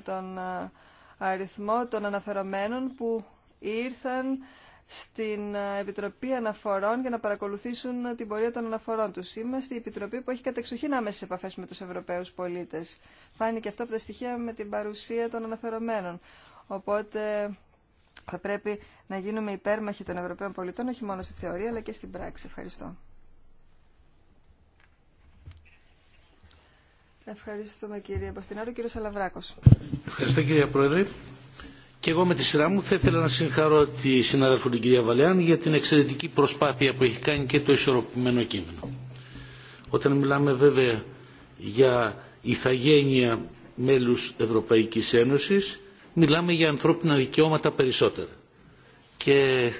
τον ε, αριθμό των αναφερομένων που ήρθαν στην ε, Επιτροπή Αναφορών για να παρακολουθήσουν ε, την πορεία των αναφορών τους. Είμαστε η Επιτροπή που έχει κατεξοχήν άμεσες επαφές με τους Ευρωπαίους πολίτες. Φάνηκε αυτό από τα στοιχεία με την παρουσία των αναφερομένων. Οπότε θα πρέπει να γίνουμε υπέρμαχοι των Ευρωπαίων πολιτών, όχι μόνο στη θεωρία αλλά και στην πράξη. Ευχαριστώ. Ευχαριστούμε κύριε Παστινάρο Κύριο Σαλαβράκο. Ευχαριστώ κύριε Πρόεδρε. Και εγώ με τη σειρά μου θα ήθελα να συγχαρώ τη συνάδελφο την κυρία Βαλεάν για την εξαιρετική προσπάθεια που έχει κάνει και το ισορροπημένο κείμενο. Όταν μιλάμε βέβαια για ηθαγένεια μέλους Ευρωπαϊκής Ένωσης, μιλάμε για ανθρώπινα δικαιώματα περισσότερα. Και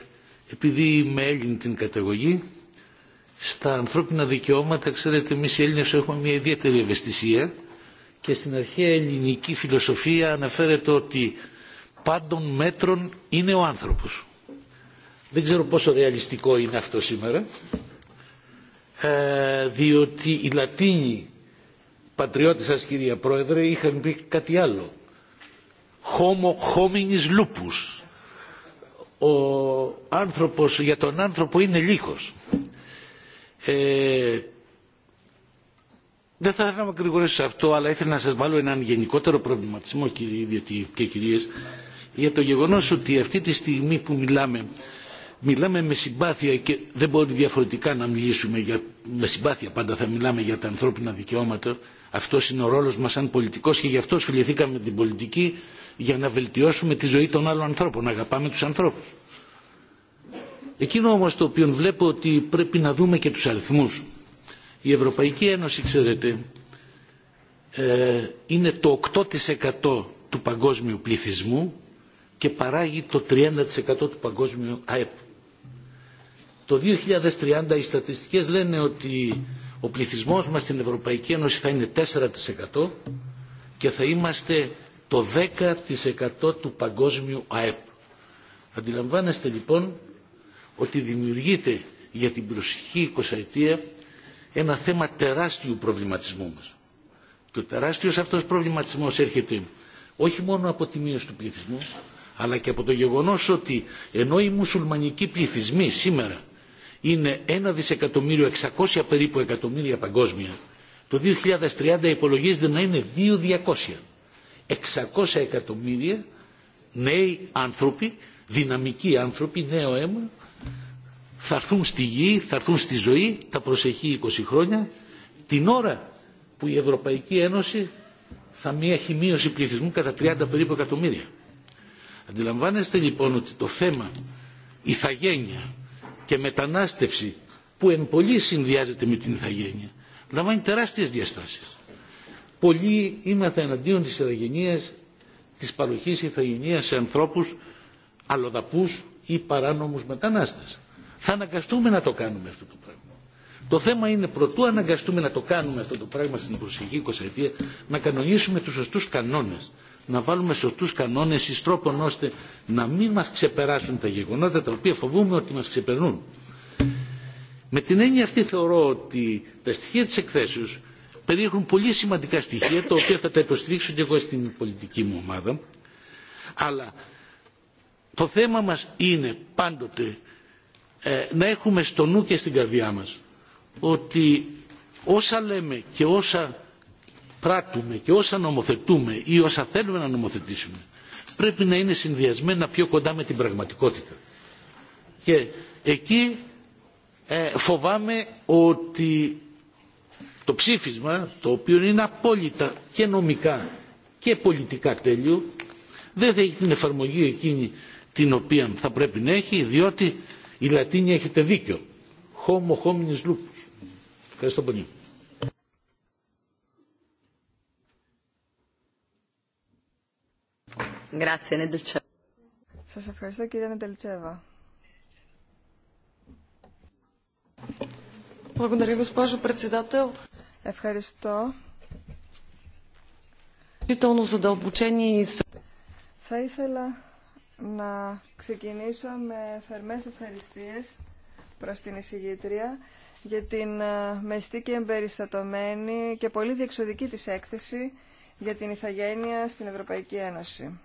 επειδή είμαι Έλλην την καταγωγή, στα ανθρώπινα δικαιώματα, ξέρετε, εμεί οι Έλληνε έχουμε μια ιδιαίτερη ευαισθησία και στην αρχαία ελληνική φιλοσοφία αναφέρεται ότι πάντων μέτρων είναι ο άνθρωπος. Δεν ξέρω πόσο ρεαλιστικό είναι αυτό σήμερα, ε, διότι οι Λατίνοι πατριώτες σας κυρία Πρόεδρε είχαν πει κάτι άλλο. Homo hominis lupus. Ο άνθρωπος για τον άνθρωπο είναι λύκος. Ε, δεν θα ήθελα να με σε αυτό, αλλά ήθελα να σας βάλω έναν γενικότερο προβληματισμό, κύριοι και κυρίες, για το γεγονός ότι αυτή τη στιγμή που μιλάμε, μιλάμε με συμπάθεια και δεν μπορεί διαφορετικά να μιλήσουμε, για, με συμπάθεια πάντα θα μιλάμε για τα ανθρώπινα δικαιώματα, αυτό είναι ο ρόλος μας σαν πολιτικός και γι' αυτό ασχοληθήκαμε με την πολιτική για να βελτιώσουμε τη ζωή των άλλων ανθρώπων, να αγαπάμε τους ανθρώπους Εκείνο όμως το οποίο βλέπω ότι πρέπει να δούμε και τους αριθμούς. Η Ευρωπαϊκή Ένωση, ξέρετε, ε, είναι το 8% του παγκόσμιου πληθυσμού και παράγει το 30% του παγκόσμιου ΑΕΠ. Το 2030 οι στατιστικές λένε ότι ο πληθυσμός μας στην Ευρωπαϊκή Ένωση θα είναι 4% και θα είμαστε το 10% του παγκόσμιου ΑΕΠ. Αντιλαμβάνεστε λοιπόν ότι δημιουργείται για την προσεχή 20 ετία ένα θέμα τεράστιου προβληματισμού μας. Και ο τεράστιος αυτός προβληματισμός έρχεται όχι μόνο από τη μείωση του πληθυσμού, αλλά και από το γεγονός ότι ενώ οι μουσουλμανικοί πληθυσμοί σήμερα είναι 1 δισεκατομμύριο 600 περίπου εκατομμύρια παγκόσμια, το 2030 υπολογίζεται να είναι 2.200. 600 εκατομμύρια νέοι άνθρωποι, δυναμικοί άνθρωποι, νέο αίμα, θα έρθουν στη γη, θα έρθουν στη ζωή τα προσεχή 20 χρόνια, την ώρα που η Ευρωπαϊκή Ένωση θα μία έχει μείωση πληθυσμού κατά 30 περίπου εκατομμύρια. Αντιλαμβάνεστε λοιπόν ότι το θέμα ηθαγένεια και μετανάστευση που εν πολύ συνδυάζεται με την ηθαγένεια λαμβάνει τεράστιες διαστάσεις. Πολλοί είμαστε εναντίον της ηθαγενείας, της παροχής ηθαγενείας σε ανθρώπους αλλοδαπούς ή παράνομους μετανάστες. Θα αναγκαστούμε να το κάνουμε αυτό το πράγμα. Το θέμα είναι πρωτού αναγκαστούμε να το κάνουμε αυτό το πράγμα στην προσεχή 20 ετία, να κανονίσουμε τους σωστούς κανόνες. Να βάλουμε σωστούς κανόνες εις τρόπον ώστε να μην μας ξεπεράσουν τα γεγονότα τα οποία φοβούμε ότι μας ξεπερνούν. Με την έννοια αυτή θεωρώ ότι τα στοιχεία της εκθέσεως περιέχουν πολύ σημαντικά στοιχεία τα οποία θα τα υποστηρίξω και εγώ στην πολιτική μου ομάδα. Αλλά το θέμα μας είναι πάντοτε ε, να έχουμε στο νου και στην καρδιά μας ότι όσα λέμε και όσα πράττουμε και όσα νομοθετούμε ή όσα θέλουμε να νομοθετήσουμε πρέπει να είναι συνδυασμένα πιο κοντά με την πραγματικότητα. Και εκεί ε, φοβάμαι ότι το ψήφισμα, το οποίο είναι απόλυτα και νομικά και πολιτικά τέλειο, δεν θα έχει την εφαρμογή εκείνη την οποία θα πρέπει να έχει, διότι οι Λατίνοι έχετε δίκιο. Χόμο, hominis lupus. Ευχαριστώ πολύ. Σας ευχαριστώ κύριε Νεντελτσέβα. Ευχαριστώ. Θα ήθελα να ξεκινήσω με θερμές ευχαριστίες προς την εισηγήτρια για την ε, μεστή και εμπεριστατωμένη και πολύ διεξοδική της έκθεση για την ηθαγένεια στην Ευρωπαϊκή Ένωση.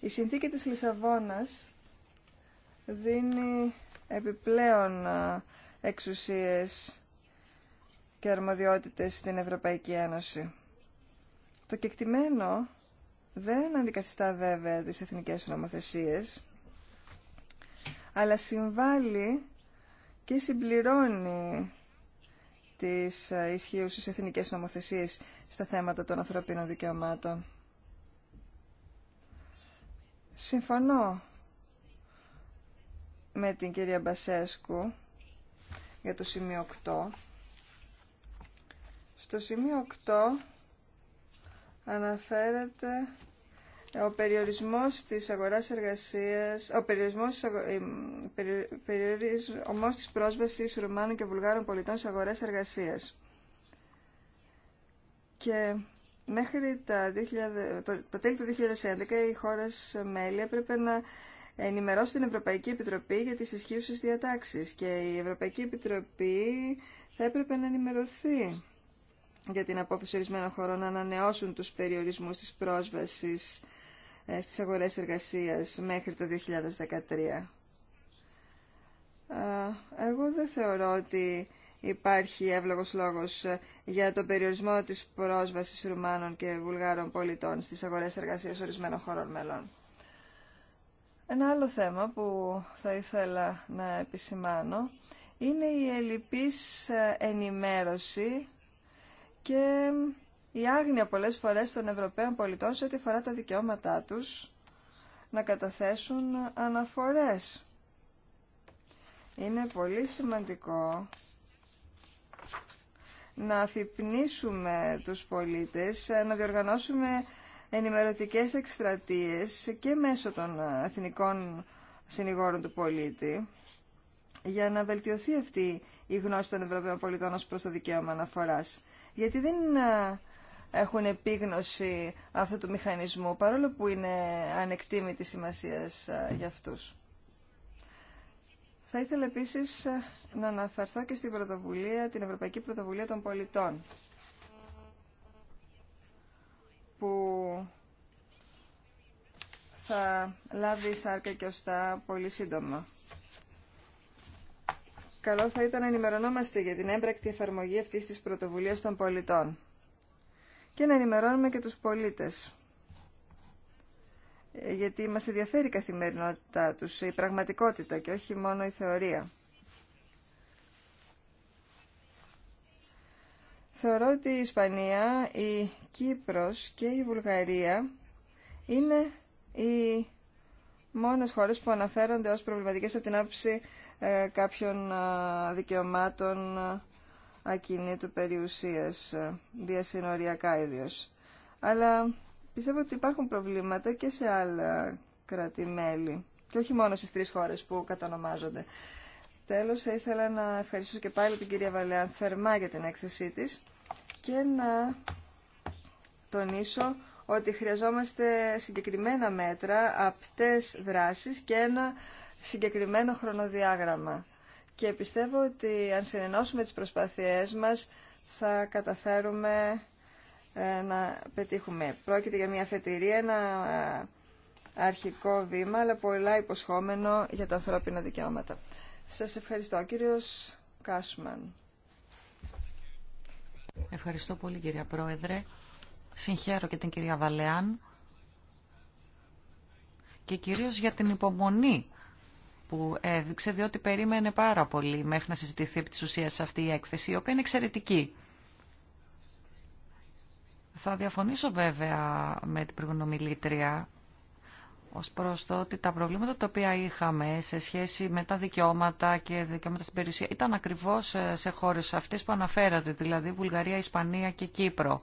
Η συνθήκη της Λισαβόνας δίνει επιπλέον ε, εξουσίες και αρμοδιότητες στην Ευρωπαϊκή Ένωση. Το κεκτημένο δεν αντικαθιστά βέβαια τις εθνικές νομοθεσίες, αλλά συμβάλλει και συμπληρώνει τις ε, ισχύουσες εθνικές νομοθεσίες στα θέματα των ανθρωπίνων δικαιωμάτων. Συμφωνώ με την κυρία Μπασέσκου για το σημείο 8. Στο σημείο 8 αναφέρεται ο περιορισμός της αγοράς εργασίας, ο περιορισμός, περιορισμός της πρόσβασης Ρουμάνων και Βουλγάρων πολιτών σε αγορές εργασίας. Και μέχρι τα 2000, το, το τέλη του 2011 οι χώρες μέλη έπρεπε να ενημερώσουν την Ευρωπαϊκή Επιτροπή για τις ισχύουσες διατάξεις και η Ευρωπαϊκή Επιτροπή θα έπρεπε να ενημερωθεί για την απόφαση ορισμένων χωρών να ανανεώσουν τους περιορισμούς της πρόσβασης ε, στις αγορές εργασίας μέχρι το 2013. Εγώ δεν θεωρώ ότι υπάρχει εύλογος λόγος ε, για τον περιορισμό της πρόσβασης Ρουμάνων και Βουλγάρων πολιτών στις αγορές εργασίας ορισμένων χωρών μελών. Ένα άλλο θέμα που θα ήθελα να επισημάνω είναι η ελλειπής ε, ενημέρωση και η άγνοια πολλές φορές των Ευρωπαίων πολιτών σε ό,τι αφορά τα δικαιώματά τους να καταθέσουν αναφορές. Είναι πολύ σημαντικό να αφυπνίσουμε τους πολίτες, να διοργανώσουμε ενημερωτικές εκστρατείες και μέσω των εθνικών συνηγόρων του πολίτη για να βελτιωθεί αυτή η γνώση των Ευρωπαίων πολιτών ως προς το δικαίωμα αναφοράς. Γιατί δεν έχουν επίγνωση αυτού του μηχανισμού, παρόλο που είναι ανεκτήμητη σημασία για αυτούς. Θα ήθελα επίσης να αναφερθώ και στην πρωτοβουλία, την Ευρωπαϊκή Πρωτοβουλία των Πολιτών, που θα λάβει σάρκα και οστά πολύ σύντομα. Καλό θα ήταν να ενημερωνόμαστε για την έμπρακτη εφαρμογή αυτής της πρωτοβουλίας των πολιτών και να ενημερώνουμε και τους πολίτες. Ε, γιατί μας ενδιαφέρει η καθημερινότητά τους, η πραγματικότητα και όχι μόνο η θεωρία. Θεωρώ ότι η Ισπανία, η Κύπρος και η Βουλγαρία είναι οι μόνες χώρες που αναφέρονται ως προβληματικές από την άποψη ε, κάποιων δικαιωμάτων ακινήτου περιουσίας, ε, διασυνοριακά ίδιος. Αλλά πιστεύω ότι υπάρχουν προβλήματα και σε αλλα κρατημέλη και όχι μόνο στις τρεις χώρες που κατανομάζονται. Τέλος, ήθελα να ευχαριστήσω και πάλι την κυρία Βαλεάν θερμά για την έκθεσή της και να τονίσω ότι χρειαζόμαστε συγκεκριμένα μέτρα, απτές δράσεις και ένα συγκεκριμένο χρονοδιάγραμμα και πιστεύω ότι αν συνενώσουμε τις προσπάθειές μας θα καταφέρουμε ε, να πετύχουμε. Πρόκειται για μια φετηρία, ένα ε, αρχικό βήμα, αλλά πολλά υποσχόμενο για τα ανθρώπινα δικαιώματα. Σας ευχαριστώ, κύριος Κάσμαν. Ευχαριστώ πολύ, κυρία Πρόεδρε. Συγχαίρω και την κυρία Βαλεάν και κυρίως για την υπομονή που έδειξε, διότι περίμενε πάρα πολύ μέχρι να συζητηθεί επί της ουσίας αυτή η έκθεση, η οποία είναι εξαιρετική. Θα διαφωνήσω βέβαια με την προγνωμιλήτρια ως προς το ότι τα προβλήματα τα οποία είχαμε σε σχέση με τα δικαιώματα και δικαιώματα στην περιουσία ήταν ακριβώς σε χώρες αυτές που αναφέρατε, δηλαδή Βουλγαρία, Ισπανία και Κύπρο.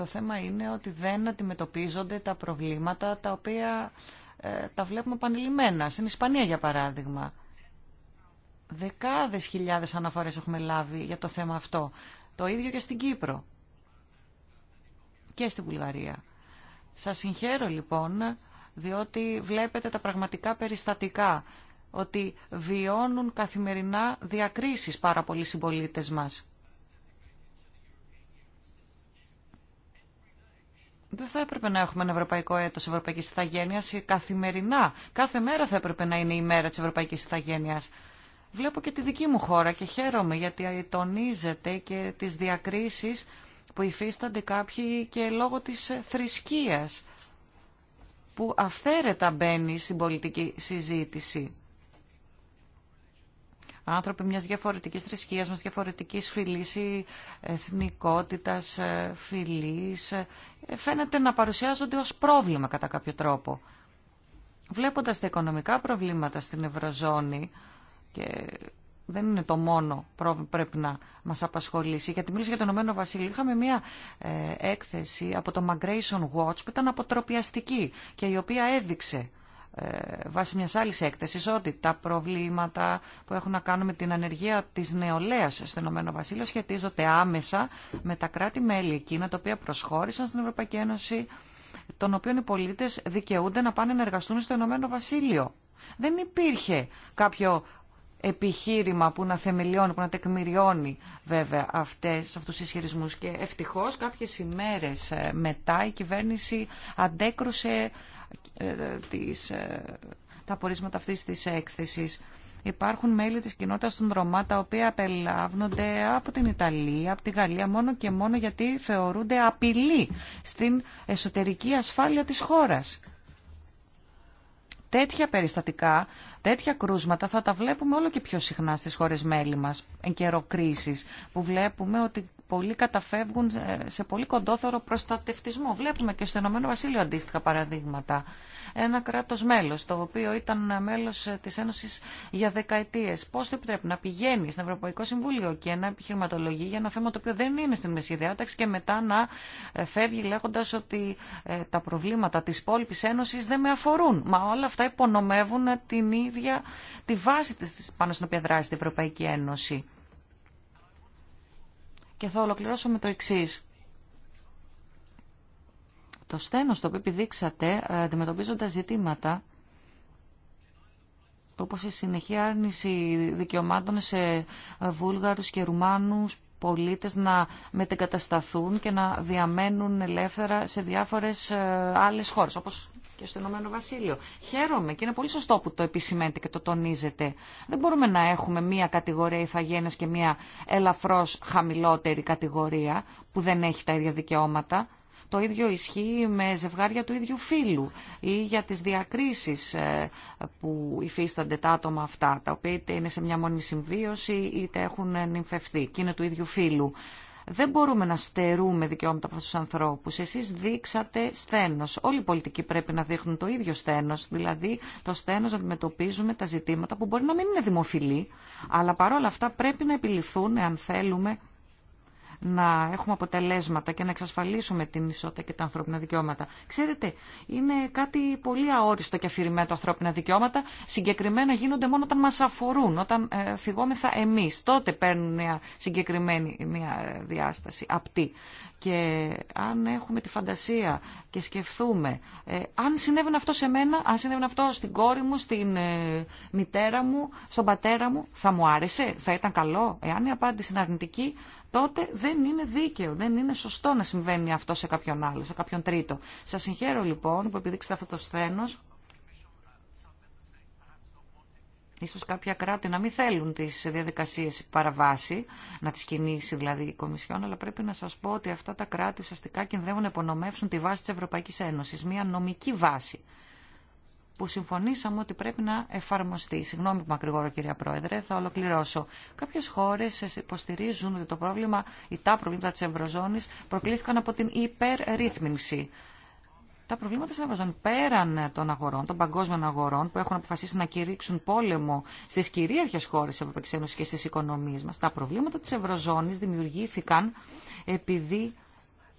Το θέμα είναι ότι δεν αντιμετωπίζονται τα προβλήματα τα οποία ε, τα βλέπουμε πανελειμμένα. Στην Ισπανία, για παράδειγμα, δεκάδες χιλιάδες αναφορές έχουμε λάβει για το θέμα αυτό. Το ίδιο και στην Κύπρο και στην Βουλγαρία. Σας συγχαίρω λοιπόν, διότι βλέπετε τα πραγματικά περιστατικά, ότι βιώνουν καθημερινά διακρίσεις πάρα πολλοί συμπολίτε μας. Δεν θα έπρεπε να έχουμε ένα ευρωπαϊκό έτος ευρωπαϊκής ηθαγένειας καθημερινά. Κάθε μέρα θα έπρεπε να είναι η μέρα της ευρωπαϊκής ηθαγένειας. Βλέπω και τη δική μου χώρα και χαίρομαι γιατί τονίζεται και τις διακρίσεις που υφίστανται κάποιοι και λόγω της θρησκείας που αυθαίρετα μπαίνει στην πολιτική συζήτηση άνθρωποι μιας διαφορετικής θρησκείας, μας διαφορετικής φυλής ή εθνικότητας, ε, φυλής, ε, φαίνεται να παρουσιάζονται ως πρόβλημα κατά κάποιο τρόπο. Βλέποντας τα οικονομικά προβλήματα στην Ευρωζώνη, και δεν είναι το μόνο πρόβλημα που πρέπει να μας απασχολήσει, γιατί μιλούσαμε για τον Ομένο Βασίλη, Είχαμε μια ε, έκθεση από το Migration Watch που ήταν αποτροπιαστική και η οποία έδειξε ε, βάσει μιας άλλης έκθεσης ότι τα προβλήματα που έχουν να κάνουν με την ανεργία της νεολαίας στο Ηνωμένο Βασίλειο σχετίζονται άμεσα με τα κράτη-μέλη εκείνα τα οποία προσχώρησαν στην Ευρωπαϊκή Ένωση των οποίων οι πολίτες δικαιούνται να πάνε να εργαστούν στο Ηνωμένο Βασίλειο. Δεν υπήρχε κάποιο επιχείρημα που να θεμελιώνει, που να τεκμηριώνει βέβαια αυτές, αυτούς τους ισχυρισμούς. Και ευτυχώς κάποιες ημέρες ε, μετά η κυβέρνηση αντέκρουσε ε, ε, ε, τα απορίσματα αυτής της έκθεσης. Υπάρχουν μέλη της κοινότητας των Ρωμά τα οποία απελάβνονται από την Ιταλία, από τη Γαλλία μόνο και μόνο γιατί θεωρούνται απειλή στην εσωτερική ασφάλεια της χώρας. Τέτοια περιστατικά, τέτοια κρούσματα θα τα βλέπουμε όλο και πιο συχνά στις χώρες μέλη μας εν καιρό που βλέπουμε ότι πολλοί καταφεύγουν σε πολύ κοντόθερο προστατευτισμό. Βλέπουμε και στο Ηνωμένο Βασίλειο αντίστοιχα παραδείγματα. Ένα κράτο μέλο, το οποίο ήταν μέλο τη Ένωση για δεκαετίε. Πώ το επιτρέπει να πηγαίνει στο Ευρωπαϊκό Συμβούλιο και να επιχειρηματολογεί για ένα θέμα το οποίο δεν είναι στην μεσή διάταξη και μετά να ε, φεύγει λέγοντα ότι ε, τα προβλήματα τη υπόλοιπη Ένωση δεν με αφορούν. Μα όλα αυτά υπονομεύουν την ίδια τη βάση της, πάνω στην οποία δράσει η Ευρωπαϊκή Ένωση. Και θα ολοκληρώσω με το εξή. Το στένο το οποίο επιδείξατε ε, αντιμετωπίζοντα ζητήματα όπως η συνεχή άρνηση δικαιωμάτων σε ε, Βούλγαρους και Ρουμάνους πολίτες να μετεγκατασταθούν και να διαμένουν ελεύθερα σε διάφορες ε, άλλες χώρες, όπως και στο Ηνωμένο Βασίλειο. Χαίρομαι και είναι πολύ σωστό που το επισημαίνετε και το τονίζετε. Δεν μπορούμε να έχουμε μία κατηγορία ηθαγένες και μία ελαφρώς χαμηλότερη κατηγορία που δεν έχει τα ίδια δικαιώματα. Το ίδιο ισχύει με ζευγάρια του ίδιου φίλου ή για τις διακρίσεις ε, που υφίστανται τα άτομα αυτά, τα οποία είτε είναι σε μια μόνη συμβίωση είτε έχουν νυμφευθεί και είναι του ίδιου φίλου. Δεν μπορούμε να στερούμε δικαιώματα από αυτού του ανθρώπου. Εσεί δείξατε σθένο. Όλοι οι πολιτικοί πρέπει να δείχνουν το ίδιο σθένο. Δηλαδή το σθένο να αντιμετωπίζουμε τα ζητήματα που μπορεί να μην είναι δημοφιλή, αλλά παρόλα αυτά πρέπει να επιληθούν εάν θέλουμε να έχουμε αποτελέσματα και να εξασφαλίσουμε την ισότητα και τα ανθρώπινα δικαιώματα. Ξέρετε, είναι κάτι πολύ αόριστο και αφηρημένο τα ανθρώπινα δικαιώματα. Συγκεκριμένα γίνονται μόνο όταν μα αφορούν, όταν ε, θυγόμεθα εμεί. Τότε παίρνουν μια συγκεκριμένη μια ε, διάσταση απτή. Και αν έχουμε τη φαντασία και σκεφτούμε, ε, αν συνέβαινε αυτό σε μένα, αν συνέβαινε αυτό στην κόρη μου, στην ε, μητέρα μου, στον πατέρα μου, θα μου άρεσε, θα ήταν καλό. Εάν η απάντηση είναι αρνητική, τότε δεν είναι δίκαιο, δεν είναι σωστό να συμβαίνει αυτό σε κάποιον άλλο, σε κάποιον τρίτο. Σας συγχαίρω λοιπόν που επιδείξετε αυτό το σθένος. Ίσως κάποια κράτη να μην θέλουν τις διαδικασίες παραβάση, να τις κινήσει δηλαδή η Κομισιόν, αλλά πρέπει να σας πω ότι αυτά τα κράτη ουσιαστικά κινδυνεύουν να υπονομεύσουν τη βάση της Ευρωπαϊκής Ένωσης, μια νομική βάση που συμφωνήσαμε ότι πρέπει να εφαρμοστεί. Συγγνώμη που μακρηγορώ κυρία Πρόεδρε, θα ολοκληρώσω. Κάποιε χώρε υποστηρίζουν ότι το πρόβλημα, ή τα προβλήματα τη Ευρωζώνη, προκλήθηκαν από την υπερρύθμιση. Τα προβλήματα στην Ευρωζώνη πέραν των αγορών, των παγκόσμιων αγορών που έχουν αποφασίσει να κηρύξουν πόλεμο στι κυριαρχε χώρε τη Ευρωπαϊκής και στις οικονομίες μας. Τα προβλήματα τη Ευρωζώνη δημιουργήθηκαν επειδή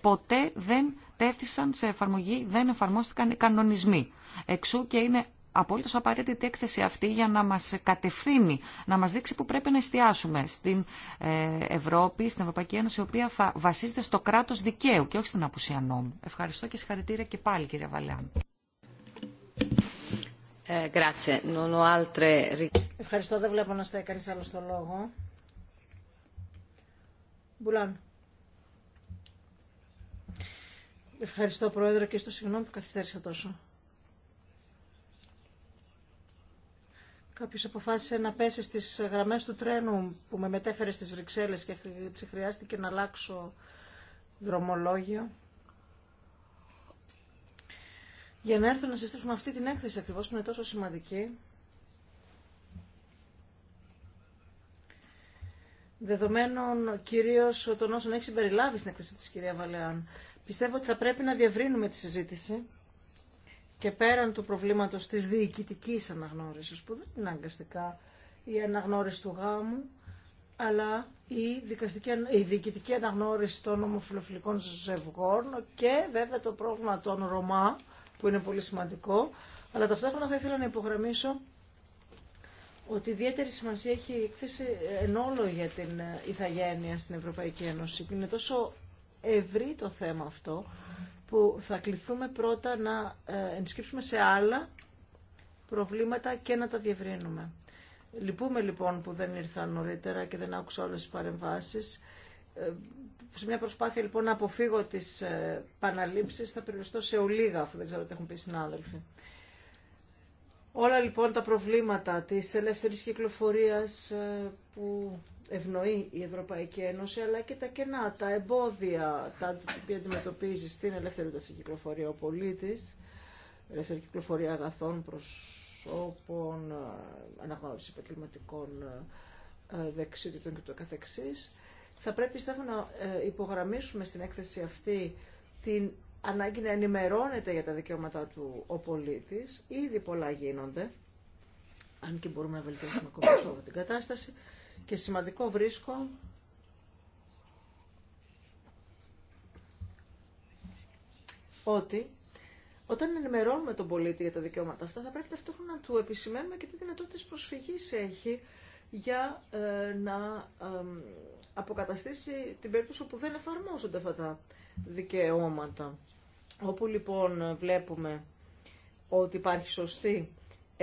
ποτέ δεν τέθησαν σε εφαρμογή, δεν εφαρμόστηκαν οι κανονισμοί. Εξού και είναι απόλυτο απαραίτητη έκθεση αυτή για να μα κατευθύνει, να μα δείξει που πρέπει να εστιάσουμε στην ε, Ευρώπη, στην Ευρωπαϊκή Ένωση, η οποία θα βασίζεται στο κράτο δικαίου και όχι στην απουσία νόμου. Ευχαριστώ και συγχαρητήρια και πάλι, κύριε Βαλεάν. Ε, Ευχαριστώ. Δεν βλέπω να στέκανε άλλο στο λόγο. Μπουλάν. Ευχαριστώ Πρόεδρε και στο συγγνώμη που καθυστέρησα τόσο. Κάποιος αποφάσισε να πέσει στις γραμμές του τρένου που με μετέφερε στις Βρυξέλλες και έτσι χρειάστηκε να αλλάξω δρομολόγιο. Για να έρθω να συστήσουμε αυτή την έκθεση ακριβώς που είναι τόσο σημαντική. Δεδομένων κυρίως των όσων έχει συμπεριλάβει στην έκθεση της κυρία Βαλεάν. Πιστεύω ότι θα πρέπει να διαβρύνουμε τη συζήτηση και πέραν του προβλήματος της διοικητικής αναγνώρισης, που δεν είναι αναγκαστικά η αναγνώριση του γάμου, αλλά η, δικαστική, η διοικητική αναγνώριση των ομοφιλοφιλικών ζευγών και βέβαια το πρόβλημα των Ρωμά, που είναι πολύ σημαντικό. Αλλά ταυτόχρονα θα ήθελα να υπογραμμίσω ότι ιδιαίτερη σημασία έχει η εκθέση ε, εν όλο για την ε, ηθαγένεια στην Ευρωπαϊκή Ένωση. Είναι τόσο ευρύ το θέμα αυτό που θα κληθούμε πρώτα να ε, ενσκύψουμε σε άλλα προβλήματα και να τα διευρύνουμε. Λυπούμε λοιπόν που δεν ήρθα νωρίτερα και δεν άκουσα όλες τις παρεμβάσεις. Ε, σε μια προσπάθεια λοιπόν να αποφύγω τις ε, παναλήψεις θα περιοριστώ σε ολίγα αφού δεν ξέρω τι έχουν πει οι συνάδελφοι. Όλα λοιπόν τα προβλήματα της ελεύθερης κυκλοφορίας που ευνοεί η Ευρωπαϊκή Ένωση, αλλά και τα κενά, τα εμπόδια, τα οποία αντιμετωπίζει στην ελεύθερη του κυκλοφορία ο πολίτη, ελεύθερη κυκλοφορία αγαθών, προσώπων, αναγνώριση επαγγελματικών ε, δεξιότητων και Θα πρέπει, Στέφα, να ε, υπογραμμίσουμε στην έκθεση αυτή την ανάγκη να ενημερώνεται για τα δικαιώματά του ο πολίτης. Ήδη πολλά γίνονται, αν και μπορούμε να βελτιώσουμε ακόμα την κατάσταση. Και σημαντικό βρίσκω ότι όταν ενημερώνουμε τον πολίτη για τα δικαιώματα αυτά, θα πρέπει ταυτόχρονα να του επισημαίνουμε και τι δυνατότητες προσφυγής έχει για ε, να ε, αποκαταστήσει την περίπτωση όπου δεν εφαρμόζονται αυτά τα δικαιώματα. Όπου λοιπόν βλέπουμε ότι υπάρχει σωστή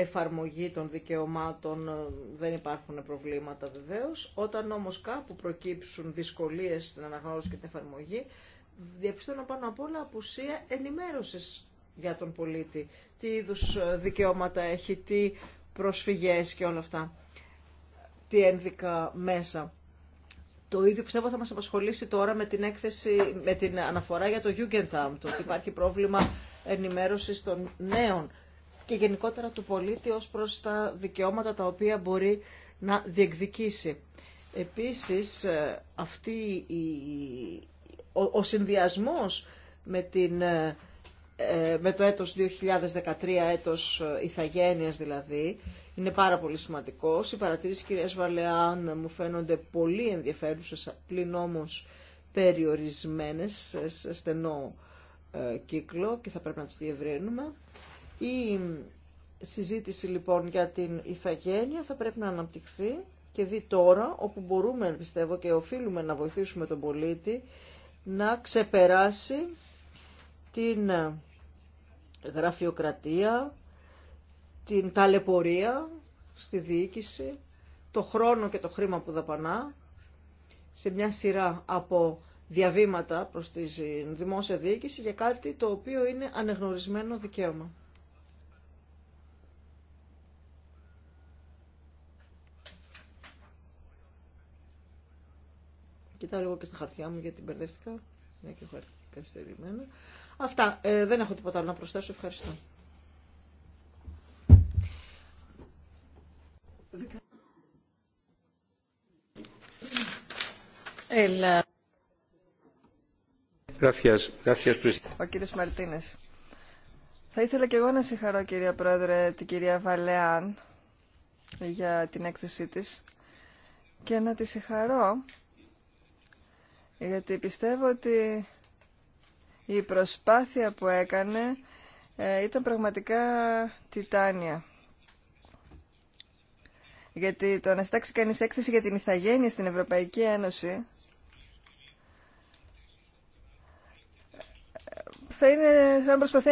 εφαρμογή των δικαιωμάτων ε, δεν υπάρχουν προβλήματα βεβαίως. Όταν όμως κάπου προκύψουν δυσκολίες στην αναγνώριση και την εφαρμογή, διαπιστώνω πάνω απ' όλα απουσία ενημέρωσης για τον πολίτη. Τι είδους ε, δικαιώματα έχει, τι προσφυγές και όλα αυτά. Τι ένδικα μέσα. Το ίδιο πιστεύω θα μας απασχολήσει τώρα με την, έκθεση, με την αναφορά για το Jugendamt, ότι υπάρχει πρόβλημα ενημέρωσης των νέων και γενικότερα του πολίτη ως προς τα δικαιώματα τα οποία μπορεί να διεκδικήσει. Επίσης, ε, αυτή ο, ο συνδυασμός με, την, ε, ε, με το έτος 2013, έτος Ιθαγένειας δηλαδή, είναι πάρα πολύ σημαντικός. Οι παρατηρήσεις κυρίας Βαλεάν μου φαίνονται πολύ ενδιαφέρουσες, πλην όμως περιορισμένες σε στενό κύκλο και θα πρέπει να τις διευρύνουμε. Η συζήτηση λοιπόν για την ηθαγένεια θα πρέπει να αναπτυχθεί και δει τώρα όπου μπορούμε πιστεύω και οφείλουμε να βοηθήσουμε τον πολίτη να ξεπεράσει την γραφειοκρατία, την ταλαιπωρία στη διοίκηση, το χρόνο και το χρήμα που δαπανά σε μια σειρά από διαβήματα προς τη δημόσια διοίκηση για κάτι το οποίο είναι ανεγνωρισμένο δικαίωμα. Κοιτάω λίγο και στα χαρτιά μου γιατί μπερδεύτηκα. Ναι, και έχω έρθει καθυστερημένα. Αυτά. Ε, δεν έχω τίποτα άλλο να προσθέσω. Ευχαριστώ. Ελα. Ο κύριος Μαρτίνες. Θα ήθελα και εγώ να συγχαρώ κυρία Πρόεδρε την κυρία Βαλεάν για την έκθεσή της και να τη συγχαρώ γιατί πιστεύω ότι η προσπάθεια που έκανε ε, ήταν πραγματικά τιτάνια. Γιατί το να στάξει κανείς έκθεση για την ηθαγένεια στην Ευρωπαϊκή Ένωση θα είναι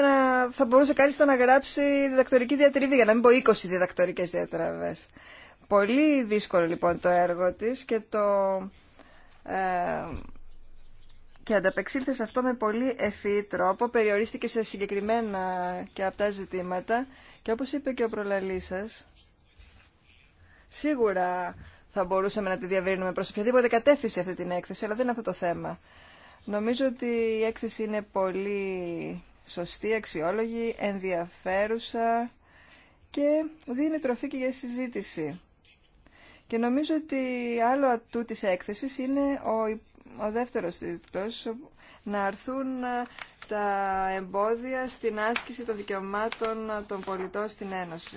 να θα μπορούσε κάλλιστα να γράψει διδακτορική διατριβή, για να μην πω 20 διδακτορικές διατραβές. Πολύ δύσκολο λοιπόν το έργο της και το ε, και ανταπεξήλθε σε αυτό με πολύ ευφύ τρόπο, περιορίστηκε σε συγκεκριμένα και αυτά ζητήματα και όπως είπε και ο προλαλής σας, σίγουρα θα μπορούσαμε να τη διαβρύνουμε προς οποιαδήποτε κατεύθυνση αυτή την έκθεση, αλλά δεν είναι αυτό το θέμα. Νομίζω ότι η έκθεση είναι πολύ σωστή, αξιόλογη, ενδιαφέρουσα και δίνει τροφή και για συζήτηση. Και νομίζω ότι άλλο ατού της έκθεσης είναι ο ο δεύτερος τίτλος, να αρθούν ε, τα εμπόδια στην άσκηση των δικαιωμάτων ε, των πολιτών στην Ένωση.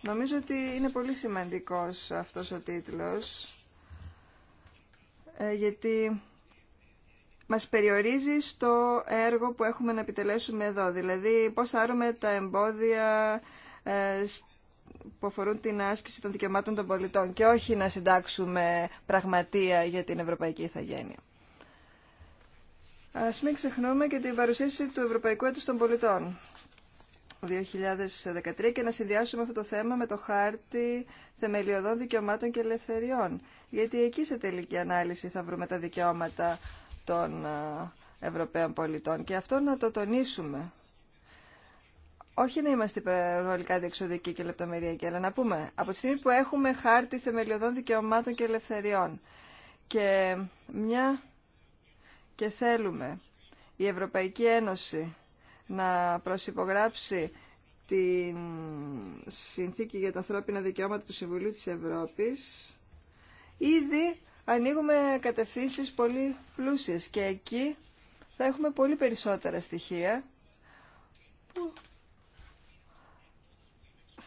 Νομίζω ότι είναι πολύ σημαντικός αυτός ο τίτλος, ε, γιατί μας περιορίζει στο έργο που έχουμε να επιτελέσουμε εδώ, δηλαδή πώς θα τα εμπόδια που αφορούν την άσκηση των δικαιωμάτων των πολιτών και όχι να συντάξουμε πραγματεία για την Ευρωπαϊκή Ιθαγένεια. Ας μην ξεχνούμε και την παρουσίαση του Ευρωπαϊκού Έτους των Πολιτών 2013 και να συνδυάσουμε αυτό το θέμα με το χάρτη θεμελιωδών δικαιωμάτων και ελευθεριών. Γιατί εκεί σε τελική ανάλυση θα βρούμε τα δικαιώματα των ε, Ευρωπαίων πολιτών και αυτό να το τονίσουμε όχι να είμαστε υπερβολικά διεξοδικοί και λεπτομεριακοί, αλλά να πούμε από τη στιγμή που έχουμε χάρτη θεμελιωδών δικαιωμάτων και ελευθεριών και μια και θέλουμε η Ευρωπαϊκή Ένωση να προσυπογράψει την Συνθήκη για τα Ανθρώπινα Δικαιώματα του Συμβουλίου της Ευρώπης, ήδη ανοίγουμε κατευθύνσεις πολύ πλούσιες και εκεί θα έχουμε πολύ περισσότερα στοιχεία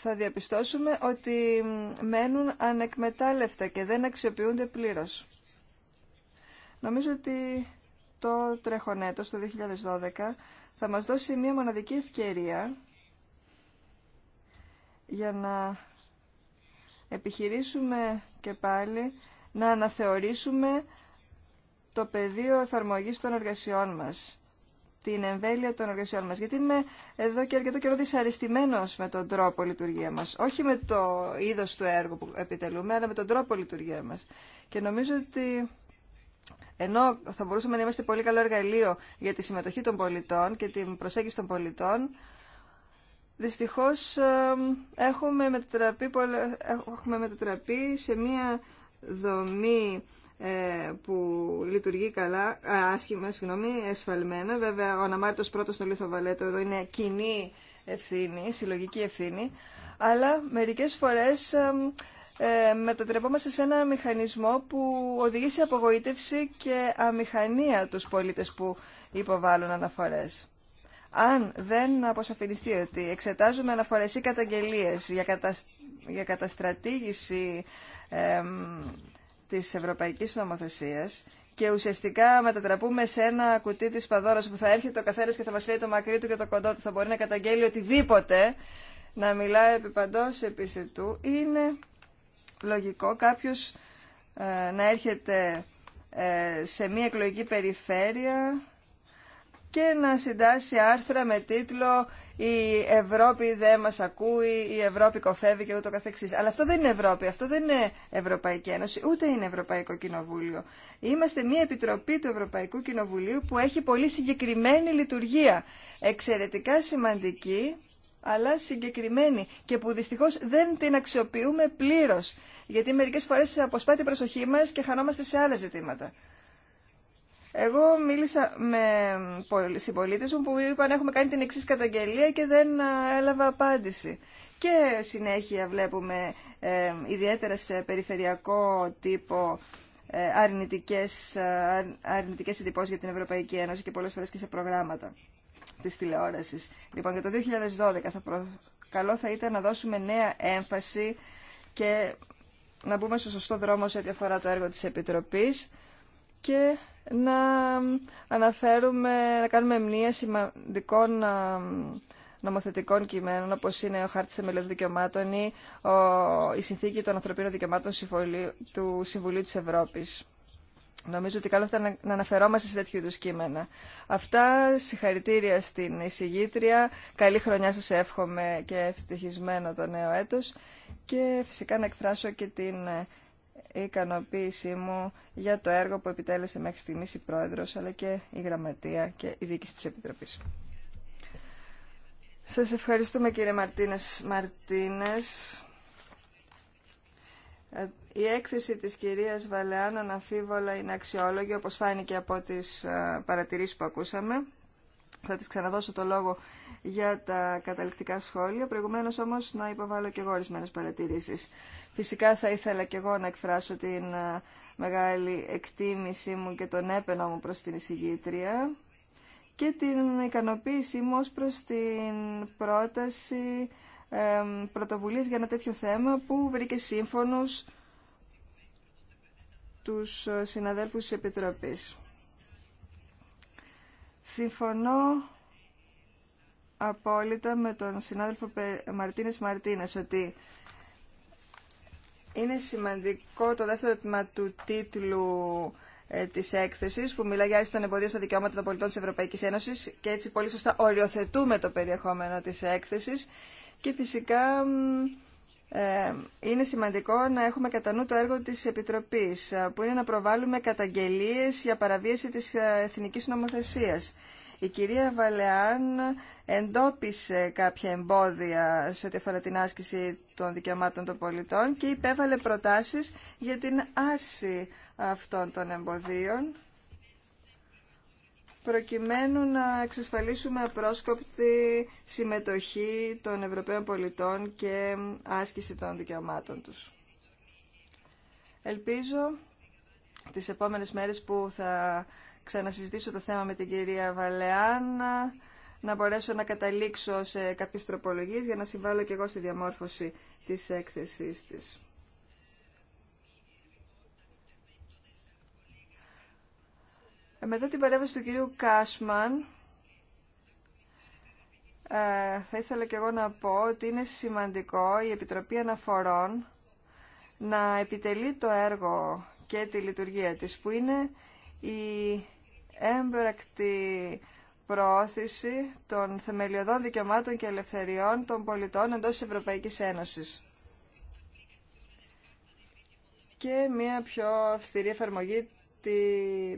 θα διαπιστώσουμε ότι μένουν ανεκμετάλλευτα και δεν αξιοποιούνται πλήρως. Νομίζω ότι το τρέχον το 2012, θα μας δώσει μία μοναδική ευκαιρία για να επιχειρήσουμε και πάλι να αναθεωρήσουμε το πεδίο εφαρμογής των εργασιών μας την εμβέλεια των εργασιών μας. Γιατί είμαι εδώ και αρκετό καιρό δυσαρεστημένος με τον τρόπο λειτουργία μας. Όχι με το είδος του έργου που επιτελούμε, αλλά με τον τρόπο λειτουργία μας. Και νομίζω ότι ενώ θα μπορούσαμε να είμαστε πολύ καλό εργαλείο για τη συμμετοχή των πολιτών και την προσέγγιση των πολιτών, δυστυχώς έχουμε έχουμε μετατραπεί σε μία δομή ε, που λειτουργεί καλά, άσχημα, συγγνώμη, εσφαλμένα. Βέβαια, ο Αναμάρτητος πρώτος στο Λίθο Βαλέτο εδώ είναι κοινή ευθύνη, συλλογική ευθύνη, αλλά μερικές φορές ε, μετατρεπόμαστε σε ένα μηχανισμό που οδηγεί σε απογοήτευση και αμηχανία τους πολίτες που υποβάλλουν αναφορές. Αν δεν αποσαφινιστεί ότι εξετάζουμε αναφορές ή καταγγελίες για, για καταστρατήγηση ε, της ευρωπαϊκής νομοθεσίας και ουσιαστικά μετατραπούμε σε ένα κουτί της Παδόρας που θα έρχεται ο καθένας και θα μας λέει το μακρύ του και το κοντό του, θα μπορεί να καταγγέλει οτιδήποτε, να μιλάει επί παντός επιστητού, είναι λογικό κάποιος ε, να έρχεται ε, σε μια εκλογική περιφέρεια και να συντάσει άρθρα με τίτλο η Ευρώπη δεν μας ακούει, η Ευρώπη κοφεύει και ούτω καθεξής. Αλλά αυτό δεν είναι Ευρώπη, αυτό δεν είναι Ευρωπαϊκή Ένωση, ούτε είναι Ευρωπαϊκό Κοινοβούλιο. Είμαστε μια επιτροπή του Ευρωπαϊκού Κοινοβουλίου που έχει πολύ συγκεκριμένη λειτουργία, εξαιρετικά σημαντική αλλά συγκεκριμένη και που δυστυχώς δεν την αξιοποιούμε πλήρως, γιατί μερικές φορές αποσπά την προσοχή μας και χανόμαστε σε άλλα ζητήματα. Εγώ μίλησα με συμπολίτε μου που είπαν έχουμε κάνει την εξή καταγγελία και δεν ε, έλαβα απάντηση. Και συνέχεια βλέπουμε ε, ιδιαίτερα σε περιφερειακό τύπο ε, αρνητικές, ε, αρνητικές εντυπώσεις για την Ευρωπαϊκή Ένωση και πολλές φορές και σε προγράμματα της τηλεόρασης. Λοιπόν, για το 2012 θα καλό θα ήταν να δώσουμε νέα έμφαση και να μπούμε στο σωστό δρόμο σε ό,τι αφορά το έργο της Επιτροπής και να αναφέρουμε, να κάνουμε μνήμα σημαντικών νομοθετικών κειμένων, όπως είναι ο Χάρτης Θεμελιών Δικαιωμάτων ή η Συνθήκη των Ανθρωπίνων Δικαιωμάτων του Συμβουλίου της Ευρώπης. Νομίζω ότι καλό θα ήταν να αναφερόμαστε σε τέτοιου είδου κείμενα. Αυτά, συγχαρητήρια στην εισηγήτρια. Καλή χρονιά σας εύχομαι και ευτυχισμένο το νέο έτος. Και φυσικά να εκφράσω και την ικανοποίησή μου για το έργο που επιτέλεσε μέχρι στιγμής η Πρόεδρος, αλλά και η Γραμματεία και η Δίκηση της Επιτροπής. Σας ευχαριστούμε κύριε Μαρτίνες Μαρτίνες. Η έκθεση της κυρίας Βαλεάν αναφίβολα είναι αξιόλογη, όπως φάνηκε από τις ε, παρατηρήσεις που ακούσαμε. Θα της ξαναδώσω το λόγο για τα καταληκτικά σχόλια. Προηγουμένω όμω να υποβάλω και εγώ ορισμένε παρατηρήσει. Φυσικά θα ήθελα και εγώ να εκφράσω την ε, μεγάλη εκτίμησή μου και τον έπαινο μου προ την εισηγήτρια και την ικανοποίησή μου ως προς την πρόταση ε, πρωτοβουλίας για ένα τέτοιο θέμα που βρήκε σύμφωνος τους συναδέλφους της Επιτροπής. Συμφωνώ απόλυτα με τον συνάδελφο Μαρτίνες Μαρτίνες ότι είναι σημαντικό το δεύτερο τμήμα του τίτλου ε, της έκθεσης που μιλάει για άριστον εμποδίο στα δικαιώματα των πολιτών της Ευρωπαϊκής Ένωσης και έτσι πολύ σωστά οριοθετούμε το περιεχόμενο της έκθεσης και φυσικά ε, είναι σημαντικό να έχουμε κατά νου το έργο της Επιτροπής ε, που είναι να προβάλλουμε καταγγελίες για παραβίαση της ε, εθνικής νομοθεσίας. Η κυρία Βαλεάν εντόπισε κάποια εμπόδια σε ό,τι αφορά την άσκηση των δικαιωμάτων των πολιτών και υπέβαλε προτάσεις για την άρση αυτών των εμποδίων προκειμένου να εξασφαλίσουμε απρόσκοπτη συμμετοχή των Ευρωπαίων πολιτών και άσκηση των δικαιωμάτων τους. Ελπίζω τις επόμενες μέρες που θα ξανασυζητήσω το θέμα με την κυρία Βαλεάν, να μπορέσω να καταλήξω σε κάποιες τροπολογίες για να συμβάλλω και εγώ στη διαμόρφωση της έκθεσής της. Μετά την παρέμβαση του κυρίου Κάσμαν, ε, θα ήθελα και εγώ να πω ότι είναι σημαντικό η Επιτροπή Αναφορών να επιτελεί το έργο και τη λειτουργία της, που είναι η έμπρακτη προώθηση των θεμελιωδών δικαιωμάτων και ελευθεριών των πολιτών εντός της Ευρωπαϊκής Ένωσης και μια πιο αυστηρή εφαρμογή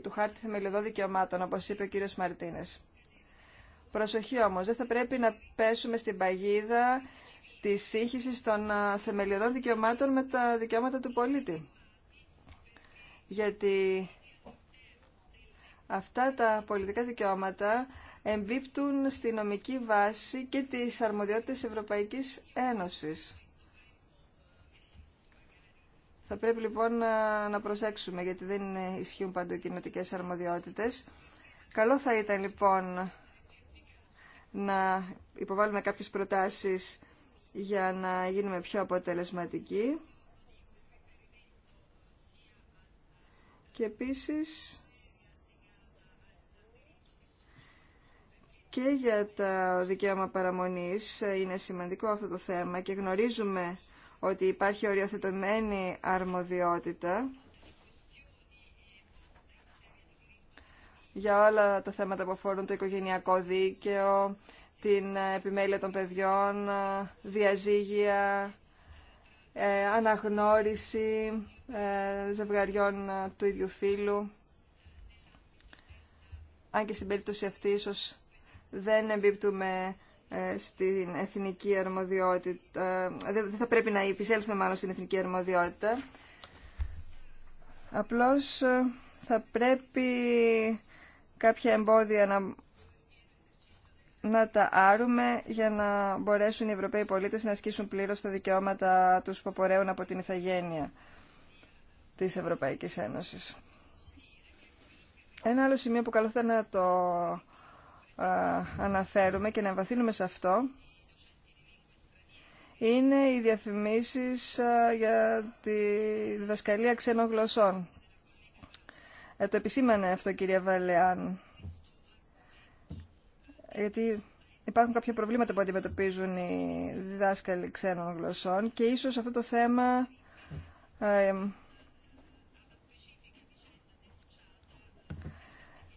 του χάρτη θεμελιωδών δικαιωμάτων, όπως είπε ο κύριος Μαρτίνες. Προσοχή όμως, δεν θα πρέπει να πέσουμε στην παγίδα της σύγχυσης των θεμελιωδών δικαιωμάτων με τα δικαιώματα του πολίτη. Γιατί Αυτά τα πολιτικά δικαιώματα εμπίπτουν στη νομική βάση και τις αρμοδιότητες Ευρωπαϊκής Ένωσης. Θα πρέπει λοιπόν να προσέξουμε γιατί δεν ισχύουν παντού αρμοδιότητες. Καλό θα ήταν λοιπόν να υποβάλουμε κάποιες προτάσεις για να γίνουμε πιο αποτελεσματικοί. Και επίσης και για τα δικαίωμα παραμονής ε, είναι σημαντικό αυτό το θέμα και γνωρίζουμε ότι υπάρχει οριοθετωμένη αρμοδιότητα για όλα τα θέματα που αφορούν το οικογενειακό δίκαιο, την ε, επιμέλεια των παιδιών, ε, διαζύγια, αναγνώριση ζευγαριών του ίδιου φύλου. Αν και στην περίπτωση αυτή ίσως δεν εμπίπτουμε ε, στην εθνική αρμοδιότητα, ε, δεν θα πρέπει να επισέλθουμε μάλλον στην εθνική αρμοδιότητα. Απλώς ε, θα πρέπει κάποια εμπόδια να, να τα άρουμε για να μπορέσουν οι Ευρωπαίοι πολίτες να ασκήσουν πλήρως τα δικαιώματα τους που απορρέουν από την ηθαγένεια της Ευρωπαϊκής Ένωσης. Ένα άλλο σημείο που καλό θα να το αναφέρουμε και να εμβαθύνουμε σε αυτό είναι οι διαφημίσεις για τη διδασκαλία ξένων γλωσσών. Ε, το επισήμανε αυτό κυρία Βαλεάν. Γιατί υπάρχουν κάποια προβλήματα που αντιμετωπίζουν οι διδάσκαλοι ξένων γλωσσών και ίσως αυτό το θέμα ε,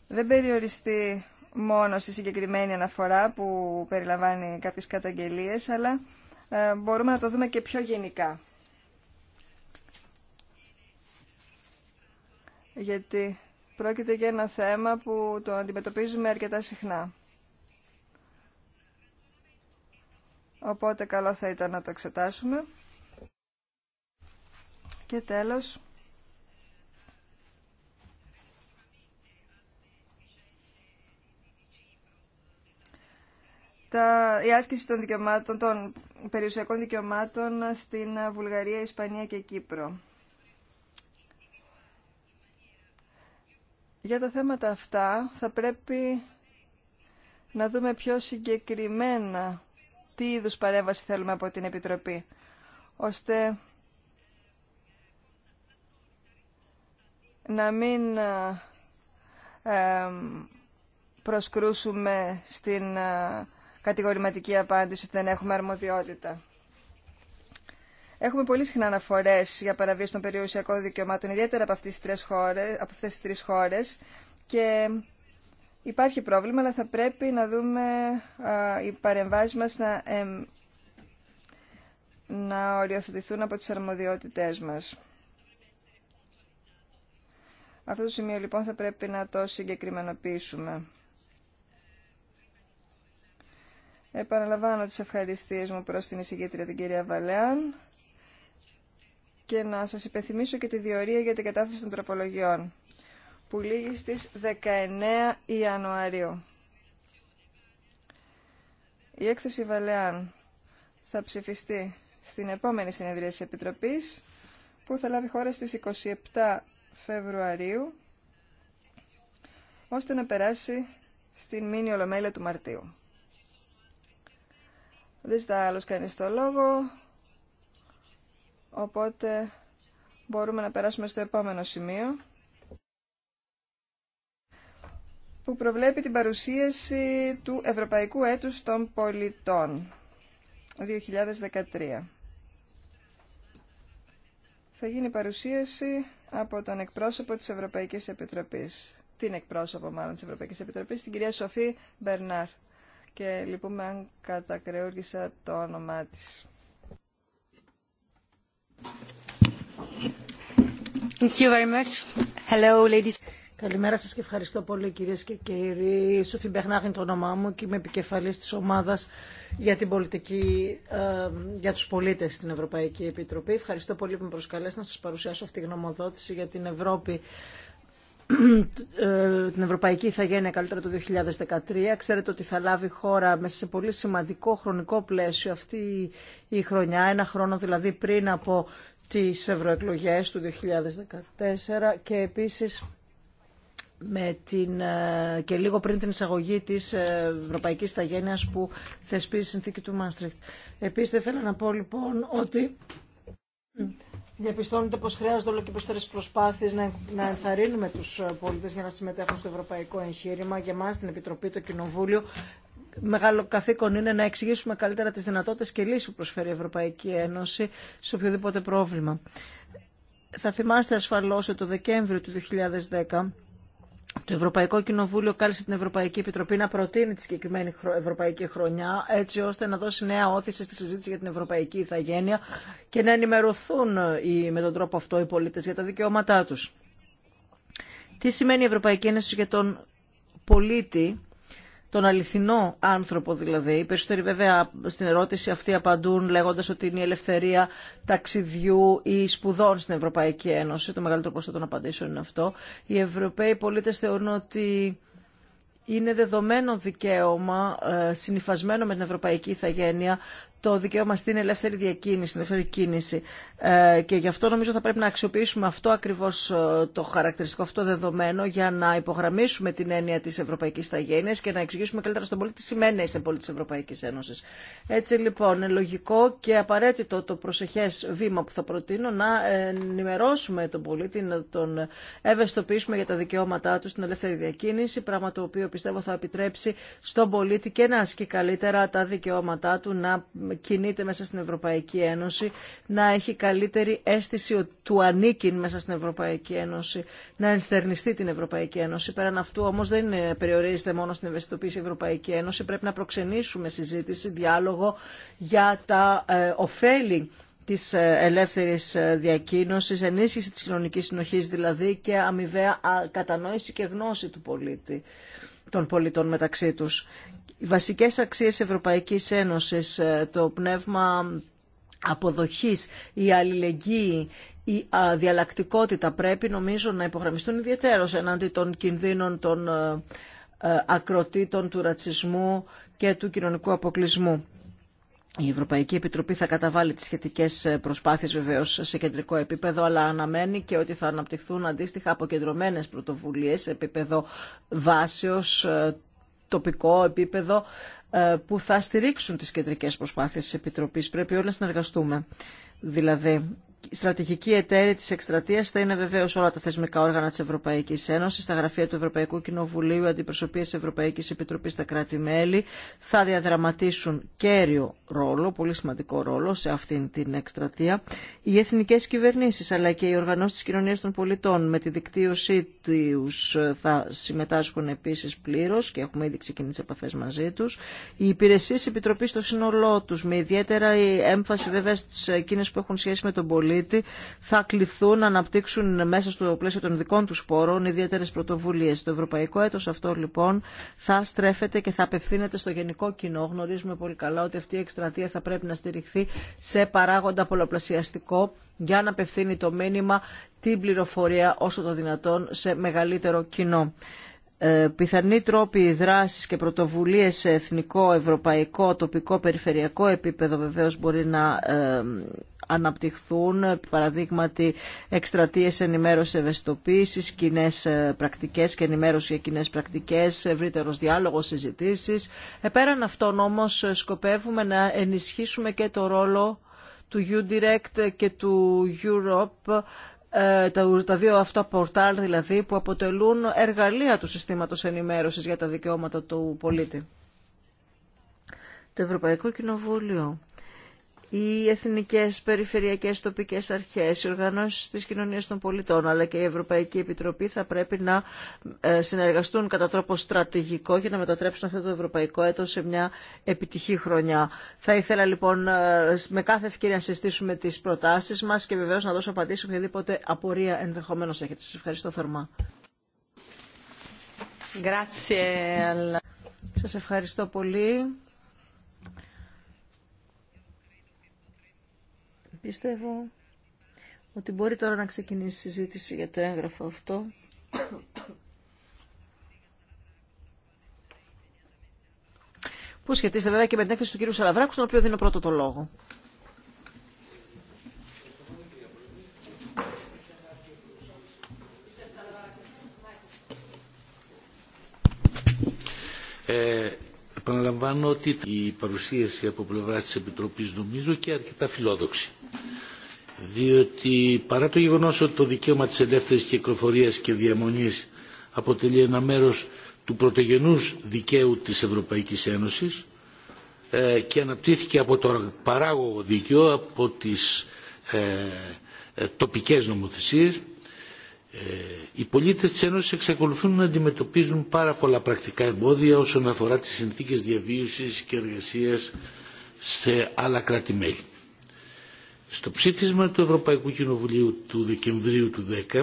δεν περιοριστεί μόνο στη συγκεκριμένη αναφορά που περιλαμβάνει κάποιες καταγγελίες, αλλά ε, μπορούμε να το δούμε και πιο γενικά. Γιατί πρόκειται για ένα θέμα που το αντιμετωπίζουμε αρκετά συχνά. Οπότε καλό θα ήταν να το εξετάσουμε. Και τέλος... τα, η άσκηση των, δικαιωμάτων, των περιουσιακών δικαιωμάτων στην Βουλγαρία, Ισπανία και Κύπρο. Για τα θέματα αυτά θα πρέπει να δούμε πιο συγκεκριμένα τι είδους παρέμβαση θέλουμε από την Επιτροπή, ώστε να μην ε, ε, προσκρούσουμε στην ε, κατηγορηματική απάντηση ότι δεν έχουμε αρμοδιότητα. Έχουμε πολύ συχνά αναφορέ για παραβίαση των περιουσιακών δικαιωμάτων, ιδιαίτερα από αυτέ τι τρει χώρε. Και υπάρχει πρόβλημα, αλλά θα πρέπει να δούμε α, οι παρεμβάσει μα να, ε, να οριοθετηθούν από τι αρμοδιότητέ μα. Αυτό το σημείο λοιπόν θα πρέπει να το συγκεκριμενοποιήσουμε. Επαναλαμβάνω τις ευχαριστίες μου προς την εισηγήτρια την κυρία Βαλέαν και να σας υπενθυμίσω και τη διορία για την κατάθεση των τροπολογιών που λήγει στις 19 Ιανουαρίου. Η έκθεση Βαλεάν θα ψηφιστεί στην επόμενη συνεδρία της Επιτροπής που θα λάβει χώρα στις 27 Φεβρουαρίου ώστε να περάσει στην μήνυ ολομέλεια του Μαρτίου. Δεν ζητά άλλος κανείς το λόγο, οπότε μπορούμε να περάσουμε στο επόμενο σημείο που προβλέπει την παρουσίαση του Ευρωπαϊκού Έτους των Πολιτών 2013. Θα γίνει παρουσίαση από τον εκπρόσωπο της Ευρωπαϊκής Επιτροπής, την εκπρόσωπο μάλλον της Ευρωπαϊκής Επιτροπής, την κυρία Σοφή Μπερνάρ και λυπούμε αν κατακρεούργησα το όνομά της. Thank you very much. Hello, ladies. Καλημέρα σας και ευχαριστώ πολύ κυρίες και κύριοι. Σοφή Μπεχνάχ είναι το όνομά μου και είμαι επικεφαλής της ομάδας για την πολιτική ε, για τους πολίτες στην Ευρωπαϊκή Επιτροπή. Ευχαριστώ πολύ που με προσκαλέσατε να σας παρουσιάσω αυτή τη γνωμοδότηση για την Ευρώπη την Ευρωπαϊκή Ιθαγένεια καλύτερα το 2013. Ξέρετε ότι θα λάβει χώρα μέσα σε πολύ σημαντικό χρονικό πλαίσιο αυτή η χρονιά, ένα χρόνο δηλαδή πριν από τις ευρωεκλογές του 2014 και επίσης με την, ε, και λίγο πριν την εισαγωγή της ε, Ευρωπαϊκής Ιθαγένειας που θεσπίζει η συνθήκη του Μάστριχτ. Επίσης δεν θέλω να πω λοιπόν ότι διαπιστώνεται πως χρειάζονται όλο και περισσότερες προσπάθειες να, να ενθαρρύνουμε τους ε, πολίτες για να συμμετέχουν στο ευρωπαϊκό εγχείρημα. Για μας την Επιτροπή, το Κοινοβούλιο, μεγάλο καθήκον είναι να εξηγήσουμε καλύτερα τις δυνατότητες και λύσεις που προσφέρει η Ευρωπαϊκή Ένωση σε οποιοδήποτε πρόβλημα. Θα θυμάστε ασφαλώς ότι το Δεκέμβριο του 2010 το Ευρωπαϊκό Κοινοβούλιο κάλεσε την Ευρωπαϊκή Επιτροπή να προτείνει τη συγκεκριμένη Ευρωπαϊκή Χρονιά έτσι ώστε να δώσει νέα όθηση στη συζήτηση για την Ευρωπαϊκή Ιθαγένεια και να ενημερωθούν ε, οι, με τον τρόπο αυτό οι πολίτες για τα δικαιώματά τους. Τι σημαίνει η Ευρωπαϊκή Ένωση για τον πολίτη τον αληθινό άνθρωπο δηλαδή. Οι περισσότεροι βέβαια στην ερώτηση αυτή απαντούν λέγοντας ότι είναι η ελευθερία ταξιδιού ή σπουδών στην Ευρωπαϊκή Ένωση. Το μεγαλύτερο ποσοστό των απαντήσεων είναι αυτό. Οι Ευρωπαίοι πολίτες θεωρούν ότι είναι δεδομένο δικαίωμα, ε, συνυφασμένο με την Ευρωπαϊκή ηθαγένεια το δικαίωμα στην ελεύθερη διακίνηση, στην ελεύθερη κίνηση. Ε, και γι' αυτό νομίζω θα πρέπει να αξιοποιήσουμε αυτό ακριβώς ε, το χαρακτηριστικό αυτό δεδομένο για να υπογραμμίσουμε την έννοια της Ευρωπαϊκής Ταγένειας και να εξηγήσουμε καλύτερα στον πολίτη τι σημαίνει στην πολίτη της Ευρωπαϊκής Ένωσης. Έτσι λοιπόν, λογικό και απαραίτητο το προσεχές βήμα που θα προτείνω να ενημερώσουμε τον πολίτη, να τον ευαισθητοποιήσουμε για τα δικαιώματά του στην ελεύθερη διακίνηση, πράγμα το οποίο πιστεύω θα επιτρέψει στον πολίτη και να ασκεί καλύτερα τα δικαιώματά του να κινείται μέσα στην Ευρωπαϊκή Ένωση, να έχει καλύτερη αίσθηση του ανήκει μέσα στην Ευρωπαϊκή Ένωση, να ενστερνιστεί την Ευρωπαϊκή Ένωση. Πέραν αυτού όμως δεν περιορίζεται μόνο στην ευαισθητοποίηση Ευρωπαϊκή Ένωση, πρέπει να προξενήσουμε συζήτηση, διάλογο για τα ε, ωφέλη της ε, ελεύθερης ε, διακίνωσης, ενίσχυση της κοινωνικής συνοχής δηλαδή και αμοιβαία κατανόηση και γνώση του πολίτη των πολιτών μεταξύ τους οι βασικές αξίες Ευρωπαϊκής Ένωσης, ε, το πνεύμα αποδοχής, η αλληλεγγύη, η διαλλακτικότητα πρέπει νομίζω να υπογραμμιστούν ιδιαίτερως εναντί των κινδύνων των ε, ε, ακροτήτων του ρατσισμού και του κοινωνικού αποκλεισμού. Η Ευρωπαϊκή Επιτροπή θα καταβάλει τις σχετικές προσπάθειες βεβαίως σε κεντρικό επίπεδο, αλλά αναμένει και ότι θα αναπτυχθούν αντίστοιχα αποκεντρωμένες πρωτοβουλίες σε επίπεδο βάσεως τοπικό επίπεδο ε, που θα στηρίξουν τις κεντρικές προσπάθειες της Επιτροπής. Πρέπει όλες να εργαστούμε, Δηλαδή, η στρατηγική εταίρη τη εκστρατείας θα είναι βεβαίω όλα τα θεσμικά όργανα τη Ευρωπαϊκή Ένωση, τα γραφεία του Ευρωπαϊκού Κοινοβουλίου, αντιπροσωπείες Ευρωπαϊκής Επιτροπής, τα κράτη-μέλη, θα διαδραματίσουν κέριο ρόλο, πολύ σημαντικό ρόλο σε αυτήν την εκστρατεία, οι εθνικέ κυβερνήσει, αλλά και οι οργανώσει τη κοινωνία των πολιτών με τη δικτύωσή του ε, θα συμμετάσχουν επίση πλήρω και έχουμε ήδη ξεκινήσει επαφέ μαζί του. Οι υπηρεσίε επιτροπή στο σύνολό του, με ιδιαίτερα η έμφαση βέβαια στι εκείνε που έχουν σχέση με τον πολίτη πολίτη θα κληθούν να αναπτύξουν μέσα στο πλαίσιο των δικών τους πόρων ιδιαίτερες πρωτοβουλίες. Το ευρωπαϊκό έτος αυτό λοιπόν θα στρέφεται και θα απευθύνεται στο γενικό κοινό. Γνωρίζουμε πολύ καλά ότι αυτή η εκστρατεία θα πρέπει να στηριχθεί σε παράγοντα πολλαπλασιαστικό για να απευθύνει το μήνυμα την πληροφορία όσο το δυνατόν σε μεγαλύτερο κοινό ε, πιθανοί τρόποι δράσης και πρωτοβουλίες σε εθνικό, ευρωπαϊκό, τοπικό, περιφερειακό επίπεδο βεβαίω μπορεί να ε, αναπτυχθούν παραδείγματι εκστρατείες ενημέρωσης ευαισθητοποίησης, κοινέ ε, πρακτικές και ενημέρωση για κοινέ πρακτικές, ευρύτερος διάλογος, συζητήσεις. Επέραν αυτών όμως ε, σκοπεύουμε να ενισχύσουμε και το ρόλο του U-Direct και του Europe ε, τα δύο αυτά πορτάλ δηλαδή που αποτελούν εργαλεία του συστήματος ενημέρωσης για τα δικαιώματα του πολίτη. Το Ευρωπαϊκό Κοινοβούλιο οι εθνικές, περιφερειακές, τοπικές αρχές, οι οργανώσεις της κοινωνίας των πολιτών αλλά και η Ευρωπαϊκή Επιτροπή θα πρέπει να ε, συνεργαστούν κατά τρόπο στρατηγικό για να μετατρέψουν αυτό το ευρωπαϊκό έτος σε μια επιτυχή χρονιά. Θα ήθελα λοιπόν ε, με κάθε ευκαιρία να συστήσουμε τις προτάσεις μας και βεβαίω να δώσω απαντήσεις οποιαδήποτε απορία ενδεχομένως έχετε. Σας ευχαριστώ θερμά. Σας ευχαριστώ πολύ. Πιστεύω ότι μπορεί τώρα να ξεκινήσει η συζήτηση για το έγγραφο αυτό. Που σχετίζεται βέβαια και με την έκθεση του κύριου Σαλαβράκου, στον οποίο δίνω πρώτο το λόγο. Ε, επαναλαμβάνω ότι η παρουσίαση από πλευρά της Επιτροπής νομίζω και αρκετά φιλόδοξη διότι παρά το γεγονός ότι το δικαίωμα της ελεύθερης κυκλοφορίας και διαμονής αποτελεί ένα μέρος του πρωτογενούς δικαίου της Ευρωπαϊκής Ένωσης ε, και αναπτύχθηκε από το παράγωγο δίκαιο, από τις ε, ε, τοπικές νομοθεσίες, οι πολίτες της Ένωσης εξακολουθούν να αντιμετωπίζουν πάρα πολλά πρακτικά εμπόδια όσον αφορά τις συνθήκες διαβίωσης και εργασίας σε άλλα κράτη-μέλη. Στο ψήφισμα του Ευρωπαϊκού Κοινοβουλίου του Δεκεμβρίου του 2010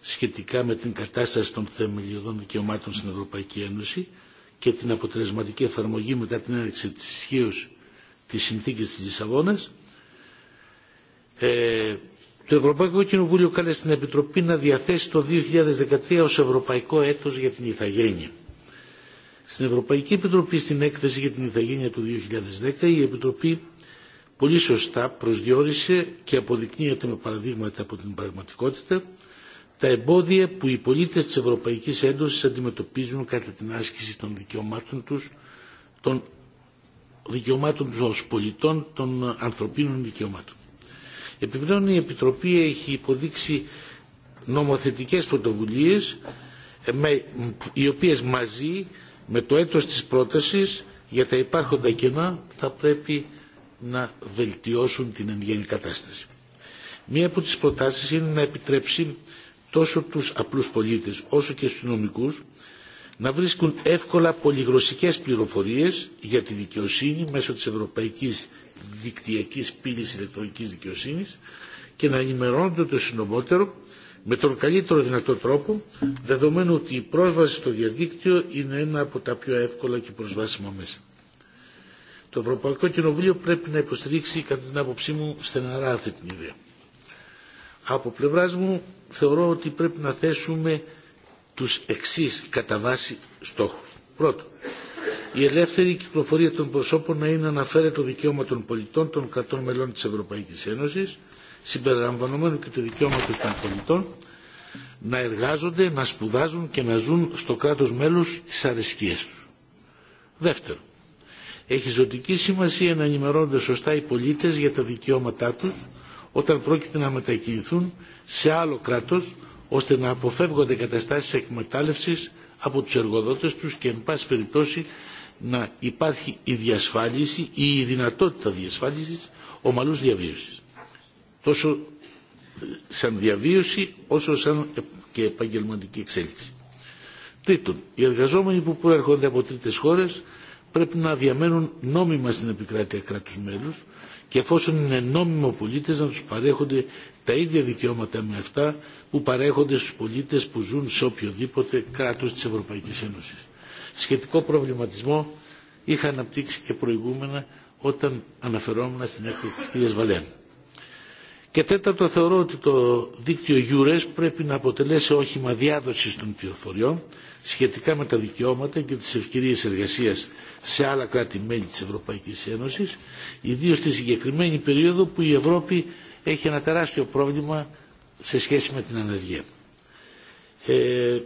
σχετικά με την κατάσταση των θεμελιωδών δικαιωμάτων στην Ευρωπαϊκή Ένωση και την αποτελεσματική εφαρμογή μετά την έναρξη της ισχύω της συνθήκης της Λισαβόνας, ε, το Ευρωπαϊκό Κοινοβούλιο κάλεσε την Επιτροπή να διαθέσει το 2013 ως Ευρωπαϊκό Έτος για την Ιθαγένεια. Στην Ευρωπαϊκή Επιτροπή στην έκθεση για την Ιθαγένεια του 2010 η Επιτροπή πολύ σωστά προσδιορίσε και αποδεικνύεται με παραδείγματα από την πραγματικότητα τα εμπόδια που οι πολίτες της Ευρωπαϊκής Ένωσης αντιμετωπίζουν κατά την άσκηση των δικαιωμάτων τους, των δικαιωμάτων ως πολιτών, των ανθρωπίνων δικαιωμάτων. Επιπλέον η Επιτροπή έχει υποδείξει νομοθετικές πρωτοβουλίες ε, με, οι οποίες μαζί με το έτος της πρότασης για τα υπάρχοντα κενά θα πρέπει να βελτιώσουν την εν γέννη κατάσταση. Μία από τις προτάσεις είναι να επιτρέψει τόσο τους απλούς πολίτες όσο και στους νομικούς να βρίσκουν εύκολα πολυγλωσσικές πληροφορίες για τη δικαιοσύνη μέσω της Ευρωπαϊκής Δικτυακής Πύλης Ηλεκτρονικής Δικαιοσύνης και να ενημερώνονται το συνομότερο με τον καλύτερο δυνατό τρόπο, δεδομένου ότι η πρόσβαση στο διαδίκτυο είναι ένα από τα πιο εύκολα και προσβάσιμα μέσα. Το Ευρωπαϊκό Κοινοβούλιο πρέπει να υποστηρίξει κατά την άποψή μου στεναρά αυτή την ιδέα. Από πλευρά μου θεωρώ ότι πρέπει να θέσουμε τους εξή κατά βάση στόχους. Πρώτον, η ελεύθερη κυκλοφορία των προσώπων να είναι αναφέρετο δικαίωμα των πολιτών των κρατών μελών της Ευρωπαϊκής Ένωσης, συμπεριλαμβανομένου και του δικαιώματο των πολιτών, να εργάζονται, να σπουδάζουν και να ζουν στο κράτος μέλο τις αρεσκίες τους. Δεύτερον, έχει ζωτική σημασία να ενημερώνονται σωστά οι πολίτες για τα δικαιώματά τους όταν πρόκειται να μετακινηθούν σε άλλο κράτος ώστε να αποφεύγονται καταστάσεις εκμετάλλευσης από τους εργοδότες τους και εν πάση περιπτώσει να υπάρχει η διασφάλιση ή η δυνατότητα διασφάλισης ομαλούς διαβίωσης. Τόσο ε, σαν διαβίωση όσο σαν ε, και επαγγελματική εξέλιξη. Τρίτον, οι εργαζόμενοι που προέρχονται από τρίτες χώρες πρέπει να διαμένουν νόμιμα στην επικράτεια κράτους μέλους και εφόσον είναι νόμιμο πολίτες να τους παρέχονται τα ίδια δικαιώματα με αυτά που παρέχονται στους πολίτες που ζουν σε οποιοδήποτε κράτος της Ευρωπαϊκής Ένωσης. Σχετικό προβληματισμό είχα αναπτύξει και προηγούμενα όταν αναφερόμουν στην έκθεση της κυρίας Βαλέν. Και τέταρτο θεωρώ ότι το δίκτυο EURES πρέπει να αποτελέσει όχημα διάδοσης των πληροφοριών σχετικά με τα δικαιώματα και τις ευκαιρίες εργασίας σε άλλα κράτη-μέλη της Ευρωπαϊκής Ένωσης, ιδίως στη συγκεκριμένη περίοδο που η Ευρώπη έχει ένα τεράστιο πρόβλημα σε σχέση με την ανεργία. Ε,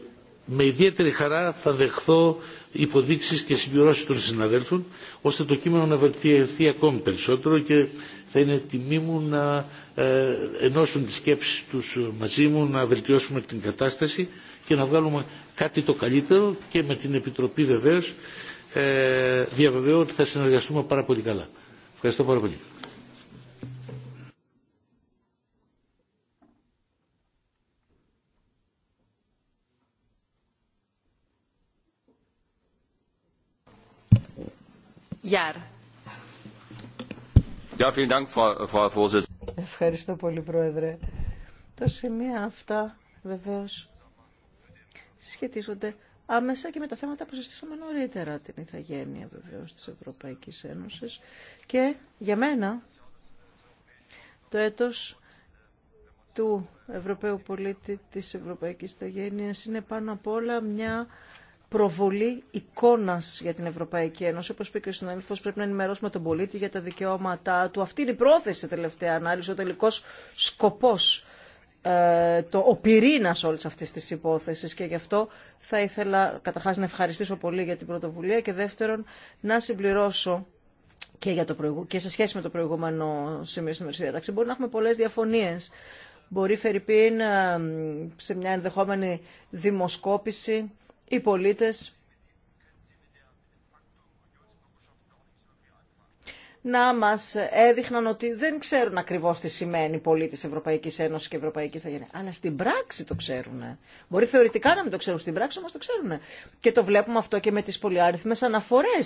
με ιδιαίτερη χαρά θα δεχθώ υποδείξεις και συμπληρώσεις των συναδέλφων, ώστε το κείμενο να βελτιωθεί ακόμη περισσότερο και θα είναι τιμή μου να ε, ενώσουν τις σκέψεις τους μαζί μου, να βελτιώσουμε την κατάσταση και να βγάλουμε κάτι το καλύτερο και με την Επιτροπή βεβαίως ε, διαβεβαιώ ότι θα συνεργαστούμε πάρα πολύ καλά. Ευχαριστώ πάρα πολύ. Ευχαριστώ πολύ, Πρόεδρε. Τα σημεία αυτά βεβαίως σχετίζονται άμεσα και με τα θέματα που συζητήσαμε νωρίτερα, την ηθαγένεια βεβαίω της Ευρωπαϊκής Ένωσης. Και για μένα το έτος του Ευρωπαίου πολίτη της Ευρωπαϊκής Ιταγένειας είναι πάνω απ' όλα μια προβολή εικόνα για την Ευρωπαϊκή Ένωση. Όπω είπε και ο συνάδελφο, πρέπει να ενημερώσουμε τον πολίτη για τα δικαιώματά του. Αυτή είναι η πρόθεση τελευταία ανάλυση, ο τελικό σκοπό ε, το, ο πυρήνα όλη αυτή τη υπόθεση. Και γι' αυτό θα ήθελα καταρχά να ευχαριστήσω πολύ για την πρωτοβουλία και δεύτερον να συμπληρώσω και, για το και σε σχέση με το προηγούμενο σημείο στην Μερσία. διάταξη. Μπορεί να έχουμε πολλέ διαφωνίε. Μπορεί, Φερρυπίν, ε, σε μια ενδεχόμενη δημοσκόπηση, οι πολίτες να μα έδειχναν ότι δεν ξέρουν ακριβώ τι σημαίνει πολίτης Ευρωπαϊκή Ένωση και Ευρωπαϊκή Θαγένεια. Αλλά στην πράξη το ξέρουν. Μπορεί θεωρητικά να μην το ξέρουν στην πράξη, όμω το ξέρουν. Και το βλέπουμε αυτό και με τις πολυάριθμε αναφορέ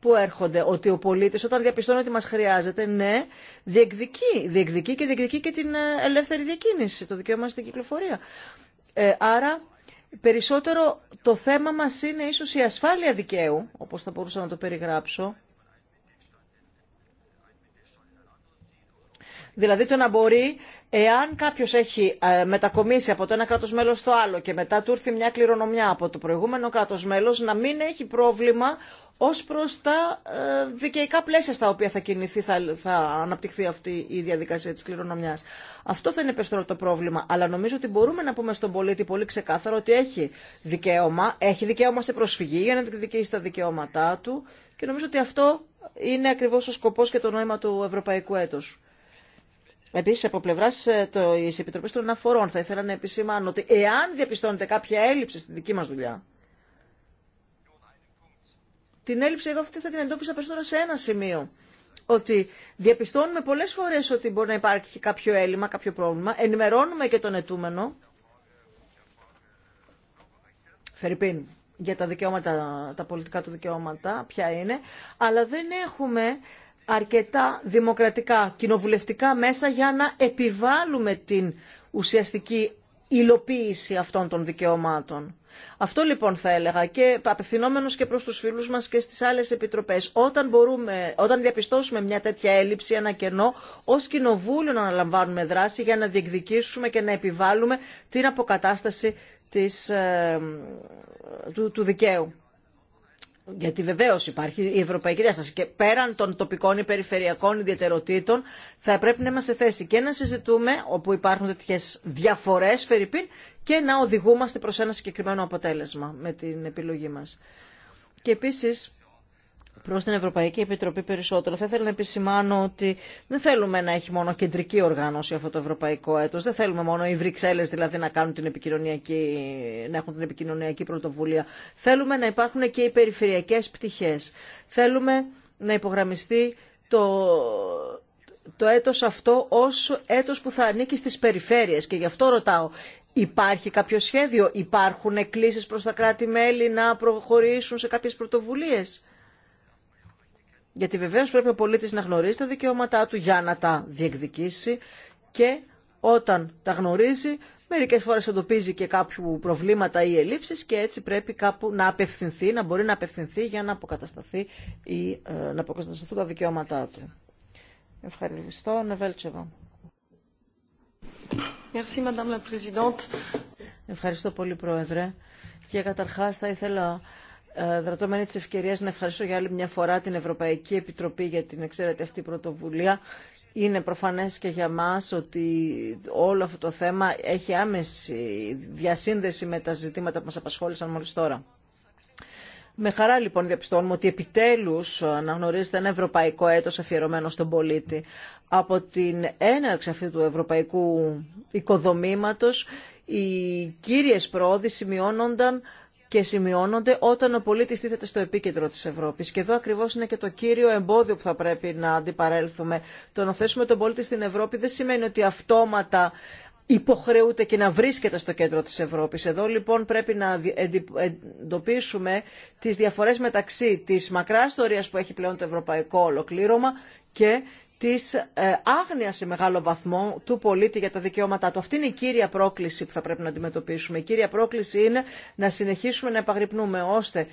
που έρχονται. Ότι ο πολίτης όταν διαπιστώνει ότι μα χρειάζεται, ναι, διεκδικεί. Διεκδικεί και διεκδικεί και την ε, ελεύθερη διακίνηση, το δικαίωμα στην κυκλοφορία. Ε, άρα περισσότερο το θέμα μας είναι ίσως η ασφάλεια δικαίου, όπως θα μπορούσα να το περιγράψω, Δηλαδή το να μπορεί, εάν κάποιο έχει ε, μετακομίσει από το ένα κράτος μέλος στο άλλο και μετά του έρθει μια κληρονομιά από το προηγούμενο κράτος μέλος, να μην έχει πρόβλημα ω προ τα ε, δικαιικά πλαίσια στα οποία θα κινηθεί, θα, θα αναπτυχθεί αυτή η διαδικασία τη κληρονομιά. Αυτό θα είναι περισσότερο το πρόβλημα, αλλά νομίζω ότι μπορούμε να πούμε στον πολίτη πολύ ξεκάθαρο ότι έχει δικαίωμα, έχει δικαίωμα σε προσφυγή για να διεκδικήσει τα δικαιώματά του και νομίζω ότι αυτό είναι ακριβώς ο σκοπός και το νόημα του Ευρωπαϊκού Έτος. Επίση, από πλευρά ε, τη Επιτροπή των Αναφορών, θα ήθελα να επισημάνω ότι εάν διαπιστώνεται κάποια έλλειψη στη δική μα δουλειά, την έλλειψη εγώ αυτή θα την εντόπισα περισσότερο σε ένα σημείο. Ότι διαπιστώνουμε πολλές φορές ότι μπορεί να υπάρχει κάποιο έλλειμμα, κάποιο πρόβλημα, ενημερώνουμε και τον ετούμενο, Φερρυπίν, για τα δικαιώματα, τα πολιτικά του δικαιώματα, ποια είναι, αλλά δεν έχουμε αρκετά δημοκρατικά, κοινοβουλευτικά μέσα για να επιβάλλουμε την ουσιαστική υλοποίηση αυτών των δικαιωμάτων. Αυτό λοιπόν θα έλεγα και απευθυνόμενος και προς τους φίλους μας και στις άλλες επιτροπές. Όταν, μπορούμε, όταν διαπιστώσουμε μια τέτοια έλλειψη, ένα κενό, ως κοινοβούλιο να αναλαμβάνουμε δράση για να διεκδικήσουμε και να επιβάλλουμε την αποκατάσταση ε, του δικαίου γιατί βεβαίω υπάρχει η ευρωπαϊκή διάσταση και πέραν των τοπικών ή περιφερειακών ιδιαιτεροτήτων θα πρέπει να είμαστε σε θέση και να συζητούμε όπου υπάρχουν τέτοιε διαφορέ, και να οδηγούμαστε προ ένα συγκεκριμένο αποτέλεσμα με την επιλογή μα. Και επίσης Προ την Ευρωπαϊκή Επιτροπή περισσότερο. Θα ήθελα να επισημάνω ότι δεν θέλουμε να έχει μόνο κεντρική οργάνωση αυτό το ευρωπαϊκό Έτο. Δεν θέλουμε μόνο οι Βρυξέλλες δηλαδή να, κάνουν την επικοινωνιακή, να έχουν την επικοινωνιακή πρωτοβουλία. Θέλουμε να υπάρχουν και οι περιφερειακές πτυχές. Θέλουμε να υπογραμμιστεί το, το έτος αυτό ως έτος που θα ανήκει στις περιφέρειες και γι' αυτό ρωτάω Υπάρχει κάποιο σχέδιο, υπάρχουν κλήσεις προς τα κράτη-μέλη να προχωρήσουν σε κάποιες πρωτοβουλίες. Γιατί βεβαίως πρέπει ο πολίτης να γνωρίζει τα δικαιώματά του για να τα διεκδικήσει και όταν τα γνωρίζει μερικές φορές εντοπίζει και κάποιου προβλήματα ή ελλείψεις και έτσι πρέπει κάπου να απευθυνθεί, να μπορεί να απευθυνθεί για να, αποκατασταθεί ή, ε, να αποκατασταθούν τα δικαιώματά του. Ευχαριστώ. Νεβέλτσεβα. Ευχαριστώ πολύ, Πρόεδρε. Και καταρχάς θα ήθελα ε, δρατώμενη τη ευκαιρία να ευχαριστώ για άλλη μια φορά την Ευρωπαϊκή Επιτροπή για την εξαίρετη αυτή πρωτοβουλία. Είναι προφανές και για μας ότι όλο αυτό το θέμα έχει άμεση διασύνδεση με τα ζητήματα που μας απασχόλησαν μόλις τώρα. Με χαρά λοιπόν διαπιστώνουμε ότι επιτέλους αναγνωρίζεται ένα ευρωπαϊκό έτος αφιερωμένο στον πολίτη. Από την έναρξη αυτού του ευρωπαϊκού οικοδομήματος οι κύριες πρόοδοι σημειώνονταν και σημειώνονται όταν ο πολίτης τίθεται στο επίκεντρο της Ευρώπης. Και εδώ ακριβώς είναι και το κύριο εμπόδιο που θα πρέπει να αντιπαρέλθουμε. Το να θέσουμε τον πολίτη στην Ευρώπη δεν σημαίνει ότι αυτόματα υποχρεούται και να βρίσκεται στο κέντρο της Ευρώπης. Εδώ λοιπόν πρέπει να εντοπίσουμε τις διαφορές μεταξύ της μακράς ιστορίας που έχει πλέον το ευρωπαϊκό ολοκλήρωμα και της ε, άγνοιας σε μεγάλο βαθμό του πολίτη για τα δικαιώματά του. Αυτή είναι η κύρια πρόκληση που θα πρέπει να αντιμετωπίσουμε. Η κύρια πρόκληση είναι να συνεχίσουμε να επαγρυπνούμε ώστε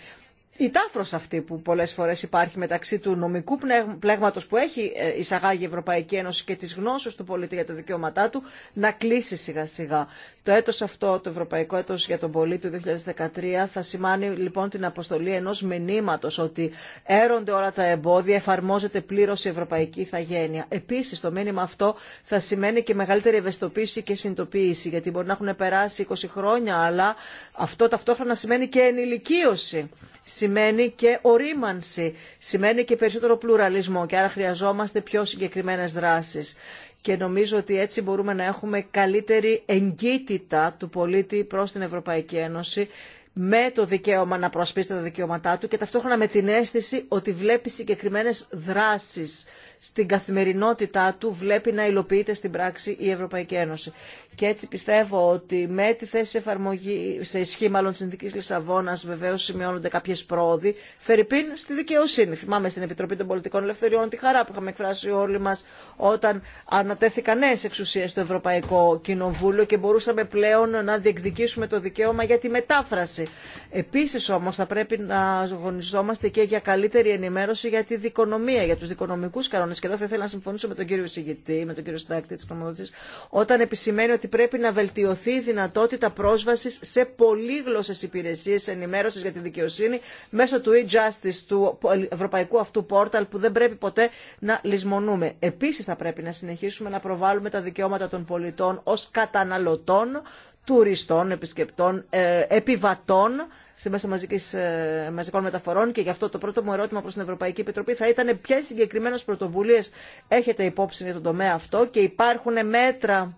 η τάφρο αυτή που πολλέ φορέ υπάρχει μεταξύ του νομικού πλέγματο που έχει ε, εισαγάγει η Ευρωπαϊκή Ένωση και τη γνώση του πολίτη για τα δικαιώματά του να κλείσει σιγά σιγά. Το έτο αυτό, το Ευρωπαϊκό Έτο για τον Πολίτη του 2013 θα σημάνει λοιπόν την αποστολή ενό μηνύματος ότι έρονται όλα τα εμπόδια, εφαρμόζεται πλήρω η Ευρωπαϊκή Ιθαγένεια. Επίση, το μήνυμα αυτό θα σημαίνει και μεγαλύτερη ευαισθητοποίηση και συνειδητοποίηση γιατί μπορεί να έχουν περάσει 20 χρόνια αλλά αυτό ταυτόχρονα σημαίνει και ενηλικίωση σημαίνει και ορίμανση, σημαίνει και περισσότερο πλουραλισμό και άρα χρειαζόμαστε πιο συγκεκριμένες δράσεις. Και νομίζω ότι έτσι μπορούμε να έχουμε καλύτερη εγκύτητα του πολίτη προς την Ευρωπαϊκή Ένωση με το δικαίωμα να προασπίσετε τα δικαιώματά του και ταυτόχρονα με την αίσθηση ότι βλέπει συγκεκριμένες δράσεις στην καθημερινότητά του βλέπει να υλοποιείται στην πράξη η Ευρωπαϊκή Ένωση. Και έτσι πιστεύω ότι με τη θέση εφαρμογή, σε ισχύ μάλλον Συνδική Λισαβόνα, βεβαίω σημειώνονται κάποιε πρόοδοι. Φερρυπίν στη δικαιοσύνη. Θυμάμαι στην Επιτροπή των Πολιτικών Ελευθεριών τη χαρά που είχαμε εκφράσει όλοι μα όταν ανατέθηκαν νέε εξουσίε στο Ευρωπαϊκό Κοινοβούλιο και μπορούσαμε πλέον να διεκδικήσουμε το δικαίωμα για τη μετάφραση. Επίση όμω θα πρέπει να αγωνιζόμαστε και για καλύτερη ενημέρωση για τη δικονομία, για του δικονομικού και εδώ θα ήθελα να συμφωνήσω με τον κύριο Σιγητή, με τον κύριο Στάκτη τη Κομοδότηση, όταν επισημαίνει ότι πρέπει να βελτιωθεί η δυνατότητα πρόσβαση σε πολύγλωσσε υπηρεσίε ενημέρωση για τη δικαιοσύνη μέσω του e-justice, του ευρωπαϊκού αυτού πόρταλ που δεν πρέπει ποτέ να λησμονούμε. Επίση θα πρέπει να συνεχίσουμε να προβάλλουμε τα δικαιώματα των πολιτών ω καταναλωτών τουριστών, επισκεπτών, ε, επιβατών σε μέσα μαζικής, ε, μαζικών μεταφορών και γι' αυτό το πρώτο μου ερώτημα προς την Ευρωπαϊκή Επιτροπή θα ήταν ποιε συγκεκριμένε πρωτοβουλίες έχετε υπόψη για τον τομέα αυτό και υπάρχουν μέτρα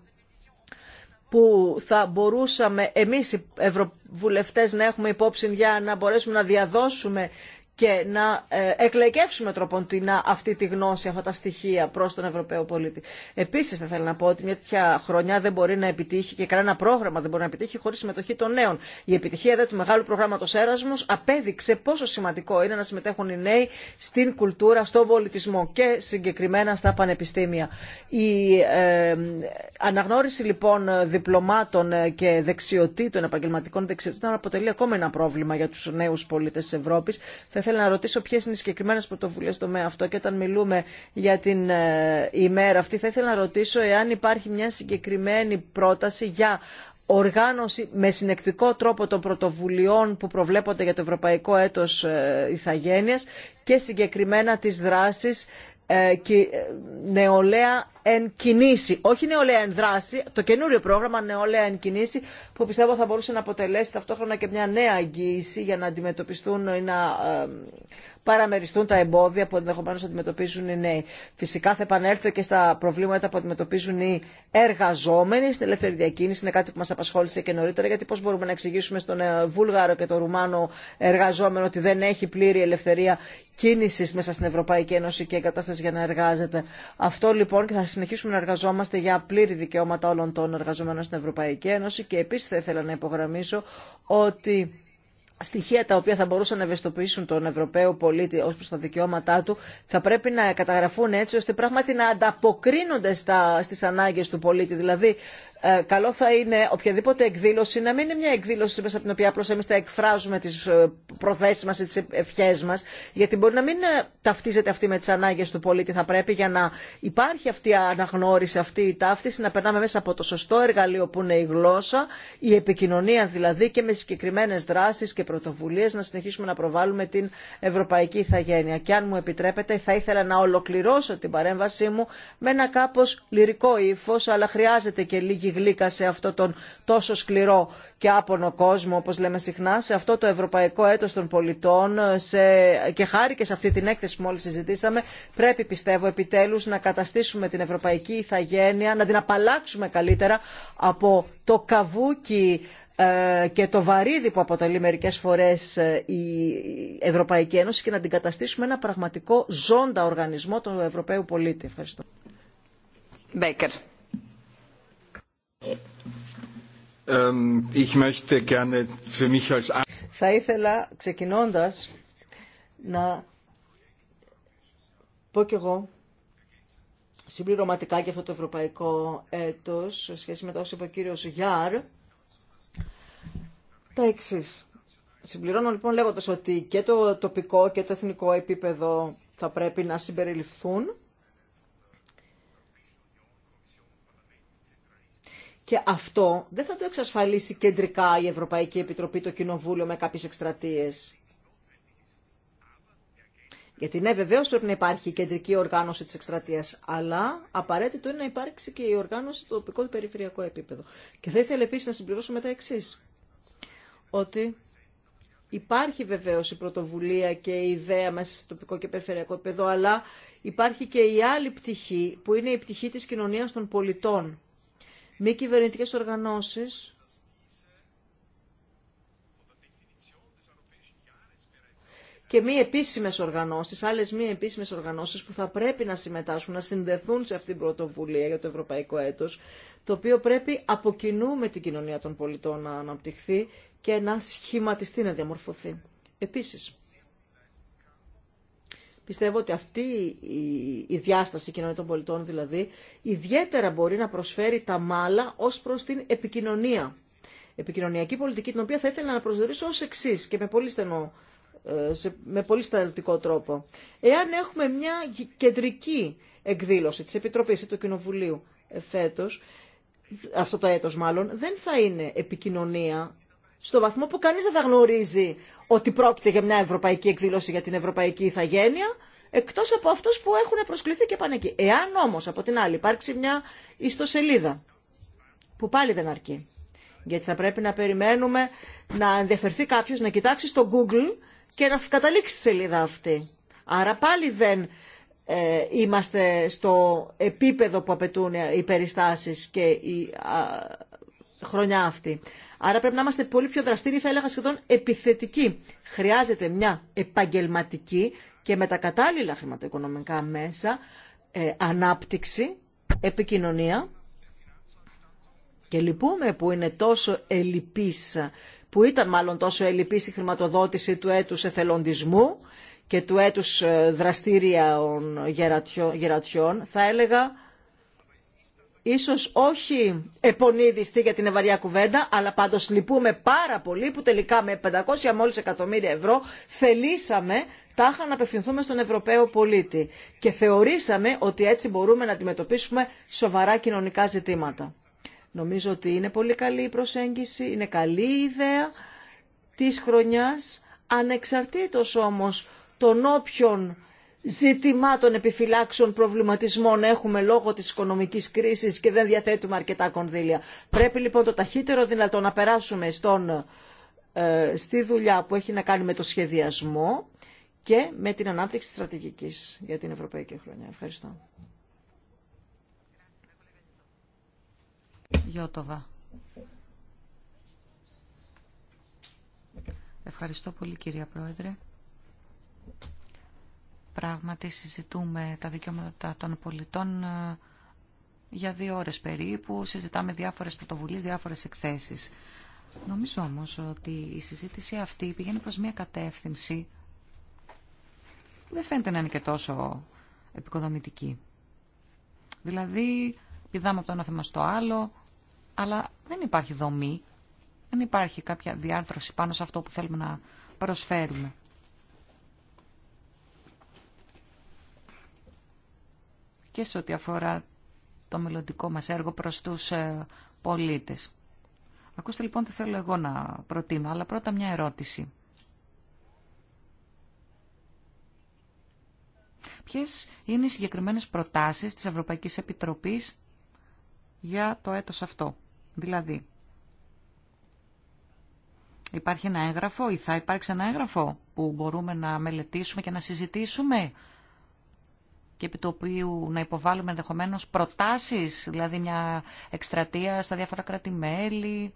που θα μπορούσαμε εμείς οι ευρωβουλευτές να έχουμε υπόψη για να μπορέσουμε να διαδώσουμε και να ε, εκλεγεύσουμε τροποντινά αυτή τη γνώση, αυτά τα στοιχεία προς τον Ευρωπαίο πολίτη. Επίσης θα θέλω να πω ότι μια τέτοια χρονιά δεν μπορεί να επιτύχει και κανένα πρόγραμμα δεν μπορεί να επιτύχει χωρίς συμμετοχή των νέων. Η επιτυχία δε του μεγάλου προγράμματος έρασμου απέδειξε πόσο σημαντικό είναι να συμμετέχουν οι νέοι στην κουλτούρα, στον πολιτισμό και συγκεκριμένα στα πανεπιστήμια. Η ε, αναγνώριση λοιπόν διπλωμάτων ε, και δεξιοτήτων, επαγγελματικών δεξιοτήτων αποτελεί ακόμα ένα πρόβλημα για τους νέους πολίτες της Ευρώπης ήθελα να ρωτήσω ποιε είναι οι συγκεκριμένε πρωτοβουλίε στο τομέα αυτό και όταν μιλούμε για την ε, ημέρα αυτή, θα ήθελα να ρωτήσω εάν υπάρχει μια συγκεκριμένη πρόταση για οργάνωση με συνεκτικό τρόπο των πρωτοβουλειών που προβλέπονται για το Ευρωπαϊκό Έτος ε, Ιθαγένειας και συγκεκριμένα τις δράσεις ε, και ε, νεολαία εν κινήσει. Όχι νεολαία εν δράση, το καινούριο πρόγραμμα νεολαία εν κινήσει που πιστεύω θα μπορούσε να αποτελέσει ταυτόχρονα και μια νέα εγγύηση για να αντιμετωπιστούν ή να ε, παραμεριστούν τα εμπόδια που ενδεχομένω αντιμετωπίζουν οι νέοι. Φυσικά θα επανέλθω και στα προβλήματα που αντιμετωπίζουν οι εργαζόμενοι στην ελεύθερη διακίνηση. Είναι κάτι που μα απασχόλησε και νωρίτερα, γιατί πώ μπορούμε να εξηγήσουμε στον ε, Βούλγαρο και τον Ρουμάνο εργαζόμενο ότι δεν έχει πλήρη ελευθερία κίνηση μέσα στην Ευρωπαϊκή Ένωση και εγκατάσταση για να εργάζεται. Αυτό λοιπόν και θα συνεχίσουμε να εργαζόμαστε για πλήρη δικαιώματα όλων των εργαζομένων στην Ευρωπαϊκή Ένωση και επίση θα ήθελα να υπογραμμίσω ότι στοιχεία τα οποία θα μπορούσαν να ευαισθητοποιήσουν τον Ευρωπαίο πολίτη ως προς τα δικαιώματά του θα πρέπει να καταγραφούν έτσι ώστε πράγματι να ανταποκρίνονται στι στις ανάγκες του πολίτη. Δηλαδή ε, καλό θα είναι οποιαδήποτε εκδήλωση να μην είναι μια εκδήλωση μέσα από την οποία απλώ εμεί θα εκφράζουμε τι ε, προθέσει μα ή τι ευχέ μα, γιατί μπορεί να μην ε, ταυτίζεται αυτή με τι ανάγκε του πολίτη. Θα πρέπει για να υπάρχει αυτή η αναγνώριση, αυτή η ταύτιση, να περνάμε μέσα από το σωστό εργαλείο που είναι η γλώσσα, η επικοινωνία δηλαδή και με συγκεκριμένε δράσει και πρωτοβουλίε να συνεχίσουμε να προβάλλουμε την ευρωπαϊκή ηθαγένεια. Και αν μου επιτρέπετε, θα ήθελα να ολοκληρώσω την παρέμβασή μου με ένα κάπω λυρικό ύφο, αλλά χρειάζεται και λίγη γλύκα σε αυτό τον τόσο σκληρό και άπονο κόσμο, όπως λέμε συχνά, σε αυτό το ευρωπαϊκό Έτο των πολιτών σε... και χάρη και σε αυτή την έκθεση που μόλι συζητήσαμε, πρέπει πιστεύω επιτέλους να καταστήσουμε την ευρωπαϊκή Ιθαγένεια, να την απαλλάξουμε καλύτερα από το καβούκι ε, και το βαρύδι που αποτελεί μερικές φορές ε, η Ευρωπαϊκή Ένωση και να την καταστήσουμε ένα πραγματικό ζώντα οργανισμό του Ευρωπαίου πολίτη. Ευχαριστώ. Θα ήθελα ξεκινώντας να πω κι εγώ συμπληρωματικά και αυτό το ευρωπαϊκό έτος σε σχέση με το όσο είπε ο κύριος Γιάρ τα εξή. Συμπληρώνω λοιπόν λέγοντας ότι και το τοπικό και το εθνικό επίπεδο θα πρέπει να συμπεριληφθούν Και αυτό δεν θα το εξασφαλίσει κεντρικά η Ευρωπαϊκή Επιτροπή, το Κοινοβούλιο με κάποιες εκστρατείες. Γιατί ναι, βεβαίω πρέπει να υπάρχει η κεντρική οργάνωση τη εκστρατεία, αλλά απαραίτητο είναι να υπάρξει και η οργάνωση στο τοπικό και περιφερειακό επίπεδο. Και θα ήθελα επίση να συμπληρώσω με εξή. Ότι υπάρχει βεβαίω η πρωτοβουλία και η ιδέα μέσα στο τοπικό και περιφερειακό επίπεδο, αλλά υπάρχει και η άλλη πτυχή, που είναι η πτυχή τη κοινωνία των πολιτών μη κυβερνητικές οργανώσεις και μη επίσημες οργανώσεις, άλλες μη επίσημες οργανώσεις που θα πρέπει να συμμετάσχουν, να συνδεθούν σε αυτήν την πρωτοβουλία για το Ευρωπαϊκό Έτος, το οποίο πρέπει από κοινού με την κοινωνία των πολιτών να αναπτυχθεί και να σχηματιστεί, να διαμορφωθεί. Επίσης, Πιστεύω ότι αυτή η διάσταση κοινωνία των πολιτών δηλαδή ιδιαίτερα μπορεί να προσφέρει τα μάλα ως προς την επικοινωνία. Επικοινωνιακή πολιτική την οποία θα ήθελα να προσδιορίσω ως εξή και με πολύ στενό ε, με πολύ σταλτικό τρόπο. Εάν έχουμε μια κεντρική εκδήλωση της Επιτροπής ή του Κοινοβουλίου ε, φέτος, αυτό το έτος μάλλον, δεν θα είναι επικοινωνία στο βαθμό που κανείς δεν θα γνωρίζει ότι πρόκειται για μια ευρωπαϊκή εκδήλωση για την ευρωπαϊκή ηθαγένεια, εκτός από αυτούς που έχουν προσκληθεί και πάνε εκεί. Εάν όμως από την άλλη υπάρξει μια ιστοσελίδα, που πάλι δεν αρκεί, γιατί θα πρέπει να περιμένουμε να ενδιαφερθεί κάποιος να κοιτάξει στο Google και να καταλήξει τη σελίδα αυτή. Άρα πάλι δεν ε, είμαστε στο επίπεδο που απαιτούν οι περιστάσεις και οι χρονιά αυτή. Άρα πρέπει να είμαστε πολύ πιο δραστήριοι, θα έλεγα σχεδόν επιθετικοί. Χρειάζεται μια επαγγελματική και με τα κατάλληλα χρηματοοικονομικά μέσα ε, ανάπτυξη, επικοινωνία και λυπούμε που είναι τόσο ελλειπής, που ήταν μάλλον τόσο ελλειπής η χρηματοδότηση του έτους εθελοντισμού και του έτους ε, δραστήριων γερατιών, θα έλεγα ίσως όχι επονίδιστη για την ευαριά κουβέντα, αλλά πάντως λυπούμε πάρα πολύ που τελικά με 500 μόλις εκατομμύρια ευρώ θελήσαμε τάχα να απευθυνθούμε στον Ευρωπαίο πολίτη και θεωρήσαμε ότι έτσι μπορούμε να αντιμετωπίσουμε σοβαρά κοινωνικά ζητήματα. Νομίζω ότι είναι πολύ καλή η προσέγγιση, είναι καλή η ιδέα της χρονιάς, ανεξαρτήτως όμως των όποιων των επιφυλάξεων προβληματισμών έχουμε λόγω της οικονομικής κρίσης και δεν διαθέτουμε αρκετά κονδύλια. Πρέπει λοιπόν το ταχύτερο δυνατό να περάσουμε στον, ε, στη δουλειά που έχει να κάνει με το σχεδιασμό και με την ανάπτυξη στρατηγικής για την Ευρωπαϊκή Χρονιά. Ευχαριστώ. Γιώτοβα. Ευχαριστώ πολύ κυρία Πρόεδρε. Πράγματι συζητούμε τα δικαιώματα των πολιτών ε, για δύο ώρες περίπου, συζητάμε διάφορες πρωτοβουλίες, διάφορες εκθέσεις. Νομίζω όμως ότι η συζήτηση αυτή πηγαίνει προς μια κατεύθυνση που δεν φαίνεται να είναι και τόσο επικοδομητική. Δηλαδή, πηδάμε από το ένα θέμα στο άλλο, αλλά δεν υπάρχει δομή, δεν υπάρχει κάποια διάρθρωση πάνω σε αυτό που θέλουμε να προσφέρουμε. και σε ό,τι αφορά το μελλοντικό μας έργο προς τους ε, πολίτες. Ακούστε λοιπόν τι θέλω εγώ να προτείνω, αλλά πρώτα μια ερώτηση. Ποιες είναι οι συγκεκριμένες προτάσεις της Ευρωπαϊκής Επιτροπής για το έτος αυτό. Δηλαδή, υπάρχει ένα έγγραφο ή θα υπάρξει ένα έγγραφο που μπορούμε να μελετήσουμε και να συζητήσουμε και επί του οποίου να υποβάλουμε ενδεχομένω προτάσεις, δηλαδή μια εκστρατεία στα διάφορα κράτη-μέλη,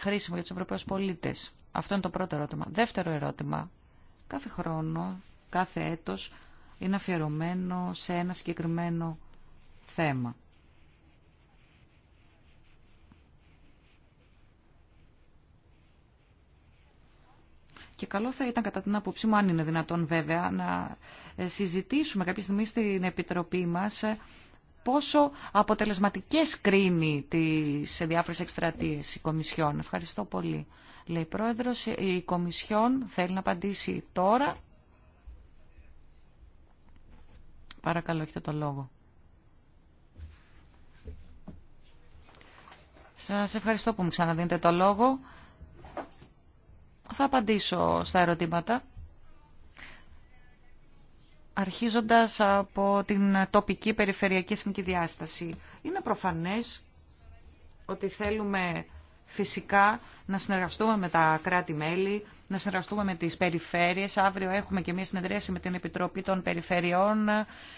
χρήσιμο για τους Ευρωπαίους πολίτες. Αυτό είναι το πρώτο ερώτημα. Δεύτερο ερώτημα. Κάθε χρόνο, κάθε έτος είναι αφιερωμένο σε ένα συγκεκριμένο θέμα. και καλό θα ήταν κατά την άποψή μου, αν είναι δυνατόν βέβαια, να ε, συζητήσουμε κάποια στιγμή στην Επιτροπή μας ε, πόσο αποτελεσματικές κρίνει τις διάφορες εκστρατείες η Κομισιόν. Ευχαριστώ πολύ. Λέει η Πρόεδρος, η Κομισιόν θέλει να απαντήσει τώρα. Παρακαλώ, έχετε το λόγο. Σας ευχαριστώ που μου ξαναδίνετε το λόγο. Θα απαντήσω στα ερωτήματα. Αρχίζοντας από την τοπική περιφερειακή εθνική διάσταση. Είναι προφανές ότι θέλουμε φυσικά να συνεργαστούμε με τα κράτη-μέλη, να συνεργαστούμε με τις περιφέρειες. Αύριο έχουμε και μια συνεδρίαση με την Επιτροπή των Περιφερειών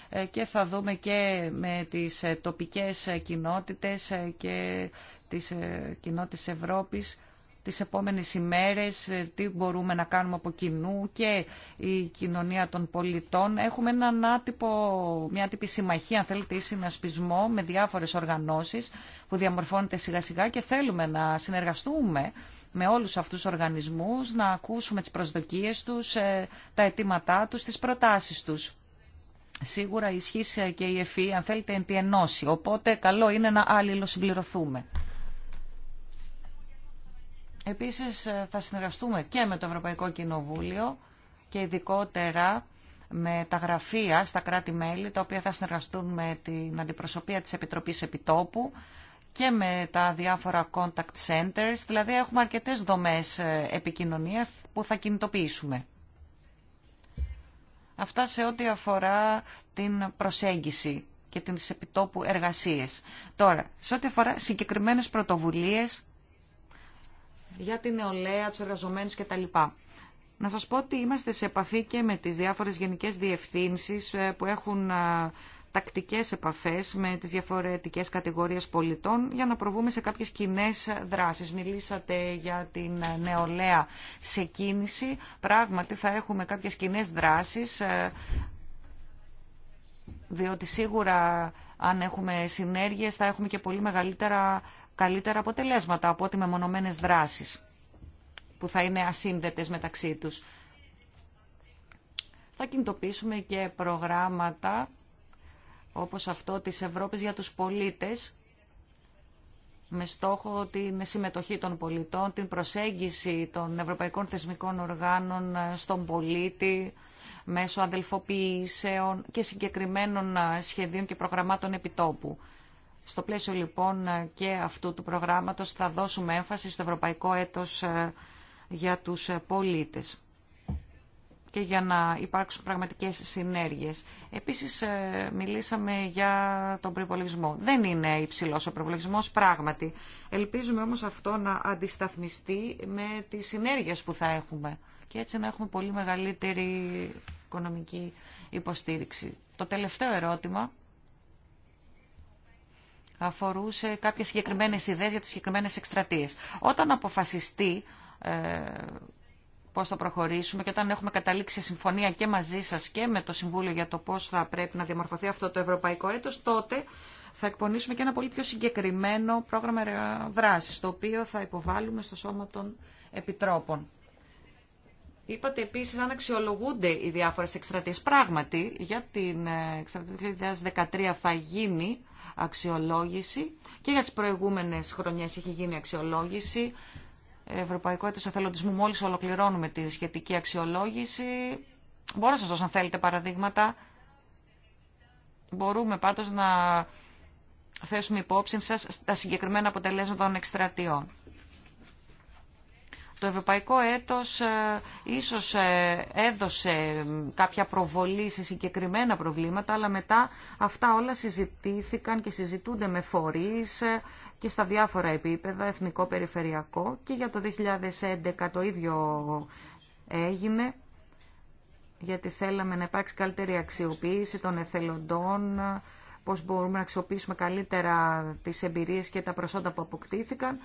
ε, και θα δούμε και με τις ε, τοπικές ε, κοινότητες και τις κοινότητες Ευρώπης τις επόμενες ημέρες, ε, τι μπορούμε να κάνουμε από κοινού και η κοινωνία των πολιτών. Έχουμε έναν άτυπο, μια άτυπη συμμαχία, αν θέλετε, ή συνασπισμό με διάφορες οργανώσεις που διαμορφώνεται σιγά σιγά και θέλουμε να συνεργαστούμε με όλους αυτούς τους οργανισμούς, να ακούσουμε τις προσδοκίες τους, ε, τα αιτήματά τους, τις προτάσεις τους. Σίγουρα ισχύει και η ΕΦΗ, αν θέλετε, εν Οπότε καλό είναι να αλληλοσυμπληρωθούμε. συμπληρωθούμε. Επίσης ε, θα συνεργαστούμε και με το Ευρωπαϊκό Κοινοβούλιο και ειδικότερα με τα γραφεία στα κράτη-μέλη, τα οποία θα συνεργαστούν με την αντιπροσωπεία της Επιτροπής Επιτόπου και με τα διάφορα contact centers, δηλαδή έχουμε αρκετές δομές ε, επικοινωνίας που θα κινητοποιήσουμε. Αυτά σε ό,τι αφορά την προσέγγιση και τις επιτόπου εργασίες. Τώρα, σε ό,τι αφορά συγκεκριμένες πρωτοβουλίες για την νεολαία, του εργαζομένου κτλ. Να σας πω ότι είμαστε σε επαφή και με τις διάφορες γενικές διευθύνσεις ε, που έχουν ε, τακτικές επαφές με τις διαφορετικές κατηγορίες πολιτών για να προβούμε σε κάποιες κοινέ δράσεις. Μιλήσατε για την νεολαία σε κίνηση. Πράγματι θα έχουμε κάποιες κοινέ δράσεις ε, διότι σίγουρα αν έχουμε συνέργειες θα έχουμε και πολύ μεγαλύτερα καλύτερα αποτελέσματα από ότι με δράσεις που θα είναι ασύνδετες μεταξύ τους. Θα κινητοποιήσουμε και προγράμματα όπως αυτό της Ευρώπης για τους πολίτες με στόχο την συμμετοχή των πολιτών, την προσέγγιση των ευρωπαϊκών θεσμικών οργάνων στον πολίτη μέσω αδελφοποιήσεων και συγκεκριμένων σχεδίων και προγραμμάτων επιτόπου. Στο πλαίσιο λοιπόν και αυτού του προγράμματος θα δώσουμε έμφαση στο Ευρωπαϊκό Έτος ε, για τους ε, πολίτες και για να υπάρξουν πραγματικές συνέργειες. Επίσης ε, μιλήσαμε για τον προπολογισμό. Δεν είναι υψηλός ο προπολογισμό πράγματι. Ελπίζουμε όμως αυτό να αντισταθμιστεί με τις συνέργειες που θα έχουμε και έτσι να έχουμε πολύ μεγαλύτερη οικονομική υποστήριξη. Το τελευταίο ερώτημα αφορούσε κάποιες συγκεκριμένες ιδέες για τις συγκεκριμένες εκστρατείες. Όταν αποφασιστεί ε, πώς θα προχωρήσουμε και όταν έχουμε καταλήξει συμφωνία και μαζί σας και με το Συμβούλιο για το πώς θα πρέπει να διαμορφωθεί αυτό το ευρωπαϊκό έτος, τότε θα εκπονήσουμε και ένα πολύ πιο συγκεκριμένο πρόγραμμα δράσης, το οποίο θα υποβάλουμε στο Σώμα των Επιτρόπων. Είπατε επίση αν αξιολογούνται οι διάφορε εκστρατείε. Πράγματι, για την ε, εκστρατεία 2013 θα γίνει αξιολόγηση και για τις προηγούμενες χρονιές έχει γίνει αξιολόγηση. Ευρωπαϊκό Έτος Αθελοντισμού μόλις ολοκληρώνουμε τη σχετική αξιολόγηση. Μπορώ να σας δώσω αν θέλετε παραδείγματα. Μπορούμε πάντως να θέσουμε υπόψη σας τα συγκεκριμένα αποτελέσματα των εκστρατιών. Το ευρωπαϊκό έτος ε, ίσως ε, έδωσε κάποια προβολή σε συγκεκριμένα προβλήματα, αλλά μετά αυτά όλα συζητήθηκαν και συζητούνται με φορείς ε, και στα διάφορα επίπεδα, εθνικό, περιφερειακό και για το 2011 το ίδιο έγινε γιατί θέλαμε να υπάρξει καλύτερη αξιοποίηση των εθελοντών, πώς μπορούμε να αξιοποιήσουμε καλύτερα τις εμπειρίες και τα προσόντα που αποκτήθηκαν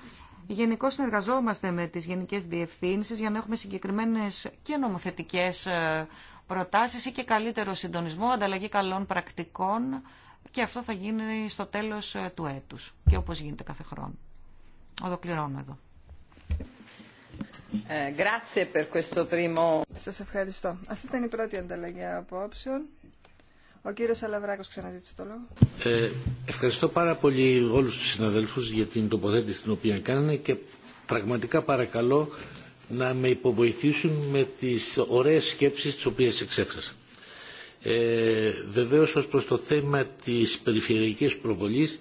Γενικώ συνεργαζόμαστε με τις γενικές διευθύνσει για να έχουμε συγκεκριμένες και νομοθετικέ ε, τέλος ε, του έτους και όπως γίνεται κάθε χρόνο. Ολοκληρώνω εδώ. Ε, Σας ευχαριστώ. Αυτή ήταν η πρώτη στο τελος του ετους και οπως γινεται καθε χρονο Οδοκληρώνω απόψεων. Ο κύριος Αλαβράκος ξαναζήτησε το λόγο. Ε, ευχαριστώ πάρα πολύ όλους τους συναδέλφους για την τοποθέτηση την οποία κάνανε και πραγματικά παρακαλώ να με υποβοηθήσουν με τις ωραίες σκέψεις τις οποίες εξέφρασα. Ε, βεβαίως ως προς το θέμα της περιφερειακής προβολής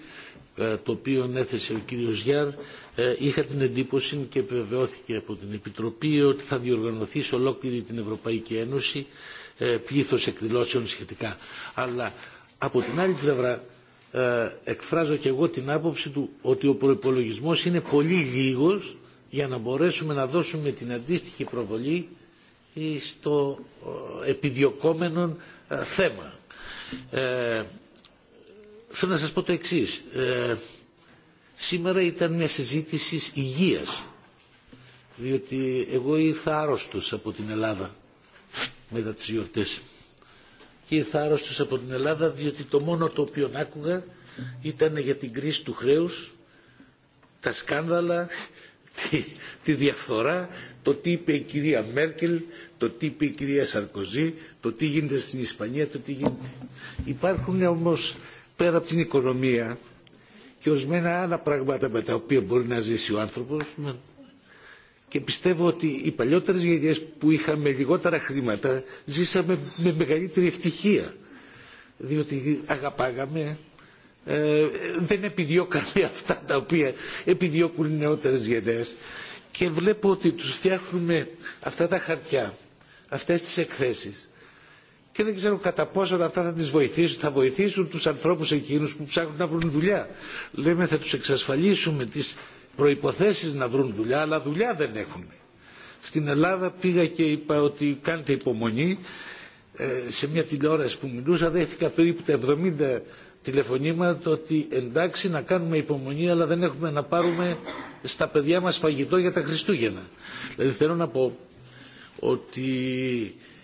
ε, το οποίο έθεσε ο κύριος Γιάρ ε, είχα την εντύπωση και επιβεβαιώθηκε από την Επιτροπή ότι θα διοργανωθεί σε ολόκληρη την Ευρωπαϊκή Ένωση ε, πλήθος εκδηλώσεων σχετικά. Αλλά από την άλλη πλευρά ε, εκφράζω και εγώ την άποψη του ότι ο προπολογισμό είναι πολύ λίγος για να μπορέσουμε να δώσουμε την αντίστοιχη προβολή στο ε, επιδιωκόμενο θέμα. Ε, θέλω να σας πω το εξής. σήμερα ήταν μια συζήτηση υγείας, διότι εγώ ήρθα άρρωστος από την Ελλάδα μετά τις γιορτές. Και ήρθα άρρωστος από την Ελλάδα διότι το μόνο το οποίο άκουγα ήταν για την κρίση του χρέους, τα σκάνδαλα, τη, τη διαφθορά, το τι είπε η κυρία Μέρκελ, το τι είπε η κυρία Σαρκοζή, το τι γίνεται στην Ισπανία, το τι γίνεται. Υπάρχουν όμως πέρα από την οικονομία και ορισμένα άλλα πράγματα με τα οποία μπορεί να ζήσει ο άνθρωπος, και πιστεύω ότι οι παλιότερες γενιές που είχαμε λιγότερα χρήματα ζήσαμε με μεγαλύτερη ευτυχία διότι αγαπάγαμε ε, δεν επιδιώκαμε αυτά τα οποία επιδιώκουν οι νεότερες γενιές και βλέπω ότι τους φτιάχνουμε αυτά τα χαρτιά αυτές τις εκθέσεις και δεν ξέρω κατά πόσο αυτά θα τις βοηθήσουν, θα βοηθήσουν τους ανθρώπους εκείνους που ψάχνουν να βρουν δουλειά. Λέμε θα τους εξασφαλίσουμε τις προϋποθέσεις να βρουν δουλειά, αλλά δουλειά δεν έχουν. Στην Ελλάδα πήγα και είπα ότι κάντε υπομονή. Ε, σε μια τηλεόραση που μιλούσα δέχτηκα περίπου τα 70 τηλεφωνήματα ότι εντάξει να κάνουμε υπομονή αλλά δεν έχουμε να πάρουμε στα παιδιά μας φαγητό για τα Χριστούγεννα. Δηλαδή θέλω να πω ότι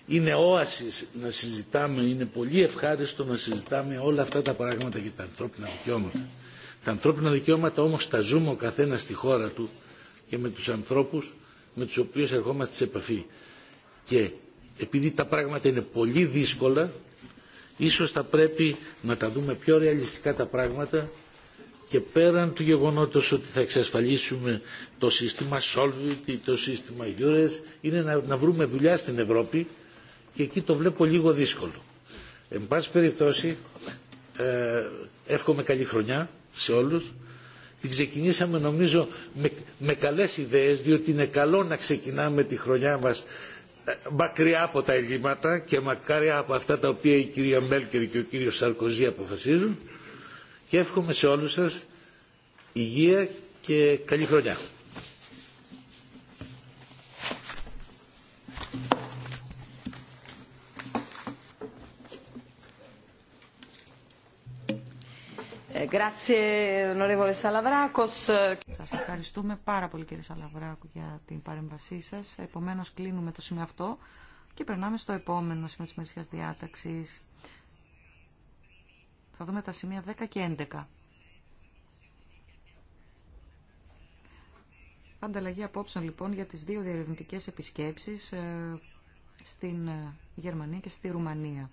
είναι όαση να συζητάμε, είναι πολύ ευχάριστο να συζητάμε όλα αυτά τα πράγματα για τα ανθρώπινα δικαιώματα. Τα ανθρώπινα δικαιώματα όμως τα ζούμε ο καθένας στη χώρα του και με τους ανθρώπους με τους οποίους ερχόμαστε σε επαφή. Και επειδή τα πράγματα είναι πολύ δύσκολα, ίσως θα πρέπει να τα δούμε πιο ρεαλιστικά τα πράγματα και πέραν του γεγονότος ότι θα εξασφαλίσουμε το σύστημα Solvit, το σύστημα Eures, είναι να, να βρούμε δουλειά στην Ευρώπη και εκεί το βλέπω λίγο δύσκολο. Εν πάση περιπτώσει, ε, εύχομαι καλή χρονιά σε όλους. Την ξεκινήσαμε νομίζω με, με καλές ιδέες διότι είναι καλό να ξεκινάμε τη χρονιά μας ε, μακριά από τα ελλείμματα και μακριά από αυτά τα οποία η κυρία Μέλκερ και ο κύριος Σαρκοζή αποφασίζουν και εύχομαι σε όλους σας υγεία και καλή χρονιά. Ε, σας ευχαριστούμε πάρα πολύ κύριε Σαλαβράκου για την παρέμβασή σας. Επομένως κλείνουμε το σημείο αυτό και περνάμε στο επόμενο σημείο της μερισιάς διάταξης. Θα δούμε τα σημεία 10 και 11. Ανταλλαγή απόψεων λοιπόν για τις δύο διερευνητικές επισκέψεις ε, στην ε, Γερμανία και στη Ρουμανία.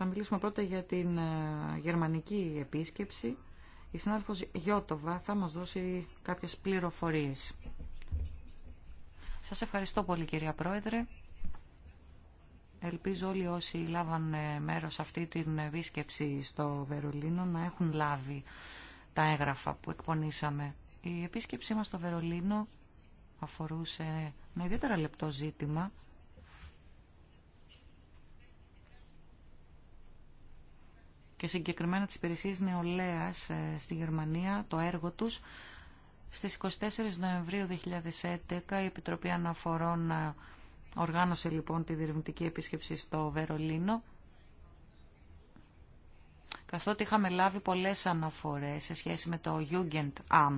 Θα μιλήσουμε πρώτα για την ε, γερμανική επίσκεψη. Η συνάδελφος Γιώτοβα θα μας δώσει κάποιες πληροφορίες. Σας ευχαριστώ πολύ κυρία Πρόεδρε. Ελπίζω όλοι όσοι λάβαν ε, μέρος αυτή την επίσκεψη στο Βερολίνο να έχουν λάβει τα έγγραφα που εκπονήσαμε. Η επίσκεψή μας στο Βερολίνο αφορούσε ένα ιδιαίτερα λεπτό ζήτημα και συγκεκριμένα τις υπηρεσίε νεολαίας ε, στη Γερμανία, το έργο τους. Στις 24 Νοεμβρίου 2011 η Επιτροπή Αναφορών ε, οργάνωσε λοιπόν τη διερευνητική επίσκεψη στο Βερολίνο καθότι είχαμε λάβει πολλές αναφορές σε σχέση με το Jugendamt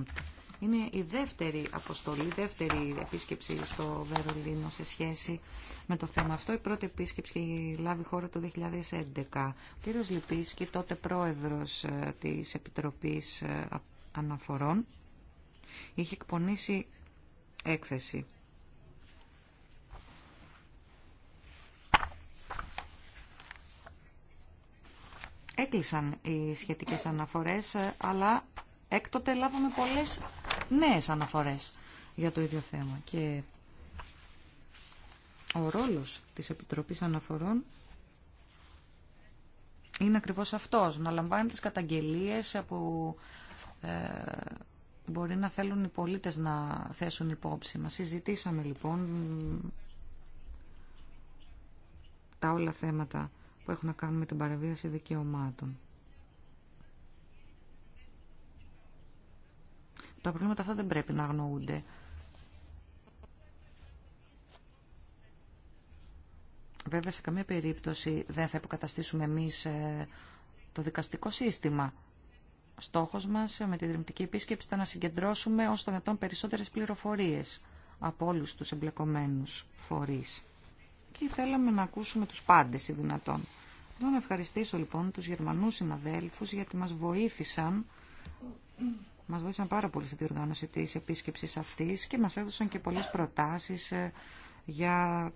είναι η δεύτερη αποστολή, η δεύτερη επίσκεψη στο Βερολίνο σε σχέση με το θέμα αυτό. Η πρώτη επίσκεψη λάβει χώρα το 2011. Ο κύριος Λυπίσκη, τότε πρόεδρος ε, της Επιτροπής ε, Αναφορών, είχε εκπονήσει έκθεση. Έκλεισαν οι σχετικές αναφορές, ε, αλλά έκτοτε λάβαμε πολλές νέες αναφορές για το ίδιο θέμα. Και ο ρόλος της Επιτροπής Αναφορών είναι ακριβώς αυτός, να λαμβάνει τις καταγγελίες που ε, μπορεί να θέλουν οι πολίτες να θέσουν υπόψη μας. Συζητήσαμε λοιπόν τα όλα θέματα που έχουν να κάνουν με την παραβίαση δικαιωμάτων. Τα προβλήματα αυτά δεν πρέπει να αγνοούνται. Βέβαια, σε καμία περίπτωση δεν θα υποκαταστήσουμε εμείς ε, το δικαστικό σύστημα. Στόχος μας με τη δρυμτική επίσκεψη ήταν να συγκεντρώσουμε όσο το δυνατόν περισσότερες πληροφορίες από όλους τους εμπλεκομένους φορείς. Και θέλαμε να ακούσουμε τους πάντες οι δυνατόν. Θέλω να ευχαριστήσω λοιπόν τους Γερμανούς συναδέλφους γιατί μας βοήθησαν μας βοήθησαν πάρα πολύ στην διοργάνωση τη επίσκεψη αυτή και μας έδωσαν και πολλές προτάσεις ε, για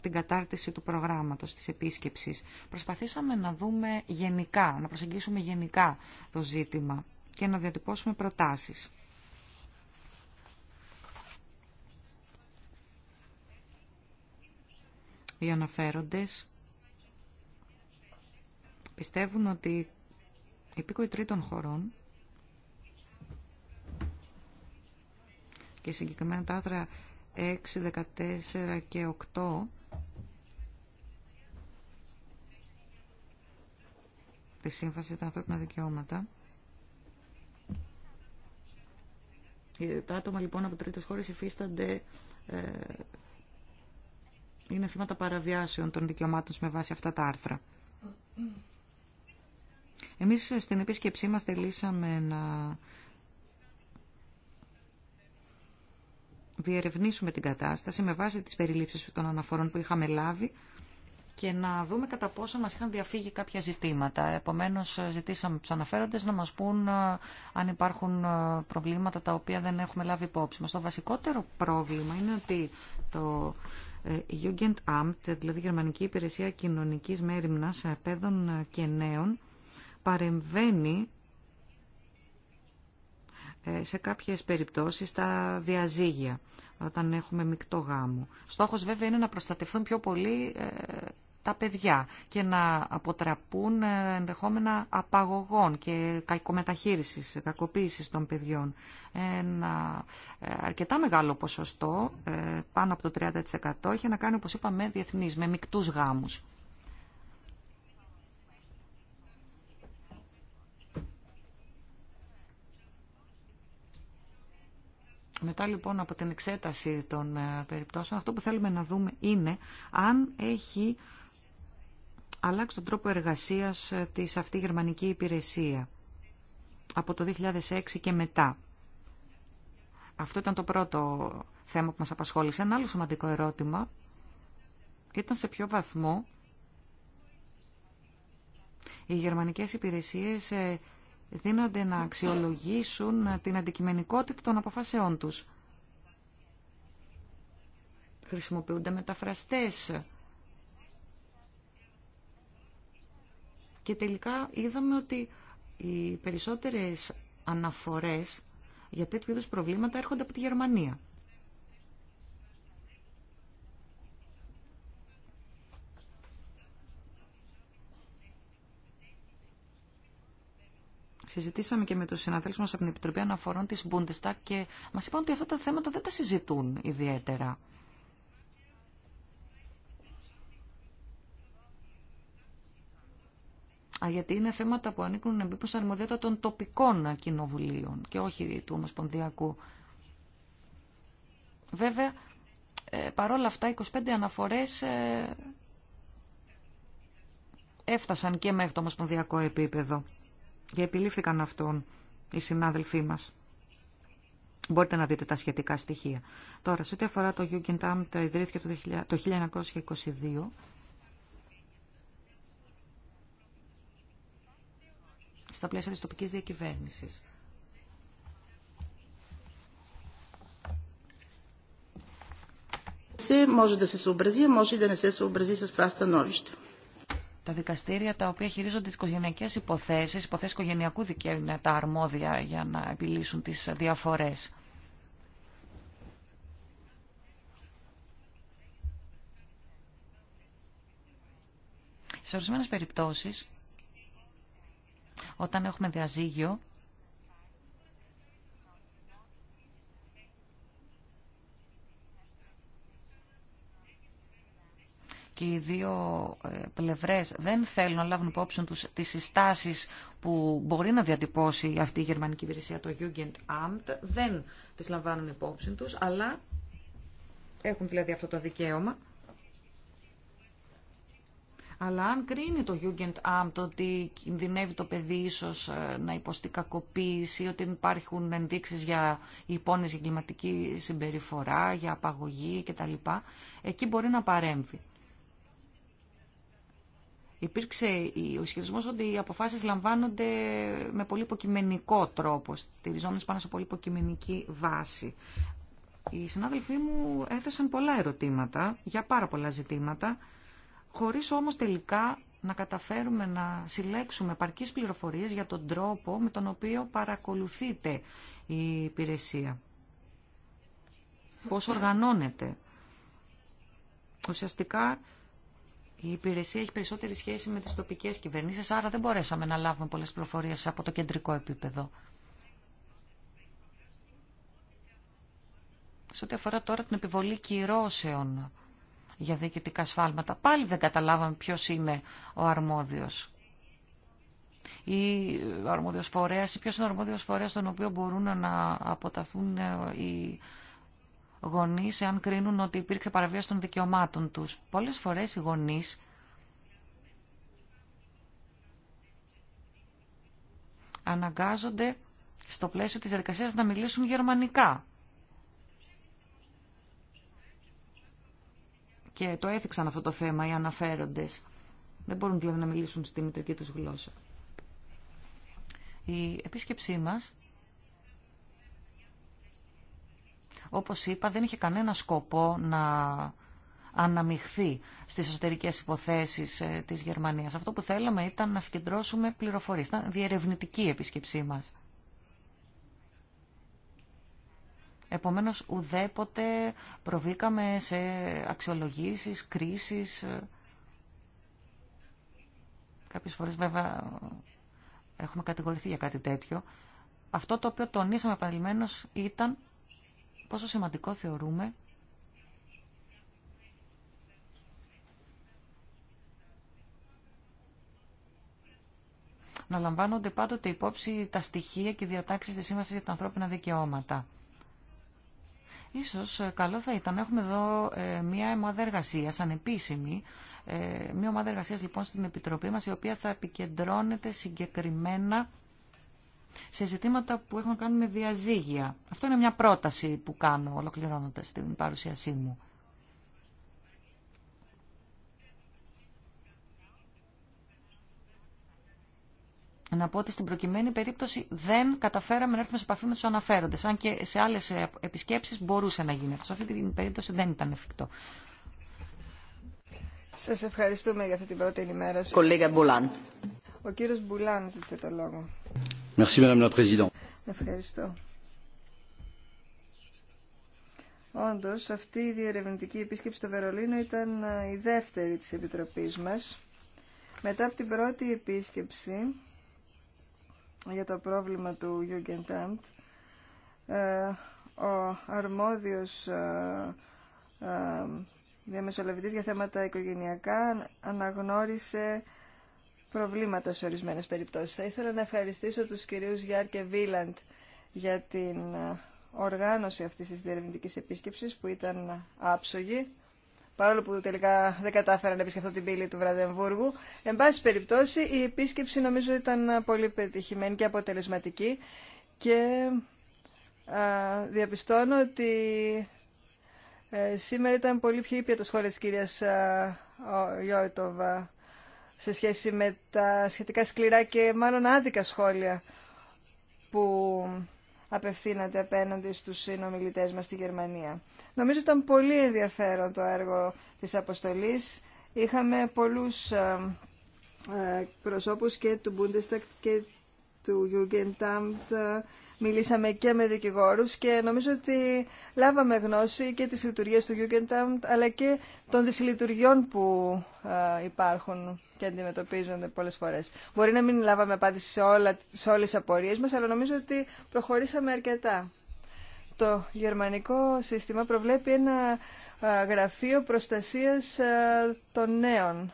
την κατάρτιση του προγράμματος της επίσκεψης. Προσπαθήσαμε να δούμε γενικά, να προσεγγίσουμε γενικά το ζήτημα και να διατυπώσουμε προτάσεις. Οι αναφέροντες πιστεύουν ότι οι πήκοοι τρίτων χωρών και συγκεκριμένα τα άρθρα 6, 14 και 8 τη για τα Ανθρώπινα Δικαιώματα. Ε, τα άτομα λοιπόν από τρίτες χώρες υφίστανται ε, είναι θύματα παραβιάσεων των δικαιωμάτων με βάση αυτά τα άρθρα. Εμείς στην επίσκεψή μας θελήσαμε να διερευνήσουμε την κατάσταση με βάση τις περιλήψεις των αναφορών που είχαμε λάβει και να δούμε κατά πόσο μας είχαν διαφύγει κάποια ζητήματα. Επομένως, ζητήσαμε τους αναφέροντες να μας πούν ε, αν υπάρχουν ε, προβλήματα τα οποία δεν έχουμε λάβει υπόψη μας. Το βασικότερο πρόβλημα είναι ότι το ε, Jugendamt, δηλαδή Γερμανική Υπηρεσία Κοινωνικής Μέριμνας Παιδών και Νέων, παρεμβαίνει ε, σε κάποιες περιπτώσεις τα διαζύγια όταν έχουμε μεικτό γάμο. Στόχος βέβαια είναι να προστατευτούν πιο πολύ ε, τα παιδιά και να αποτραπούν ε, ενδεχόμενα απαγωγών και κακομεταχείρισης, κακοποίησης των παιδιών. Ένα αρκετά μεγάλο ποσοστό, πάνω από το 30%, έχει να κάνει, όπως είπαμε, διεθνείς, με μικτούς γάμους. Μετά λοιπόν από την εξέταση των ε, περιπτώσεων, αυτό που θέλουμε να δούμε είναι αν έχει αλλάξει τον τρόπο εργασίας ε, της αυτή γερμανική υπηρεσία από το 2006 και μετά. Αυτό ήταν το πρώτο θέμα που μας απασχόλησε. Ένα άλλο σημαντικό ερώτημα ήταν σε ποιο βαθμό οι γερμανικές υπηρεσίες ε, δίνονται να αξιολογήσουν την αντικειμενικότητα των αποφάσεών τους. Χρησιμοποιούνται μεταφραστές. Και τελικά είδαμε ότι οι περισσότερες αναφορές για τέτοιου είδους προβλήματα έρχονται από τη Γερμανία. Συζητήσαμε και με του συναδέλφου μα από την Επιτροπή Αναφορών τη Bundestag και μας είπαν ότι αυτά τα θέματα δεν τα συζητούν ιδιαίτερα. Α, γιατί είναι θέματα που ανήκουν εμπίπτω στην αρμοδιότητα των τοπικών κοινοβουλίων και όχι του Ομοσπονδιακού. Βέβαια, ε, παρόλα αυτά, 25 αναφορές ε, έφτασαν και μέχρι το Ομοσπονδιακό επίπεδο και επιλήφθηκαν αυτόν οι συνάδελφοί μας. Μπορείτε να δείτε τα σχετικά στοιχεία. Τώρα, σε ό,τι αφορά το Jugendamt, ιδρύθηκε το 1922. στα πλαίσια της τοπικής διακυβέρνησης. Може да се съобрази, може и да не се съобрази с това становище τα δικαστήρια τα οποία χειρίζονται τις οικογενειακές υποθέσεις, υποθέσεις οικογενειακού δικαίου είναι τα αρμόδια για να επιλύσουν τις διαφορές. Σε ορισμένες περιπτώσεις, όταν έχουμε διαζύγιο, και οι δύο ε, πλευρές δεν θέλουν να λάβουν υπόψη τους τις συστάσεις που μπορεί να διατυπώσει αυτή η γερμανική υπηρεσία, το Jugendamt, δεν τις λαμβάνουν υπόψη τους, αλλά έχουν δηλαδή αυτό το δικαίωμα. Αλλά αν κρίνει το Jugendamt ότι κινδυνεύει το παιδί ίσως ε, να υποστεί κακοποίηση, ότι υπάρχουν ενδείξεις για υπόνοιε για συμπεριφορά, για απαγωγή κτλ, εκεί μπορεί να παρέμβει. Υπήρξε ο ισχυρισμό ότι οι αποφάσει λαμβάνονται με πολύ υποκειμενικό τρόπο, στηριζόμενε πάνω σε πολύ υποκειμενική βάση. Οι συνάδελφοί μου έθεσαν πολλά ερωτήματα για πάρα πολλά ζητήματα, χωρίς όμως τελικά να καταφέρουμε να συλλέξουμε παρκεί πληροφορίες για τον τρόπο με τον οποίο παρακολουθείται η υπηρεσία. Πώς οργανώνεται. Ουσιαστικά η υπηρεσία έχει περισσότερη σχέση με τις τοπικές κυβερνήσεις, άρα δεν μπορέσαμε να λάβουμε πολλές πληροφορίες από το κεντρικό επίπεδο. Σε ό,τι αφορά τώρα την επιβολή κυρώσεων για διοικητικά σφάλματα, πάλι δεν καταλάβαμε ποιος είναι ο αρμόδιος. Ή ο αρμόδιος φορέας, ή ποιος είναι ο αρμόδιος φορέας στον οποίο μπορούν να αποταθούν ε, οι γονείς εάν κρίνουν ότι υπήρξε παραβίαση των δικαιωμάτων τους. Πολλές φορές οι γονείς αναγκάζονται στο πλαίσιο της διαδικασίας να μιλήσουν γερμανικά. Και το έθιξαν αυτό το θέμα οι αναφέροντες. Δεν μπορούν δηλαδή να μιλήσουν στη μητρική τους γλώσσα. Η επίσκεψή μας όπως είπα, δεν είχε κανένα σκοπό να αναμειχθεί στις εσωτερικές υποθέσεις ε, της Γερμανίας. Αυτό που θέλαμε ήταν να συγκεντρώσουμε πληροφορίες. Ήταν διερευνητική η επίσκεψή μας. Επομένως, ουδέποτε προβήκαμε σε αξιολογήσεις, κρίσεις. Ε, κάποιες φορές, βέβαια, ε, έχουμε κατηγορηθεί για κάτι τέτοιο. Αυτό το οποίο τονίσαμε επανειλημμένως ήταν πόσο σημαντικό θεωρούμε να λαμβάνονται πάντοτε υπόψη τα στοιχεία και οι διατάξεις της Σύμβασης για τα ανθρώπινα δικαιώματα. Ίσως ε, καλό θα ήταν να έχουμε εδώ ε, μια ομάδα εργασία, ανεπίσημη, ε, μια ομάδα εργασία λοιπόν στην Επιτροπή μας, η οποία θα επικεντρώνεται συγκεκριμένα σε ζητήματα που έχουν να κάνουν με διαζύγια. Αυτό είναι μια πρόταση που κάνω ολοκληρώνοντας την παρουσίασή μου. Να πω ότι στην προκειμένη περίπτωση δεν καταφέραμε να έρθουμε σε επαφή με του αναφέροντε. Αν και σε άλλε επισκέψει μπορούσε να γίνει αυτό. Σε αυτή την περίπτωση δεν ήταν εφικτό. Σα ευχαριστούμε για αυτή την πρώτη ενημέρωση. Ο κύριος Μπουλάν ζήτησε το λόγο. Ευχαριστώ. Όντως, αυτή η διερευνητική επίσκεψη στο Βερολίνο ήταν ε, η δεύτερη της Επιτροπής μας. Μετά από την πρώτη επίσκεψη για το πρόβλημα του Jugendamt, ε, ο αρμόδιος ε, διαμεσολαβητής για θέματα οικογενειακά αναγνώρισε προβλήματα σε ορισμένες περιπτώσεις. Θα ήθελα να ευχαριστήσω τους κυρίους Γιάρ και Βίλαντ για την ε, οργάνωση αυτής της διερευνητικής επίσκεψης που ήταν άψογη παρόλο που τελικά δεν κατάφεραν να επισκεφτώ την πύλη του Βραδεμβούργου. Εν πάση περιπτώσει, η επίσκεψη νομίζω ήταν πολύ πετυχημένη και αποτελεσματική και ε, διαπιστώνω ότι ε, σήμερα ήταν πολύ πιο ήπια τα σχόλια της κυρίας Γιώτοβα σε σχέση με τα σχετικά σκληρά και μάλλον άδικα σχόλια που απευθύνατε απέναντι στους συνομιλητές μας στη Γερμανία. Νομίζω ήταν πολύ ενδιαφέρον το έργο της αποστολής. Είχαμε πολλούς ε, ε, προσώπους και του Bundestag και του Jugendamt ε, μιλήσαμε και με δικηγόρους και νομίζω ότι λάβαμε γνώση και της λειτουργίας του Jugendamt αλλά και των δυσλειτουργιών που υπάρχουν και αντιμετωπίζονται πολλές φορές. Μπορεί να μην λάβαμε απάντηση σε, όλα, σε όλες τις απορίες μας, αλλά νομίζω ότι προχωρήσαμε αρκετά. Το γερμανικό σύστημα προβλέπει ένα γραφείο προστασίας των νέων.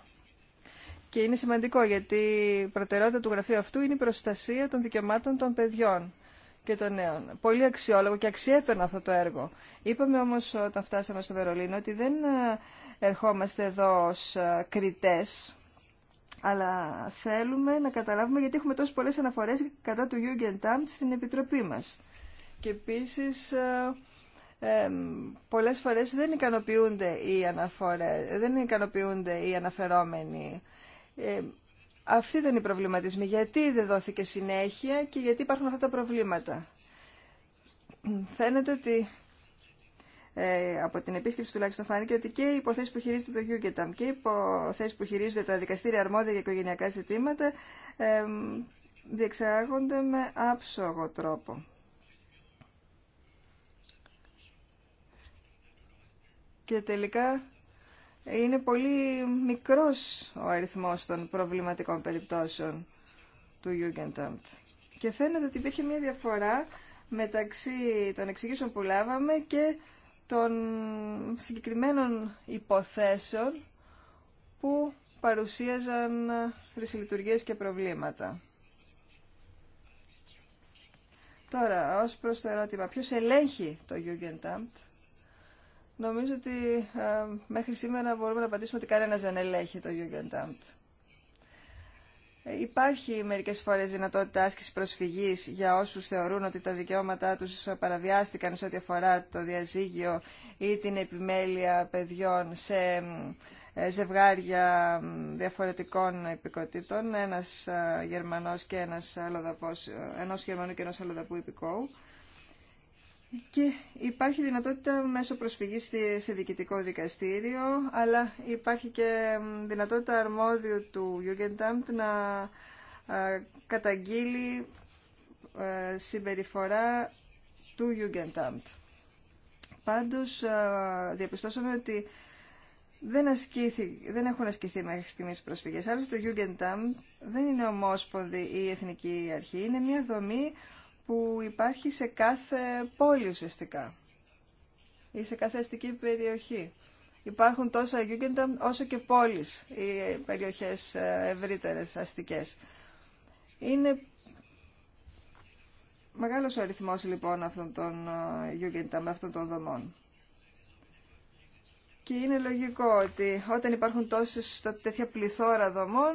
Και είναι σημαντικό γιατί η προτεραιότητα του γραφείου αυτού είναι η προστασία των δικαιωμάτων των παιδιών και των νέων. Πολύ αξιόλογο και αξιέπαινο αυτό το έργο. Είπαμε όμως όταν φτάσαμε στο Βερολίνο ότι δεν ε, ερχόμαστε εδώ ως ε, κριτές, αλλά θέλουμε να καταλάβουμε γιατί έχουμε τόσες πολλές αναφορές κατά του Jugendamt στην Επιτροπή μας. Και επίσης ε, πολλές φορές δεν ικανοποιούνται οι αναφορές, δεν ικανοποιούνται οι αναφερόμενοι. Ε, αυτοί ήταν η προβληματισμοί. Γιατί δεν δόθηκε συνέχεια και γιατί υπάρχουν αυτά τα προβλήματα. Φαίνεται ότι ε, από την επίσκεψη τουλάχιστον φάνηκε ότι και οι υποθέσει που χειρίζεται το Γιούγκεταμ και οι υποθέσει που χειρίζονται τα δικαστήρια αρμόδια για οικογενειακά ζητήματα ε, διεξάγονται με άψογο τρόπο. Και τελικά είναι πολύ μικρός ο αριθμός των προβληματικών περιπτώσεων του Jugendamt. Και φαίνεται ότι υπήρχε μια διαφορά μεταξύ των εξηγήσεων που λάβαμε και των συγκεκριμένων υποθέσεων που παρουσίαζαν δυσλειτουργίες και προβλήματα. Τώρα, ως προς το ερώτημα, ποιος ελέγχει το Jugendamt, Νομίζω ότι ε, μέχρι σήμερα μπορούμε να απαντήσουμε ότι κανένα δεν ελέγχει το Jugendamt. Ε, υπάρχει μερικές φορές δυνατότητα άσκηση προσφυγής για όσους θεωρούν ότι τα δικαιώματά τους παραβιάστηκαν σε ό,τι αφορά το διαζύγιο ή την επιμέλεια παιδιών σε ε, ζευγάρια διαφορετικών υπηκοτήτων, ένας Γερμανός και ένας Αλλοδαπός, ενός Γερμανού και ενός Αλλοδαπού υπηκόου. Και υπάρχει δυνατότητα μέσω προσφυγής σε διοικητικό δικαστήριο, αλλά υπάρχει και δυνατότητα αρμόδιου του Jugendamt να καταγγείλει ε, συμπεριφορά του Jugendamt. Πάντως, διαπιστώσαμε ότι δεν, ασκήθη, δεν έχουν ασκηθεί μέχρι στιγμής προσφυγές. Άλλωστε, το Jugendamt δεν είναι ομόσπονδη ή εθνική αρχή, είναι μια δομή που υπάρχει σε κάθε πόλη ουσιαστικά ή σε κάθε αστική περιοχή. Υπάρχουν τόσα Γιούγκενταμ όσο και πόλεις ή περιοχές ε, ευρύτερες αστικές. Είναι μεγάλος ο αριθμός λοιπόν αυτών των Γιούγκενταμ, αυτών των δομών. Και είναι λογικό ότι όταν υπάρχουν τόσες, τέτοια πληθώρα δομών,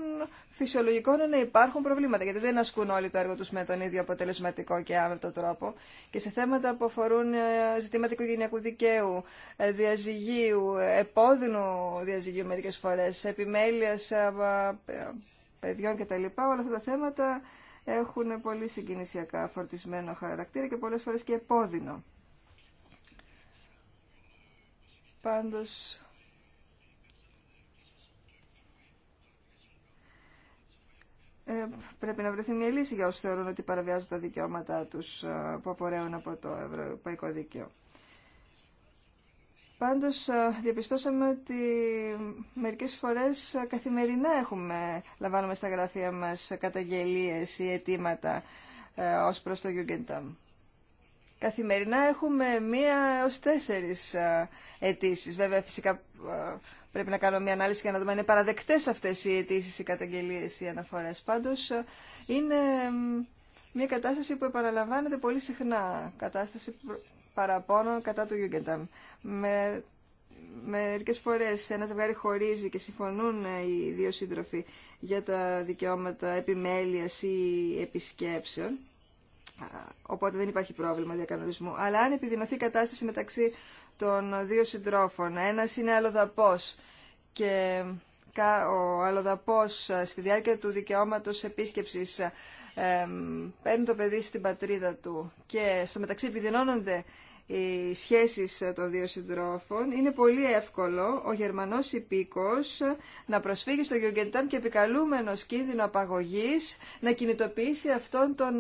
φυσιολογικό είναι να υπάρχουν προβλήματα, γιατί δεν ασκούν όλοι το έργο τους με τον ίδιο αποτελεσματικό και άμετο τρόπο. Και σε θέματα που αφορούν ε, ζητήματα οικογενειακού δικαίου, ε, διαζυγίου, επώδυνου διαζυγίου μερικές φορές, επιμέλεια ε, παιδιών κτλ. Όλα αυτά τα θέματα έχουν πολύ συγκινησιακά φορτισμένο χαρακτήρα και πολλές φορές και επώδυνο. Πάντως, ε, πρέπει να βρεθεί μια λύση για όσους θεωρούν ότι παραβιάζουν τα δικαιώματά τους ε, που απορρέουν από το Ευρωπαϊκό Δίκαιο. Πάντως ε, διαπιστώσαμε ότι μερικές φορές καθημερινά έχουμε, λαμβάνουμε στα γραφεία μας καταγγελίες ή αιτήματα ως προς το Jugendamt. Καθημερινά έχουμε μία έως τέσσερις αιτήσει. Βέβαια, φυσικά πρέπει να κάνω μία ανάλυση για να δούμε αν είναι παραδεκτές αυτές οι αιτήσει, οι καταγγελίες, οι αναφορές. Πάντως, είναι μία κατάσταση που επαναλαμβάνεται πολύ συχνά. Κατάσταση παραπώνων κατά του Γιούγκενταμ. Με μερικές φορές ένα ζευγάρι χωρίζει και συμφωνούν ε, οι δύο σύντροφοι για τα δικαιώματα επιμέλειας ή επισκέψεων. Οπότε δεν υπάρχει πρόβλημα διακανονισμού. Αλλά αν επιδεινωθεί η κατάσταση μεταξύ των δύο συντρόφων, ένας είναι αλλοδαπο και ο αλλοδαπό ε, στη διάρκεια του δικαιώματος επίσκεψης ε, παίρνει το παιδί στην πατρίδα του και στο μεταξύ επιδεινώνονται οι σχέσεις των δύο συντρόφων, είναι πολύ εύκολο ο Γερμανός υπήκος να προσφύγει στο Γιουγκεντάμ και επικαλούμενος κίνδυνο απαγωγής να κινητοποιήσει αυτόν τον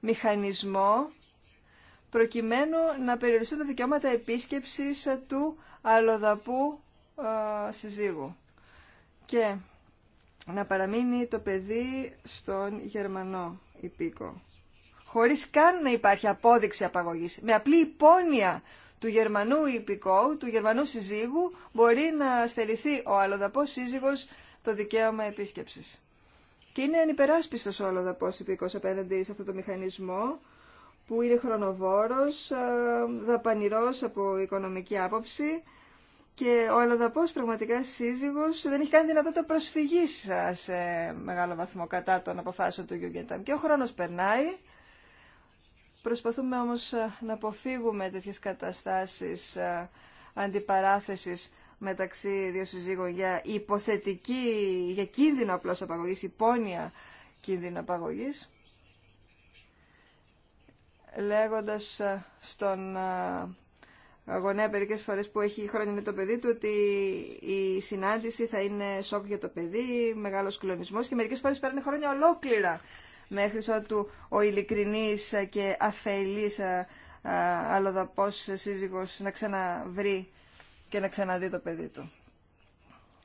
μηχανισμό προκειμένου να περιοριστούν τα δικαιώματα επίσκεψης του αλλοδαπού συζύγου. Και να παραμείνει το παιδί στον Γερμανό υπήκο χωρίς καν να υπάρχει απόδειξη απαγωγής. Με απλή υπόνοια του Γερμανού υπηκόου, του Γερμανού συζύγου, μπορεί να στερηθεί ο αλλοδαπός σύζυγος το δικαίωμα επίσκεψης. Και είναι ανυπεράσπιστος ο αλλοδαπός υπηκός απέναντι σε αυτό το μηχανισμό, που είναι χρονοβόρος, ε, δαπανηρός από οικονομική άποψη και ο αλλοδαπός πραγματικά σύζυγος δεν έχει καν δυνατότητα προσφυγής σε μεγάλο βαθμό κατά των αποφάσεων του Γιούγκενταμ. Και ο χρόνος περνάει Προσπαθούμε όμως ε, να αποφύγουμε τέτοιες καταστάσεις ε, αντιπαράθεσης μεταξύ δύο συζύγων για υποθετική, για κίνδυνο απλώς απαγωγής, υπόνοια κίνδυνο απαγωγής, λέγοντας ε, στον γονέα μερικές φορές που έχει χρόνια με το παιδί του ότι η συνάντηση θα είναι σοκ για το παιδί, μεγάλος κλονισμός και μερικές φορές παίρνει χρόνια ολόκληρα μέχρι ότου ο ειλικρινής και αφελής ε, ε, αλλοδαπός σύζυγος να ξαναβρει και να ξαναδεί το παιδί του.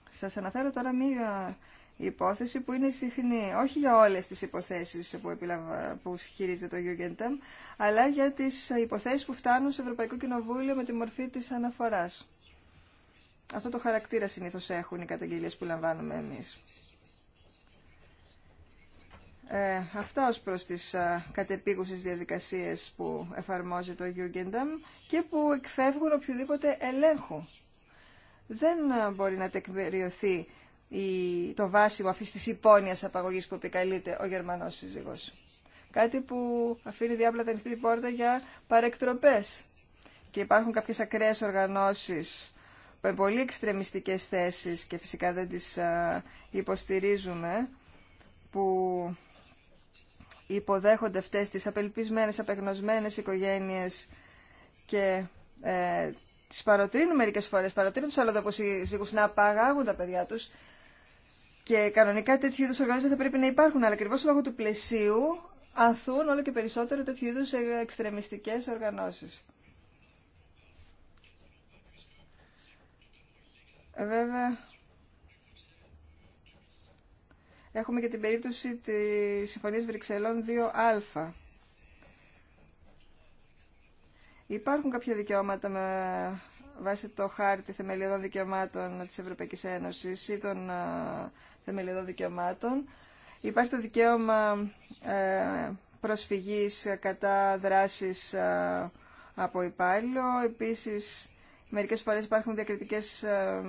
Σας αναφέρω τώρα μία υπόθεση που είναι συχνή, όχι για όλες τις υποθέσεις που, επιλαβα, που χειρίζεται το Jugendamt, αλλά για τις υποθέσεις που φτάνουν στο Ευρωπαϊκό Κοινοβούλιο με τη μορφή της αναφοράς. Αυτό το χαρακτήρα συνήθως έχουν οι καταγγελίες που λαμβάνουμε εμείς. Ε, αυτά ως προς τις α, ε, κατεπήγουσες διαδικασίες που εφαρμόζει το Jugendam και που εκφεύγουν οποιοδήποτε ελέγχου. Δεν ε, μπορεί να τεκμηριωθεί η, το βάσιμο αυτής της υπόνοιας απαγωγής που επικαλείται ο Γερμανός σύζυγος. Κάτι που αφήνει διάπλατα ανοιχτή την πόρτα για παρεκτροπές. Και υπάρχουν κάποιες ακραίες οργανώσεις με πολύ εξτρεμιστικές θέσεις και φυσικά δεν τις υποστηρίζουμε που υποδέχονται αυτές τις απελπισμένες, απεγνωσμένες οικογένειες και ε, τις παροτρύνουν μερικές φορές, παροτρύνουν τους αλλοδαποσύζυγους να απαγάγουν τα παιδιά τους και κανονικά τέτοιου είδους οργανώσεις δεν θα πρέπει να υπάρχουν, αλλά ακριβώ λόγω του πλαισίου αθούν όλο και περισσότερο τέτοιου είδους εξτρεμιστικές οργανώσεις. Βέβαια, Έχουμε και την περίπτωση της Συμφωνίας Βρυξελών 2α. Υπάρχουν κάποια δικαιώματα με βάση το χάρτη θεμελιωδών δικαιωμάτων της Ευρωπαϊκής Ένωσης ή των θεμελιωδών δικαιωμάτων. Υπάρχει το δικαίωμα ε, προσφυγής κατά δράσης από υπάλληλο. Επίσης, μερικές φορές υπάρχουν διακριτικές ε,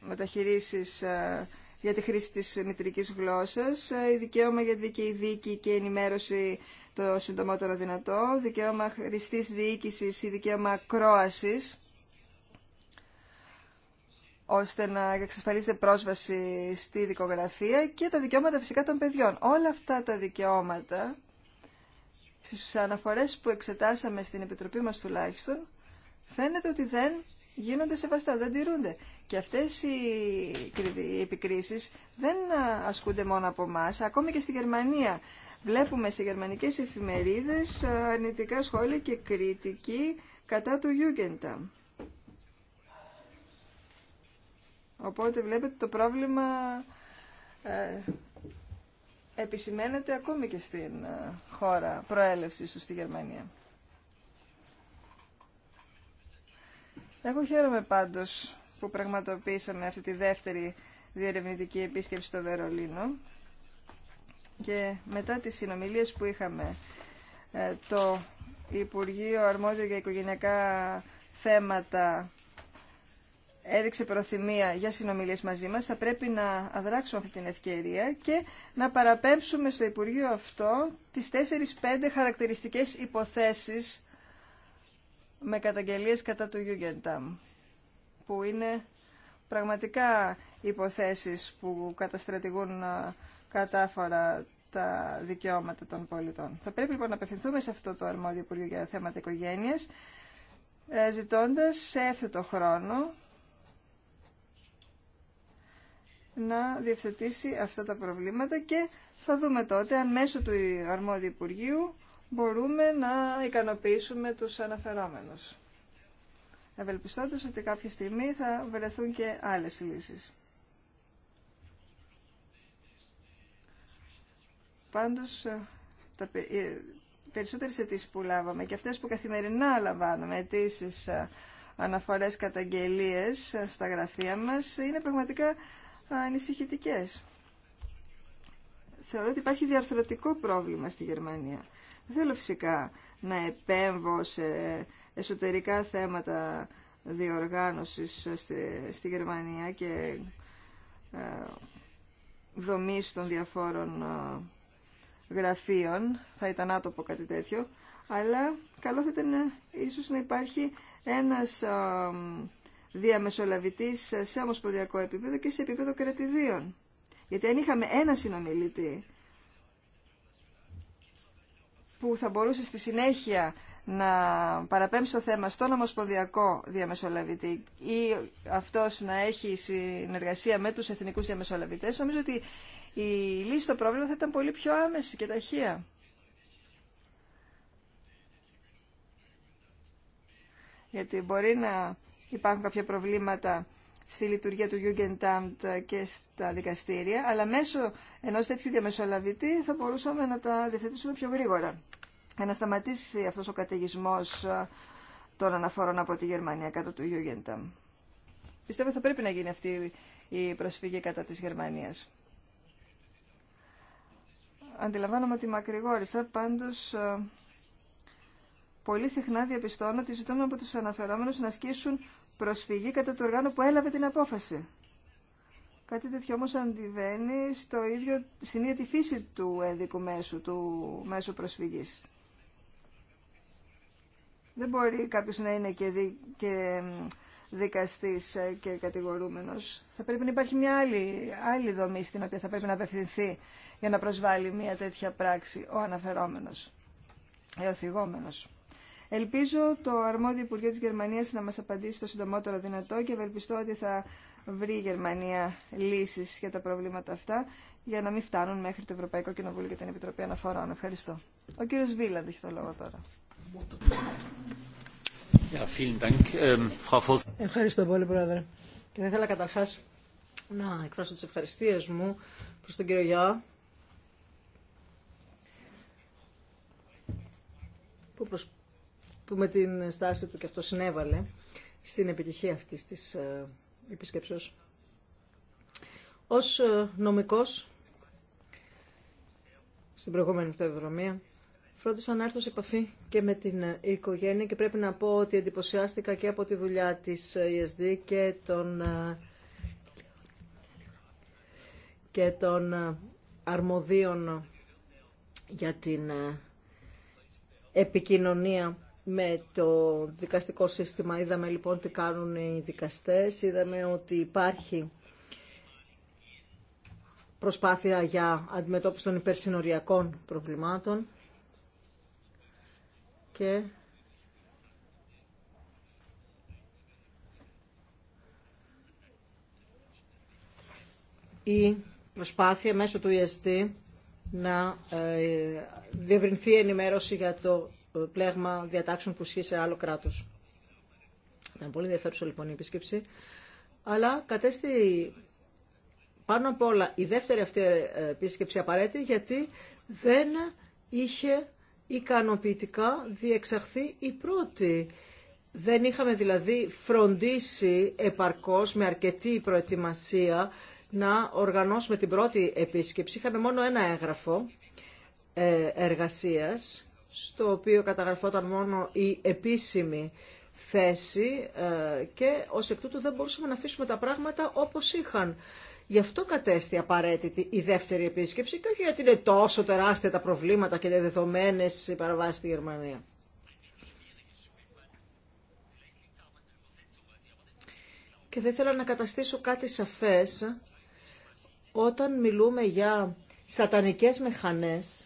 μεταχειρήσεις ε, για τη χρήση της μητρικής γλώσσας, ε, δικαίωμα για δίκαιη δίκη και ενημέρωση το συντομότερο δυνατό, δικαίωμα χρηστής διοίκησης ή δικαίωμα κρόασης, ώστε να εξασφαλίσετε πρόσβαση στη δικογραφία και τα δικαιώματα φυσικά των παιδιών. Όλα αυτά τα δικαιώματα, στις αναφορές που εξετάσαμε στην Επιτροπή μας τουλάχιστον, φαίνεται ότι δεν γίνονται σεβαστά, δεν τηρούνται. Και αυτές οι επικρίσεις δεν ασκούνται μόνο από εμά, ακόμη και στη Γερμανία. Βλέπουμε σε γερμανικές εφημερίδες ε, αρνητικά σχόλια και κριτική κατά του Ιούγκεντα. Οπότε βλέπετε το πρόβλημα ε, επισημαίνεται ακόμη και στην ε, χώρα προέλευσης του στη Γερμανία. Εγώ χαίρομαι πάντως που πραγματοποιήσαμε αυτή τη δεύτερη διερευνητική επίσκεψη στο Βερολίνο και μετά τις συνομιλίες που είχαμε ε, το Υπουργείο Αρμόδιο για Οικογενειακά Θέματα έδειξε προθυμία για συνομιλίες μαζί μας, θα πρέπει να αδράξουμε αυτή την ευκαιρία και να παραπέμψουμε στο Υπουργείο αυτό τις 4-5 χαρακτηριστικές υποθέσεις με καταγγελίες κατά του Ιούγενταμ που είναι πραγματικά υποθέσεις που καταστρατηγούν ε, κατάφορα τα δικαιώματα των πολιτών. Θα πρέπει λοιπόν να απευθυνθούμε σε αυτό το αρμόδιο Υπουργείο για θέματα οικογένειας, ε, ζητώντας σε έφθετο χρόνο να διευθετήσει αυτά τα προβλήματα και θα δούμε τότε αν μέσω του αρμόδιου Υπουργείου μπορούμε να ικανοποιήσουμε τους αναφερόμενους. Ευελπιστώντας ότι κάποια στιγμή θα βρεθούν και άλλες λύσεις. Πάντως, ε, τα ε, περισσότερες αιτήσει που λάβαμε και αυτές που καθημερινά λαμβάνουμε, αιτήσει ε, αναφορές καταγγελίες στα γραφεία μας, είναι πραγματικά ανησυχητικές. Θεωρώ ότι υπάρχει διαρθρωτικό πρόβλημα στη Γερμανία. Δεν θέλω φυσικά να επέμβω σε εσωτερικά θέματα διοργάνωσης στη, Γερμανία και ε, δομής των διαφόρων ε, γραφείων. Θα ήταν άτοπο κάτι τέτοιο. Αλλά καλό θα ήταν ε, ίσως να υπάρχει ένας ε, διαμεσολαβητής σε ομοσπονδιακό επίπεδο και σε επίπεδο κρατηδίων. Γιατί αν είχαμε ένα συνομιλητή που θα μπορούσε στη συνέχεια να παραπέμψει το θέμα στον Ομοσπονδιακό Διαμεσολαβητή ή αυτός να έχει συνεργασία με τους εθνικούς διαμεσολαβητές, νομίζω ότι η λύση στο πρόβλημα θα ήταν πολύ πιο άμεση και ταχεία. Γιατί μπορεί να υπάρχουν κάποια προβλήματα στη λειτουργία του Jugendamt και στα δικαστήρια, αλλά μέσω ενός τέτοιου διαμεσολαβητή θα μπορούσαμε να τα διευθετήσουμε πιο γρήγορα. Για να σταματήσει αυτός ο καταιγισμός ε, των αναφορών από τη Γερμανία κάτω του Jugendamt. Πιστεύω θα πρέπει να γίνει αυτή η προσφυγή κατά της Γερμανίας. Αντιλαμβάνομαι ότι μακρηγόρησα, πάντως ε, πολύ συχνά διαπιστώνω ότι ζητούμε από τους αναφερόμενους να ασκήσουν προσφυγή κατά το οργάνου που έλαβε την απόφαση. Κάτι τέτοιο όμως αντιβαίνει στο ίδιο, στην ίδια τη φύση του ένδικου μέσου, του μέσου προσφυγής. Δεν μπορεί κάποιος να είναι και, δι, και δικαστής ε, και κατηγορούμενος. Θα πρέπει να υπάρχει μια άλλη, άλλη δομή στην οποία θα πρέπει να απευθυνθεί για να προσβάλλει μια τέτοια πράξη ο αναφερόμενος, ε, ο θυγόμενος. Ελπίζω το αρμόδιο Υπουργείο της Γερμανίας να μας απαντήσει το συντομότερο δυνατό και ευελπιστώ ότι θα βρει η Γερμανία λύσεις για τα προβλήματα αυτά για να μην φτάνουν μέχρι το Ευρωπαϊκό Κοινοβούλιο και την Επιτροπή Αναφορών. Ευχαριστώ. Ο κύριος Βίλαντ έχει το λόγο τώρα. Ähm, Ευχαριστώ πολύ, Πρόεδρε. Και θα ήθελα καταρχά να εκφράσω τις ευχαριστίες μου προς τον κύριο Γιώργο. που που με την στάση του και αυτό συνέβαλε στην επιτυχία αυτής της ε, επισκέψεως. Ως ε, νομικός, στην προηγούμενη αυτοδρομία, φρόντισα να έρθω σε επαφή και με την ε, οικογένεια και πρέπει να πω ότι εντυπωσιάστηκα και από τη δουλειά της ESD και των, και των αρμοδίων για την επικοινωνία με το δικαστικό σύστημα. Είδαμε λοιπόν τι κάνουν οι δικαστές, είδαμε ότι υπάρχει προσπάθεια για αντιμετώπιση των υπερσυνοριακών προβλημάτων και η προσπάθεια μέσω του ESD να ε, διευρυνθεί ενημέρωση για το πλέγμα διατάξεων που ισχύει σε άλλο κράτος. Ήταν πολύ ενδιαφέρουσα λοιπόν η επίσκεψη. Αλλά κατέστη πάνω απ' όλα η δεύτερη αυτή ε, επίσκεψη απαραίτητη γιατί δεν είχε ικανοποιητικά διεξαχθεί η πρώτη. Δεν είχαμε δηλαδή φροντίσει επαρκώς με αρκετή προετοιμασία να οργανώσουμε την πρώτη επίσκεψη. Είχαμε μόνο ένα έγγραφο ε, εργασίας στο οποίο καταγραφόταν μόνο η επίσημη θέση ε, και ως εκ τούτου δεν μπορούσαμε να αφήσουμε τα πράγματα όπως είχαν. Γι' αυτό κατέστη απαραίτητη η δεύτερη επίσκεψη και όχι γιατί είναι τόσο τεράστια τα προβλήματα και δεδομένε οι παραβάσει στη Γερμανία. Και δεν θέλω να καταστήσω κάτι σαφές όταν μιλούμε για σατανικές μηχανές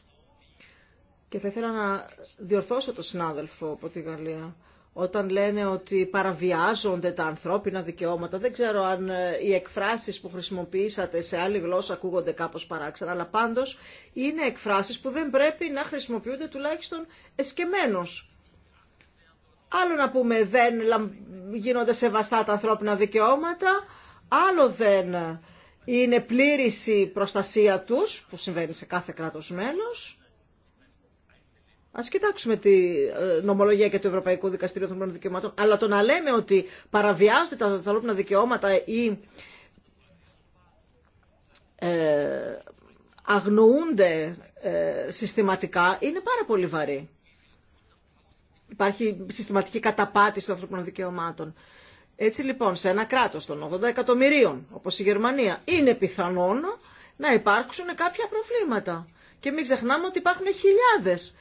και θα ήθελα να διορθώσω τον συνάδελφο από τη Γαλλία. Όταν λένε ότι παραβιάζονται τα ανθρώπινα δικαιώματα, δεν ξέρω αν ε, οι εκφράσεις που χρησιμοποιήσατε σε άλλη γλώσσα ακούγονται κάπως παράξενα, αλλά πάντως είναι εκφράσεις που δεν πρέπει να χρησιμοποιούνται τουλάχιστον εσκεμμένος Άλλο να πούμε δεν γίνονται σεβαστά τα ανθρώπινα δικαιώματα, άλλο δεν είναι πλήρηση προστασία τους, που συμβαίνει σε κάθε κράτος μέλος, Α κοιτάξουμε τη ε, νομολογία και του Ευρωπαϊκού Δικαστηρίου Ανθρωπίνων Δικαιωμάτων. Αλλά το να λέμε ότι παραβιάζονται τα ανθρώπινα δικαιώματα ή ε, αγνοούνται ε, συστηματικά είναι πάρα πολύ βαρύ. Υπάρχει συστηματική καταπάτηση των ανθρώπινων δικαιωμάτων. Έτσι λοιπόν, σε ένα κράτο των 80 εκατομμυρίων, όπω η Γερμανία, είναι πιθανόν να υπάρξουν κάποια προβλήματα. Και μην ξεχνάμε ότι υπάρχουν χιλιάδες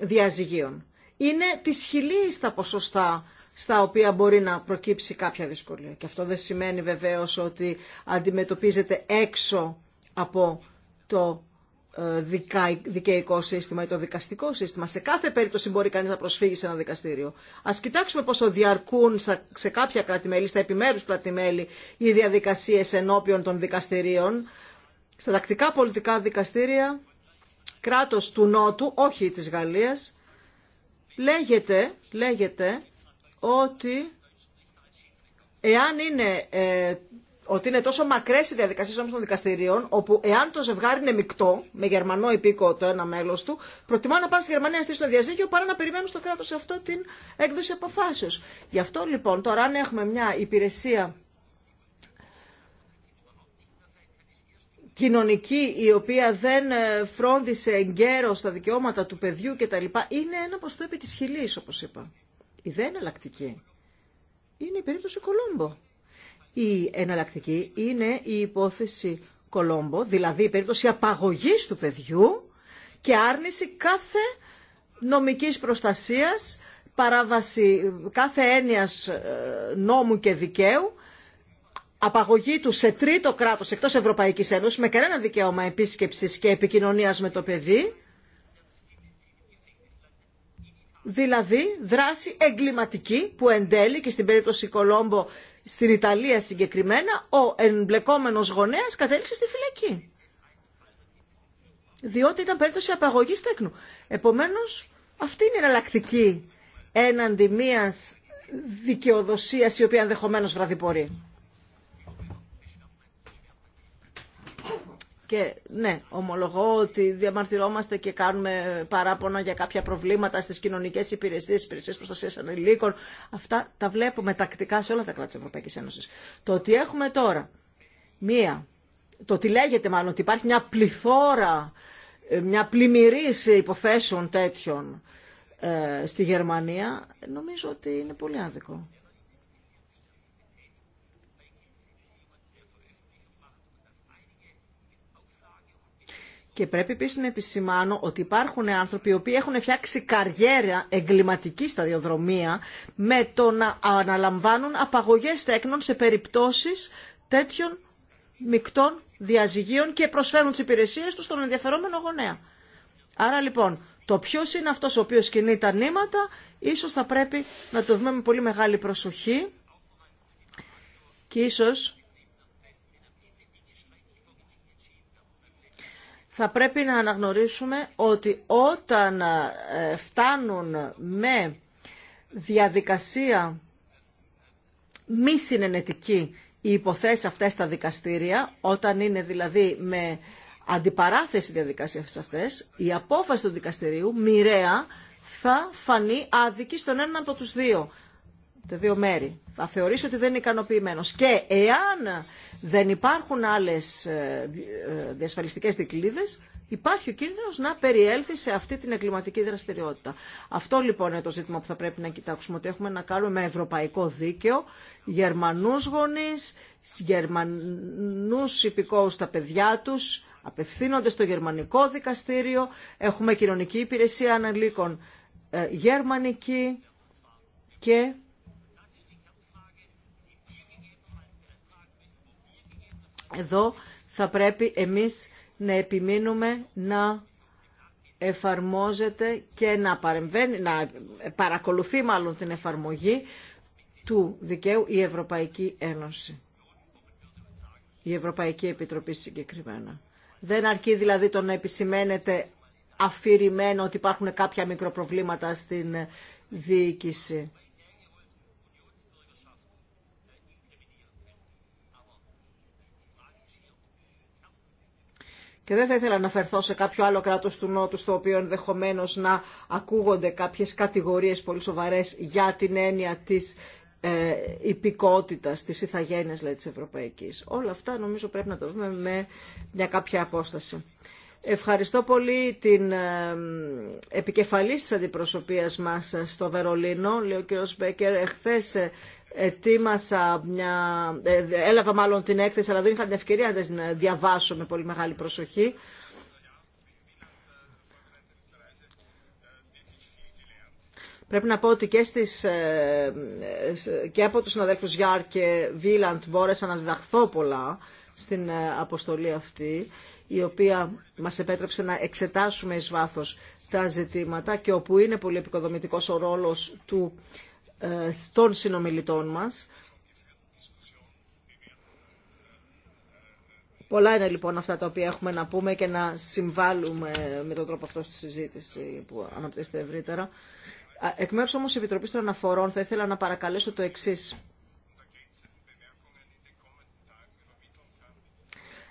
διαζυγίων. Είναι τη χιλίες τα ποσοστά στα οποία μπορεί να προκύψει κάποια δυσκολία. Και αυτό δεν σημαίνει βεβαίως ότι αντιμετωπίζεται έξω από το ε, δικαϊκό σύστημα ή το δικαστικό σύστημα. Σε κάθε περίπτωση μπορεί κανείς να προσφύγει σε ένα δικαστήριο. Ας κοιτάξουμε πόσο διαρκούν σε κάποια κρατημέλη, στα επιμέρους κρατημέλη, οι διαδικασίες ενώπιον των δικαστηρίων. Στα τακτικά πολιτικά δικαστήρια κράτος του Νότου, όχι της Γαλλίας, λέγεται, λέγεται ότι εάν είναι, ε, ότι είναι τόσο μακρές οι διαδικασίες των δικαστηρίων, όπου εάν το ζευγάρι είναι μεικτό, με γερμανό υπήκο το ένα μέλος του, προτιμά να πάνε στη Γερμανία να στήσουν διαζύγιο παρά να περιμένουν στο κράτος αυτό την έκδοση αποφάσεως. Γι' αυτό λοιπόν τώρα αν έχουμε μια υπηρεσία κοινωνική η οποία δεν ε, φρόντισε εγκαίρω τα δικαιώματα του παιδιού κτλ. είναι ένα ποστό επί της χιλής όπως είπα. Η δε εναλλακτική είναι η περίπτωση Κολόμπο. Η εναλλακτική είναι η υπόθεση Κολόμπο, δηλαδή η περίπτωση απαγωγής του παιδιού και άρνηση κάθε νομικής προστασίας, παράβαση κάθε έννοιας ε, νόμου και δικαίου απαγωγή του σε τρίτο κράτος εκτός Ευρωπαϊκής Ένωσης με κανένα δικαίωμα επίσκεψης και επικοινωνίας με το παιδί, δηλαδή δράση εγκληματική που εν τέλει και στην περίπτωση Κολόμπο στην Ιταλία συγκεκριμένα ο εμπλεκόμενος γονέας κατέληξε στη φυλακή. Διότι ήταν περίπτωση απαγωγής τέκνου. Επομένως αυτή είναι εναλλακτική έναντι μιας δικαιοδοσίας η οποία ενδεχομένω βραδιπορεί. Και ναι, ομολογώ ότι διαμαρτυρόμαστε και κάνουμε παράπονα για κάποια προβλήματα στις κοινωνικές υπηρεσίες, υπηρεσίες προστασία ανηλίκων. Αυτά τα βλέπουμε τακτικά σε όλα τα κράτη τη Ευρωπαϊκής Ένωση. Το ότι έχουμε τώρα μία, το ότι λέγεται μάλλον ότι υπάρχει μια πληθώρα, ε, μια πλημμυρής πλημμυριση υποθεσεων τέτοιων ε, στη Γερμανία, νομίζω ότι είναι πολύ άδικο. Και πρέπει επίση να επισημάνω ότι υπάρχουν άνθρωποι οι οποίοι έχουν φτιάξει καριέρα εγκληματική σταδιοδρομία με το να αναλαμβάνουν απαγωγέ τέκνων σε περιπτώσει τέτοιων μεικτών διαζυγίων και προσφέρουν τι υπηρεσίε του στον ενδιαφερόμενο γονέα. Άρα λοιπόν, το ποιο είναι αυτό ο οποίο κινεί τα νήματα, ίσω θα πρέπει να το δούμε με πολύ μεγάλη προσοχή και ίσως θα πρέπει να αναγνωρίσουμε ότι όταν ε, φτάνουν με διαδικασία μη συνενετική οι υποθέσεις αυτές στα δικαστήρια, όταν είναι δηλαδή με αντιπαράθεση διαδικασίας αυτές, η απόφαση του δικαστηρίου μοιραία θα φανεί άδικη στον έναν από τους δύο τα δύο μέρη, θα θεωρήσει ότι δεν είναι ικανοποιημένο. Και εάν δεν υπάρχουν άλλε ε, διασφαλιστικέ δικλείδε, υπάρχει ο κίνδυνο να περιέλθει σε αυτή την εγκληματική δραστηριότητα. Αυτό λοιπόν είναι το ζήτημα που θα πρέπει να κοιτάξουμε, ότι έχουμε να κάνουμε με ευρωπαϊκό δίκαιο, Γερμανού γονεί, Γερμανού υπηκόου στα παιδιά του, απευθύνονται στο γερμανικό δικαστήριο, έχουμε κοινωνική υπηρεσία αναλύκων ε, γερμανική και Εδώ θα πρέπει εμείς να επιμείνουμε να εφαρμόζεται και να, να παρακολουθεί μάλλον την εφαρμογή του δικαίου η Ευρωπαϊκή Ένωση. Η Ευρωπαϊκή Επιτροπή συγκεκριμένα. Δεν αρκεί δηλαδή το να επισημαίνεται αφηρημένο ότι υπάρχουν κάποια μικροπροβλήματα στην διοίκηση. Και δεν θα ήθελα να αναφερθώ σε κάποιο άλλο κράτο του Νότου, στο οποίο ενδεχομένω να ακούγονται κάποιες κατηγορίες πολύ σοβαρέ για την έννοια της ε, υπηκότητας, της ηθαγένειας τη Όλα αυτά νομίζω πρέπει να τα δούμε με μια κάποια απόσταση. Ευχαριστώ πολύ την ε, επικεφαλής της αντιπροσωπείας μας στο Βερολίνο, λέει ο κ. Μπέκερ. Εχθές ε, ετοίμασα μια, ε, έλαβα μάλλον την έκθεση, αλλά δεν είχα την ευκαιρία να την διαβάσω με πολύ μεγάλη προσοχή. Πρέπει να πω ότι και, στις, ε, και από τους συναδέλφους Γιάρ και Βίλαντ μπόρεσα να διδαχθώ πολλά στην ε, αποστολή αυτή, η οποία μας επέτρεψε να εξετάσουμε εις βάθος τα ζητήματα και όπου είναι πολύ επικοδομητικός ο ρόλος του των συνομιλητών μας. Πολλά είναι λοιπόν αυτά τα οποία έχουμε να πούμε και να συμβάλλουμε με τον τρόπο αυτό στη συζήτηση που αναπτύσσεται ευρύτερα. Εκ μέρους όμως Επιτροπής των Αναφορών θα ήθελα να παρακαλέσω το εξής.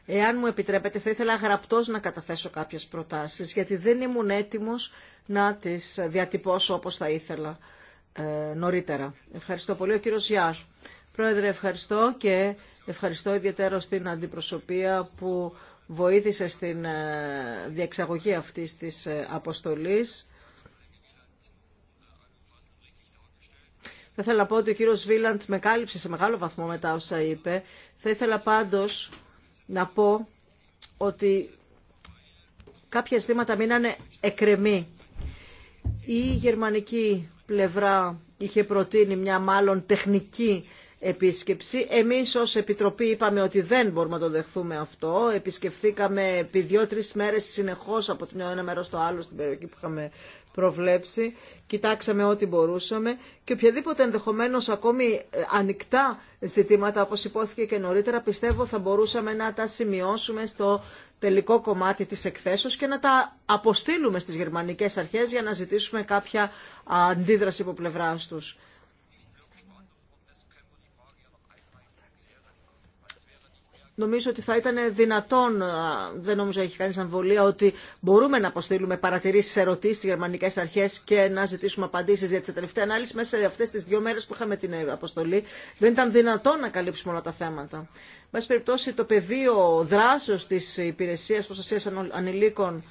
Εάν μου επιτρέπετε, θα ήθελα γραπτός να καταθέσω κάποιες προτάσεις, γιατί δεν ήμουν έτοιμος να τις διατυπώσω όπως θα ήθελα. Ε, νωρίτερα. Ευχαριστώ πολύ. Ο κύριος Γιάς. Πρόεδρε, ευχαριστώ και ευχαριστώ ιδιαίτερα στην αντιπροσωπεία που βοήθησε στην ε, διεξαγωγή αυτής της ε, αποστολής. Θα ήθελα να πω ότι ο κύριος Βίλαντ με κάλυψε σε μεγάλο βαθμό μετά όσα είπε. Θα ήθελα πάντως να πω ότι κάποια αισθήματα μείνανε εκρεμή. Η γερμανική πλευρά είχε προτείνει μια μάλλον τεχνική επίσκεψη. Εμείς ως Επιτροπή είπαμε ότι δεν μπορούμε να το δεχθούμε αυτό. Επισκεφθήκαμε επί δύο-τρεις μέρες συνεχώς από το ένα μέρος στο άλλο στην περιοχή που είχαμε προβλέψει, κοιτάξαμε ό,τι μπορούσαμε και οποιαδήποτε ενδεχομένως ακόμη ε, ανοιχτά ζητήματα, όπως υπόθηκε και νωρίτερα, πιστεύω θα μπορούσαμε να τα σημειώσουμε στο τελικό κομμάτι της εκθέσεως και να τα αποστείλουμε στις γερμανικές αρχές για να ζητήσουμε κάποια αντίδραση από πλευρά τους. νομίζω ότι θα ήταν δυνατόν, δεν νομίζω έχει κανεί αμβολία, ότι μπορούμε να αποστείλουμε παρατηρήσει, ερωτήσει στι γερμανικέ αρχέ και να ζητήσουμε απαντήσει. για σε τελευταία ανάλυση, μέσα σε αυτέ τι δύο μέρε που είχαμε την ε, αποστολή, δεν ήταν δυνατόν να καλύψουμε όλα τα θέματα. Μας περιπτώσει, το πεδίο δράσεω τη Υπηρεσία Προστασία Ανηλίκων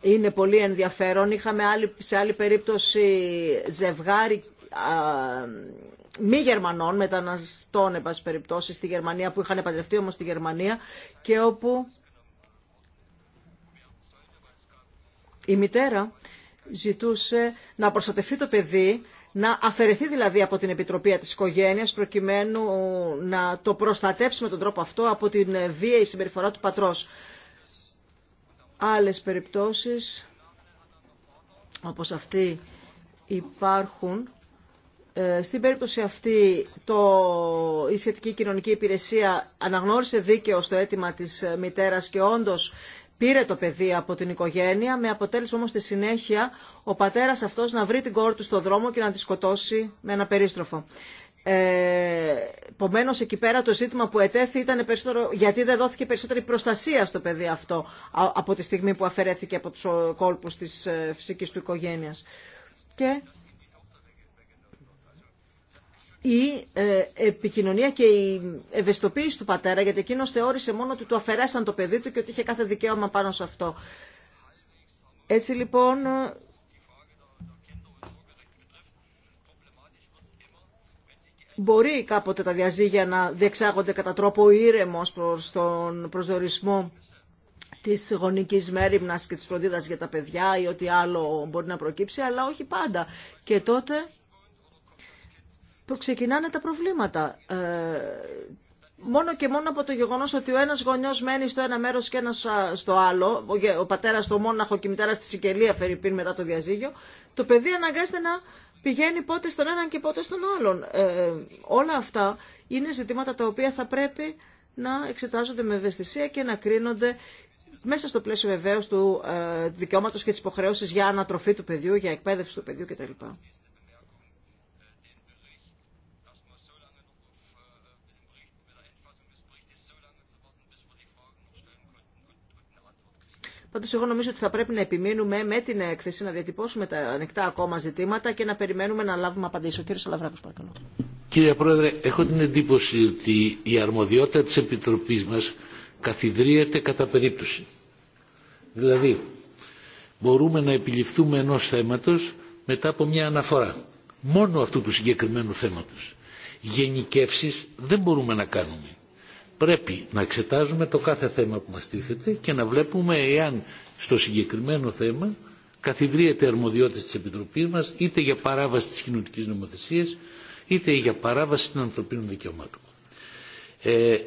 είναι πολύ ενδιαφέρον. Είχαμε σε άλλη περίπτωση ζευγάρι μη Γερμανών μεταναστών, εν πάση περιπτώσει, στη Γερμανία, που είχαν επαντρευτεί όμως στη Γερμανία και όπου η μητέρα ζητούσε να προστατευτεί το παιδί, να αφαιρεθεί δηλαδή από την επιτροπή της οικογένειας προκειμένου να το προστατέψει με τον τρόπο αυτό από την βία η συμπεριφορά του πατρός. Άλλες περιπτώσεις όπως αυτή υπάρχουν ε, στην περίπτωση αυτή το, η σχετική κοινωνική υπηρεσία αναγνώρισε δίκαιο στο αίτημα της μητέρας και όντως πήρε το παιδί από την οικογένεια με αποτέλεσμα όμως στη συνέχεια ο πατέρας αυτός να βρει την κόρη του στο δρόμο και να τη σκοτώσει με ένα περίστροφο. Ε, Επομένω, εκεί πέρα το ζήτημα που ετέθη ήταν περισσότερο γιατί δεν δόθηκε περισσότερη προστασία στο παιδί αυτό από τη στιγμή που αφαιρέθηκε από τους κόλπους της ε, φυσικής του οικογένειας. Και η ε, επικοινωνία και η ευαισθητοποίηση του πατέρα, γιατί εκείνο θεώρησε μόνο ότι του αφαιρέσαν το παιδί του και ότι είχε κάθε δικαίωμα πάνω σε αυτό. Έτσι λοιπόν, μπορεί κάποτε τα διαζύγια να διεξάγονται κατά τρόπο ήρεμο προς τον προσδορισμό της γονικής μέρημνας και της φροντίδας για τα παιδιά ή ό,τι άλλο μπορεί να προκύψει, αλλά όχι πάντα. Και τότε που ξεκινάνε τα προβλήματα. Ε, μόνο και μόνο από το γεγονό ότι ο ένα γονιό μένει στο ένα μέρο και ένα στο άλλο, ο πατέρα στο μόναχο και η μητέρα στη Σικελία, φερειπίν μετά το διαζύγιο, το παιδί αναγκάζεται να πηγαίνει πότε στον έναν και πότε στον άλλον. Ε, όλα αυτά είναι ζητήματα τα οποία θα πρέπει να εξετάζονται με ευαισθησία και να κρίνονται μέσα στο πλαίσιο βεβαίω του ε, δικαιώματο και τη υποχρέωση για ανατροφή του παιδιού, για εκπαίδευση του παιδιού κτλ. Πάντω, εγώ νομίζω ότι θα πρέπει να επιμείνουμε με την έκθεση να διατυπώσουμε τα ανοιχτά ακόμα ζητήματα και να περιμένουμε να λάβουμε απαντήσει. Ο κύριο Αλαβράκο, παρακαλώ. Κύριε Πρόεδρε, έχω την εντύπωση ότι η αρμοδιότητα τη Επιτροπή μα καθιδρύεται κατά περίπτωση. Δηλαδή, μπορούμε να επιληφθούμε ενό θέματο μετά από μια αναφορά. Μόνο αυτού του συγκεκριμένου θέματο. Γενικεύσεις δεν μπορούμε να κάνουμε πρέπει να εξετάζουμε το κάθε θέμα που μας τίθεται και να βλέπουμε εάν στο συγκεκριμένο θέμα καθιδρύεται αρμοδιότητα της Επιτροπής μας είτε για παράβαση της κοινωνικής νομοθεσίας είτε για παράβαση των ανθρωπίνων δικαιωμάτων. Ε,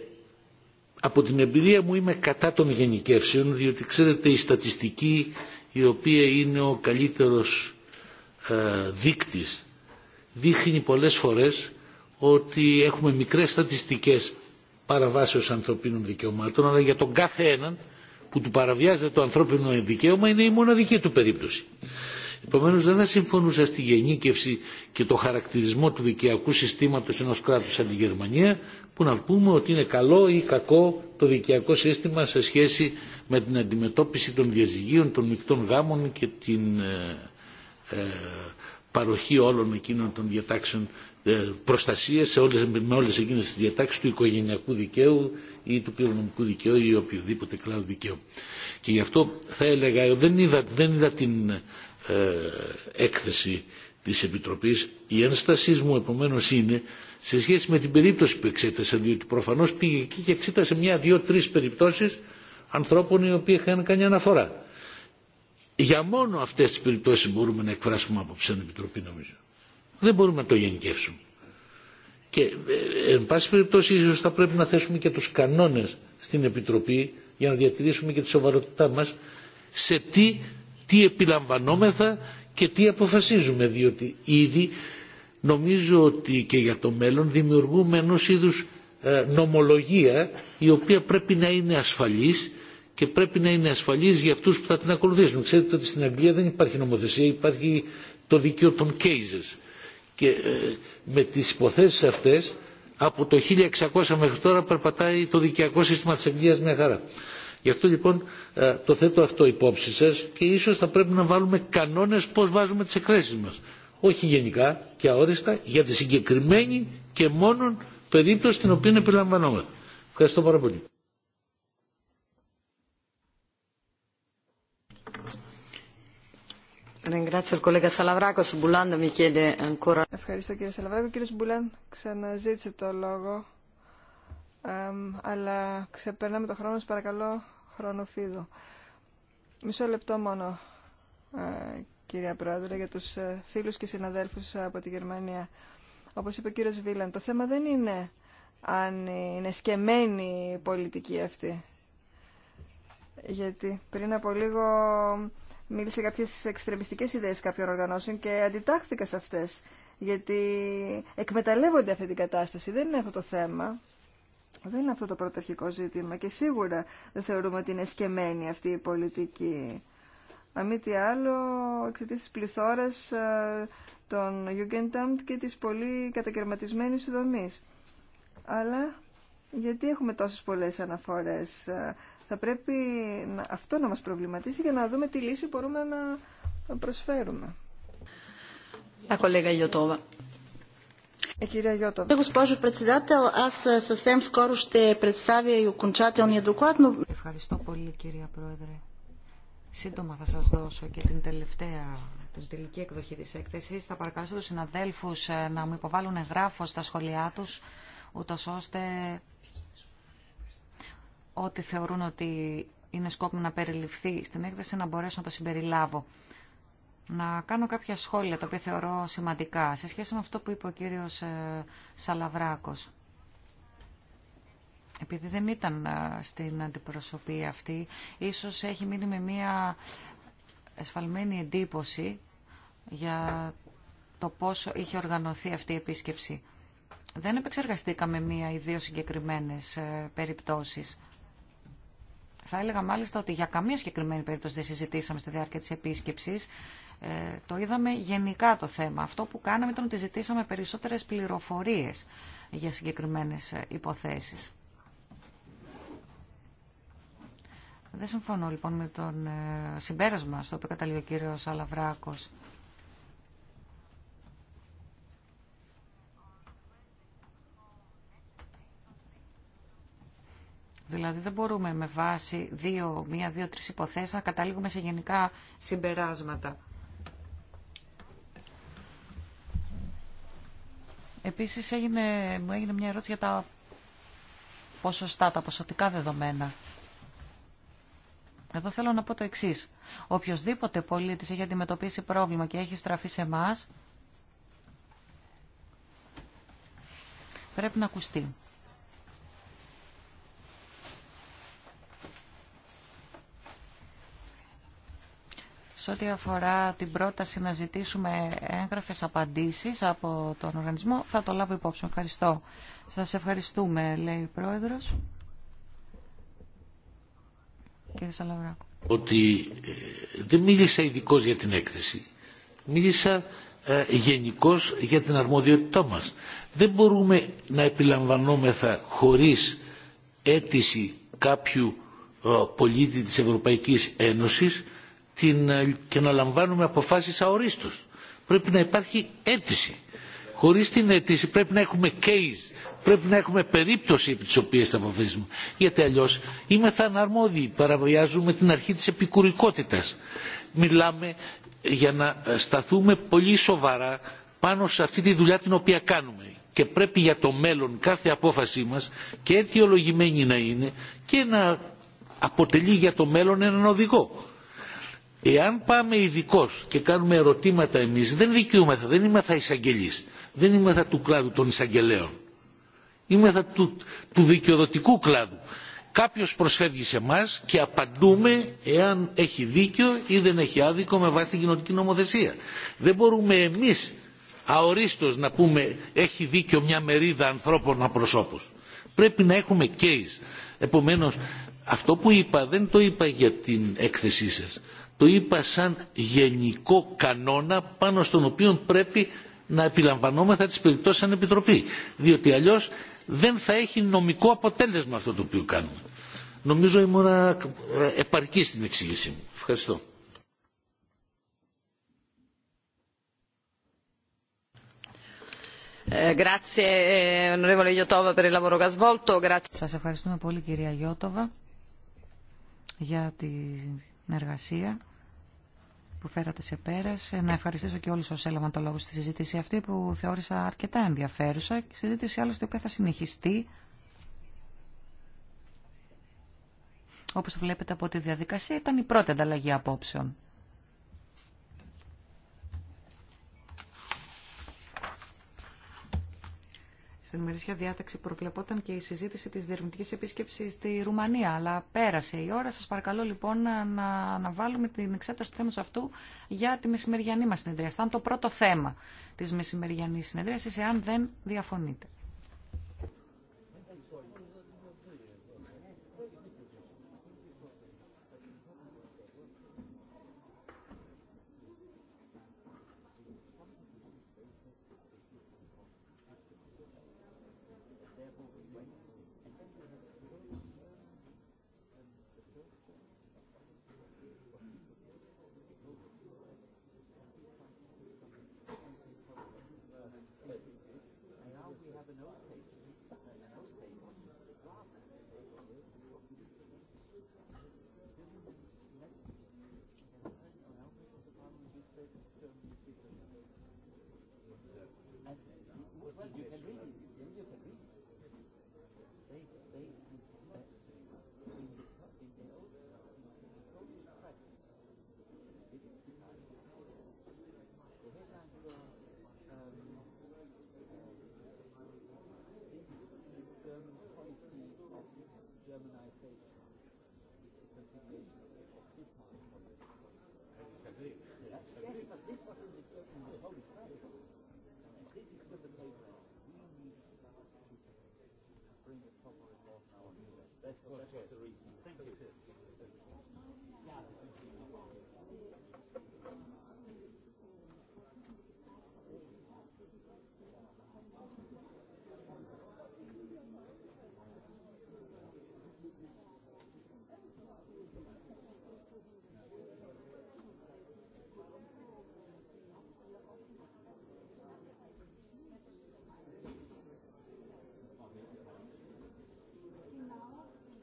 από την εμπειρία μου είμαι κατά των γενικεύσεων διότι ξέρετε η στατιστική η οποία είναι ο καλύτερος ε, δείκτης δείχνει πολλές φορές ότι έχουμε μικρές στατιστικές παραβάσεως ανθρωπίνων δικαιωμάτων, αλλά για τον κάθε έναν που του παραβιάζεται το ανθρώπινο δικαίωμα είναι η μοναδική του περίπτωση. Επομένω, δεν θα συμφωνούσα στη γενίκευση και το χαρακτηρισμό του δικαιακού συστήματο ενό κράτου σαν τη Γερμανία, που να πούμε ότι είναι καλό ή κακό το δικαιακό σύστημα σε σχέση με την αντιμετώπιση των διαζυγίων, των μεικτών γάμων και την ε, ε, παροχή όλων εκείνων των διατάξεων ε, προστασία σε όλες, με όλες εκείνες τις διατάξεις του οικογενειακού δικαίου ή του κληρονομικού δικαίου ή οποιοδήποτε κλάδου δικαίου. Και γι' αυτό θα έλεγα, δεν είδα, δεν είδα την ε, έκθεση της Επιτροπής. Η ένστασή μου επομένως είναι σε σχέση με την περίπτωση που εξέτασε, διότι προφανώς πήγε εκεί και εξέτασε μια, δύο, τρεις περιπτώσεις ανθρώπων οι οποίοι είχαν κάνει αναφορά. Για μόνο αυτές τις περιπτώσεις μπορούμε να εκφράσουμε απόψε την Επιτροπή νομίζω. Δεν μπορούμε να το γενικεύσουμε. Και ε, εν πάση περιπτώσει ίσως θα πρέπει να θέσουμε και τους κανόνες στην Επιτροπή για να διατηρήσουμε και τη σοβαρότητά μας σε τι, τι επιλαμβανόμεθα και τι αποφασίζουμε διότι ήδη νομίζω ότι και για το μέλλον δημιουργούμε ενό είδους ε, νομολογία η οποία πρέπει να είναι ασφαλής και πρέπει να είναι ασφαλής για αυτούς που θα την ακολουθήσουν. Ξέρετε ότι στην Αγγλία δεν υπάρχει νομοθεσία, υπάρχει το δίκαιο των cases και ε, με τις υποθέσεις αυτές από το 1600 μέχρι τώρα περπατάει το δικαιακό σύστημα της Αγγλίας μια χαρά. Γι' αυτό λοιπόν ε, το θέτω αυτό υπόψη σας και ίσως θα πρέπει να βάλουμε κανόνες πώς βάζουμε τις εκθέσεις μας. Όχι γενικά και αόριστα για τη συγκεκριμένη και μόνον περίπτωση την οποία επιλαμβανόμαστε. Ευχαριστώ πάρα πολύ. Ευχαριστώ κύριε Σαλαβράκο. Ο κύριος Μπουλάν ξαναζήτησε το λόγο, αλλά ξεπερνάμε το χρόνο. Σας παρακαλώ, χρονοφίδο. Μισό λεπτό μόνο, ε, κυρία Πρόεδρε, για τους ε, φίλους και συναδέλφους από τη Γερμανία. Όπως είπε ο κύριος Βίλαν, το θέμα δεν είναι αν είναι σκεμμένη η πολιτική αυτή. Γιατί πριν από λίγο μίλησε για κάποιες εξτρεμιστικές ιδέες κάποιων οργανώσεων και αντιτάχθηκα σε αυτές, γιατί εκμεταλλεύονται αυτή την κατάσταση. Δεν είναι αυτό το θέμα. Δεν είναι αυτό το πρωταρχικό ζήτημα και σίγουρα δεν θεωρούμε ότι είναι σκεμμένη αυτή η πολιτική. Αν μη τι άλλο, εξαιτία τη πληθώρα ε, των Jugendamt και της πολύ κατακαιρματισμένης δομής. Αλλά γιατί έχουμε τόσες πολλές αναφορές ε, θα πρέπει αυτό να μας προβληματίσει για να δούμε τι λύση μπορούμε να προσφέρουμε. Τα ε, κολέγα ε, Ευχαριστώ πολύ, κυρία Πρόεδρε. Σύντομα θα σας δώσω και την τελευταία, την τελική εκδοχή της έκθεσης. Θα παρακαλώ τους συναδέλφους ε, να μου υποβάλουν εγγράφος στα σχολιά τους, ούτως ώστε ό,τι θεωρούν ότι είναι σκόπιμο να περιληφθεί στην έκθεση να μπορέσω να το συμπεριλάβω. Να κάνω κάποια σχόλια τα οποία θεωρώ σημαντικά σε σχέση με αυτό που είπε ο κύριος ε, Σαλαβράκος. Επειδή δεν ήταν ε, στην αντιπροσωπή αυτή, ίσως έχει μείνει με μία εσφαλμένη εντύπωση για το πόσο είχε οργανωθεί αυτή η επίσκεψη. Δεν επεξεργαστήκαμε μία ή δύο συγκεκριμένες ε, περιπτώσεις. Θα έλεγα μάλιστα ότι για καμία συγκεκριμένη περίπτωση δεν συζητήσαμε στη διάρκεια τη επίσκεψη. Ε, το είδαμε γενικά το θέμα. Αυτό που κάναμε ήταν ότι ζητήσαμε περισσότερες πληροφορίες για συγκεκριμένες ε, υποθέσεις. Δεν συμφωνώ λοιπόν με τον ε, συμπέρασμα στο οποίο καταλήγει ο κύριος Αλαβράκος. Δηλαδή δεν μπορούμε με βάση δύο, μία, δύο, τρεις υποθέσεις να καταλήγουμε σε γενικά συμπεράσματα. Επίσης έγινε, μου έγινε μια ερώτηση για τα ποσοστά, τα ποσοτικά δεδομένα. Εδώ θέλω να πω το εξή. Οποιοδήποτε πολίτης έχει αντιμετωπίσει πρόβλημα και έχει στραφεί σε εμά, πρέπει να ακουστεί. Σε ό,τι αφορά την πρόταση να ζητήσουμε έγγραφες απαντήσεις από τον οργανισμό, θα το λάβω υπόψη. Ευχαριστώ. Σας ευχαριστούμε, λέει ο Πρόεδρος. Κύριε Σαλαβράκο. Ότι ε, δεν μίλησα ειδικό για την έκθεση. Μίλησα ε, γενικώ για την αρμοδιότητά μας. Δεν μπορούμε να επιλαμβανόμεθα χωρίς αίτηση κάποιου ε, πολίτη της Ευρωπαϊκής Ένωσης ε, και να λαμβάνουμε αποφάσεις αορίστως. Πρέπει να υπάρχει αίτηση. Χωρίς την αίτηση πρέπει να έχουμε case, πρέπει να έχουμε περίπτωση επί της οποίας θα αποφασίσουμε. Γιατί αλλιώς είμαστε αναρμόδιοι, παραβιάζουμε την αρχή της επικουρικότητας. Μιλάμε για να σταθούμε πολύ σοβαρά πάνω σε αυτή τη δουλειά την οποία κάνουμε και πρέπει για το μέλλον κάθε απόφασή μας και αιτιολογημένη να είναι και να αποτελεί για το μέλλον έναν οδηγό Εάν πάμε ειδικώ και κάνουμε ερωτήματα εμεί δεν δικαιούμαστε, δεν θα εισαγγελεί. δεν θα του κλάδου των εισαγγελέων. θα του, του δικαιοδοτικού κλάδου. Κάποιο προσφεύγει σε εμά και απαντούμε εάν έχει δίκιο ή δεν έχει άδικο με βάση την κοινωνική νομοθεσία. Δεν μπορούμε εμεί αορίστως να πούμε έχει δίκιο μια μερίδα ανθρώπων απροσώπους. Πρέπει να έχουμε case. επομένω, αυτό που είπα δεν το είπα για την έκθεσή σα το είπα σαν γενικό κανόνα πάνω στον οποίο πρέπει να επιλαμβανόμεθα τις περιπτώσεις σαν Επιτροπή. Διότι αλλιώς δεν θα έχει νομικό αποτέλεσμα αυτό το οποίο κάνουμε. Νομίζω ήμουν επαρκή στην εξήγησή μου. Ευχαριστώ. Σας ευχαριστούμε πολύ κυρία Γιώτοβα για την εργασία που φέρατε σε πέρας. Ε, να ευχαριστήσω και όλους όσους έλαβαν το λόγο στη συζήτηση αυτή που θεώρησα αρκετά ενδιαφέρουσα. Η συζήτηση άλλωστε που θα συνεχιστεί. Όπως βλέπετε από τη διαδικασία ήταν η πρώτη ανταλλαγή απόψεων. Στην ημερήσια διάταξη προβλεπόταν και η συζήτηση της διερμητικής επίσκεψης στη Ρουμανία, αλλά πέρασε η ώρα. Σας παρακαλώ λοιπόν να αναβάλουμε την εξέταση του θέματος αυτού για τη μεσημεριανή μας συνεδρία. Θα το πρώτο θέμα της μεσημεριανής συνεδρίασης, εάν δεν διαφωνείτε. That's the reason.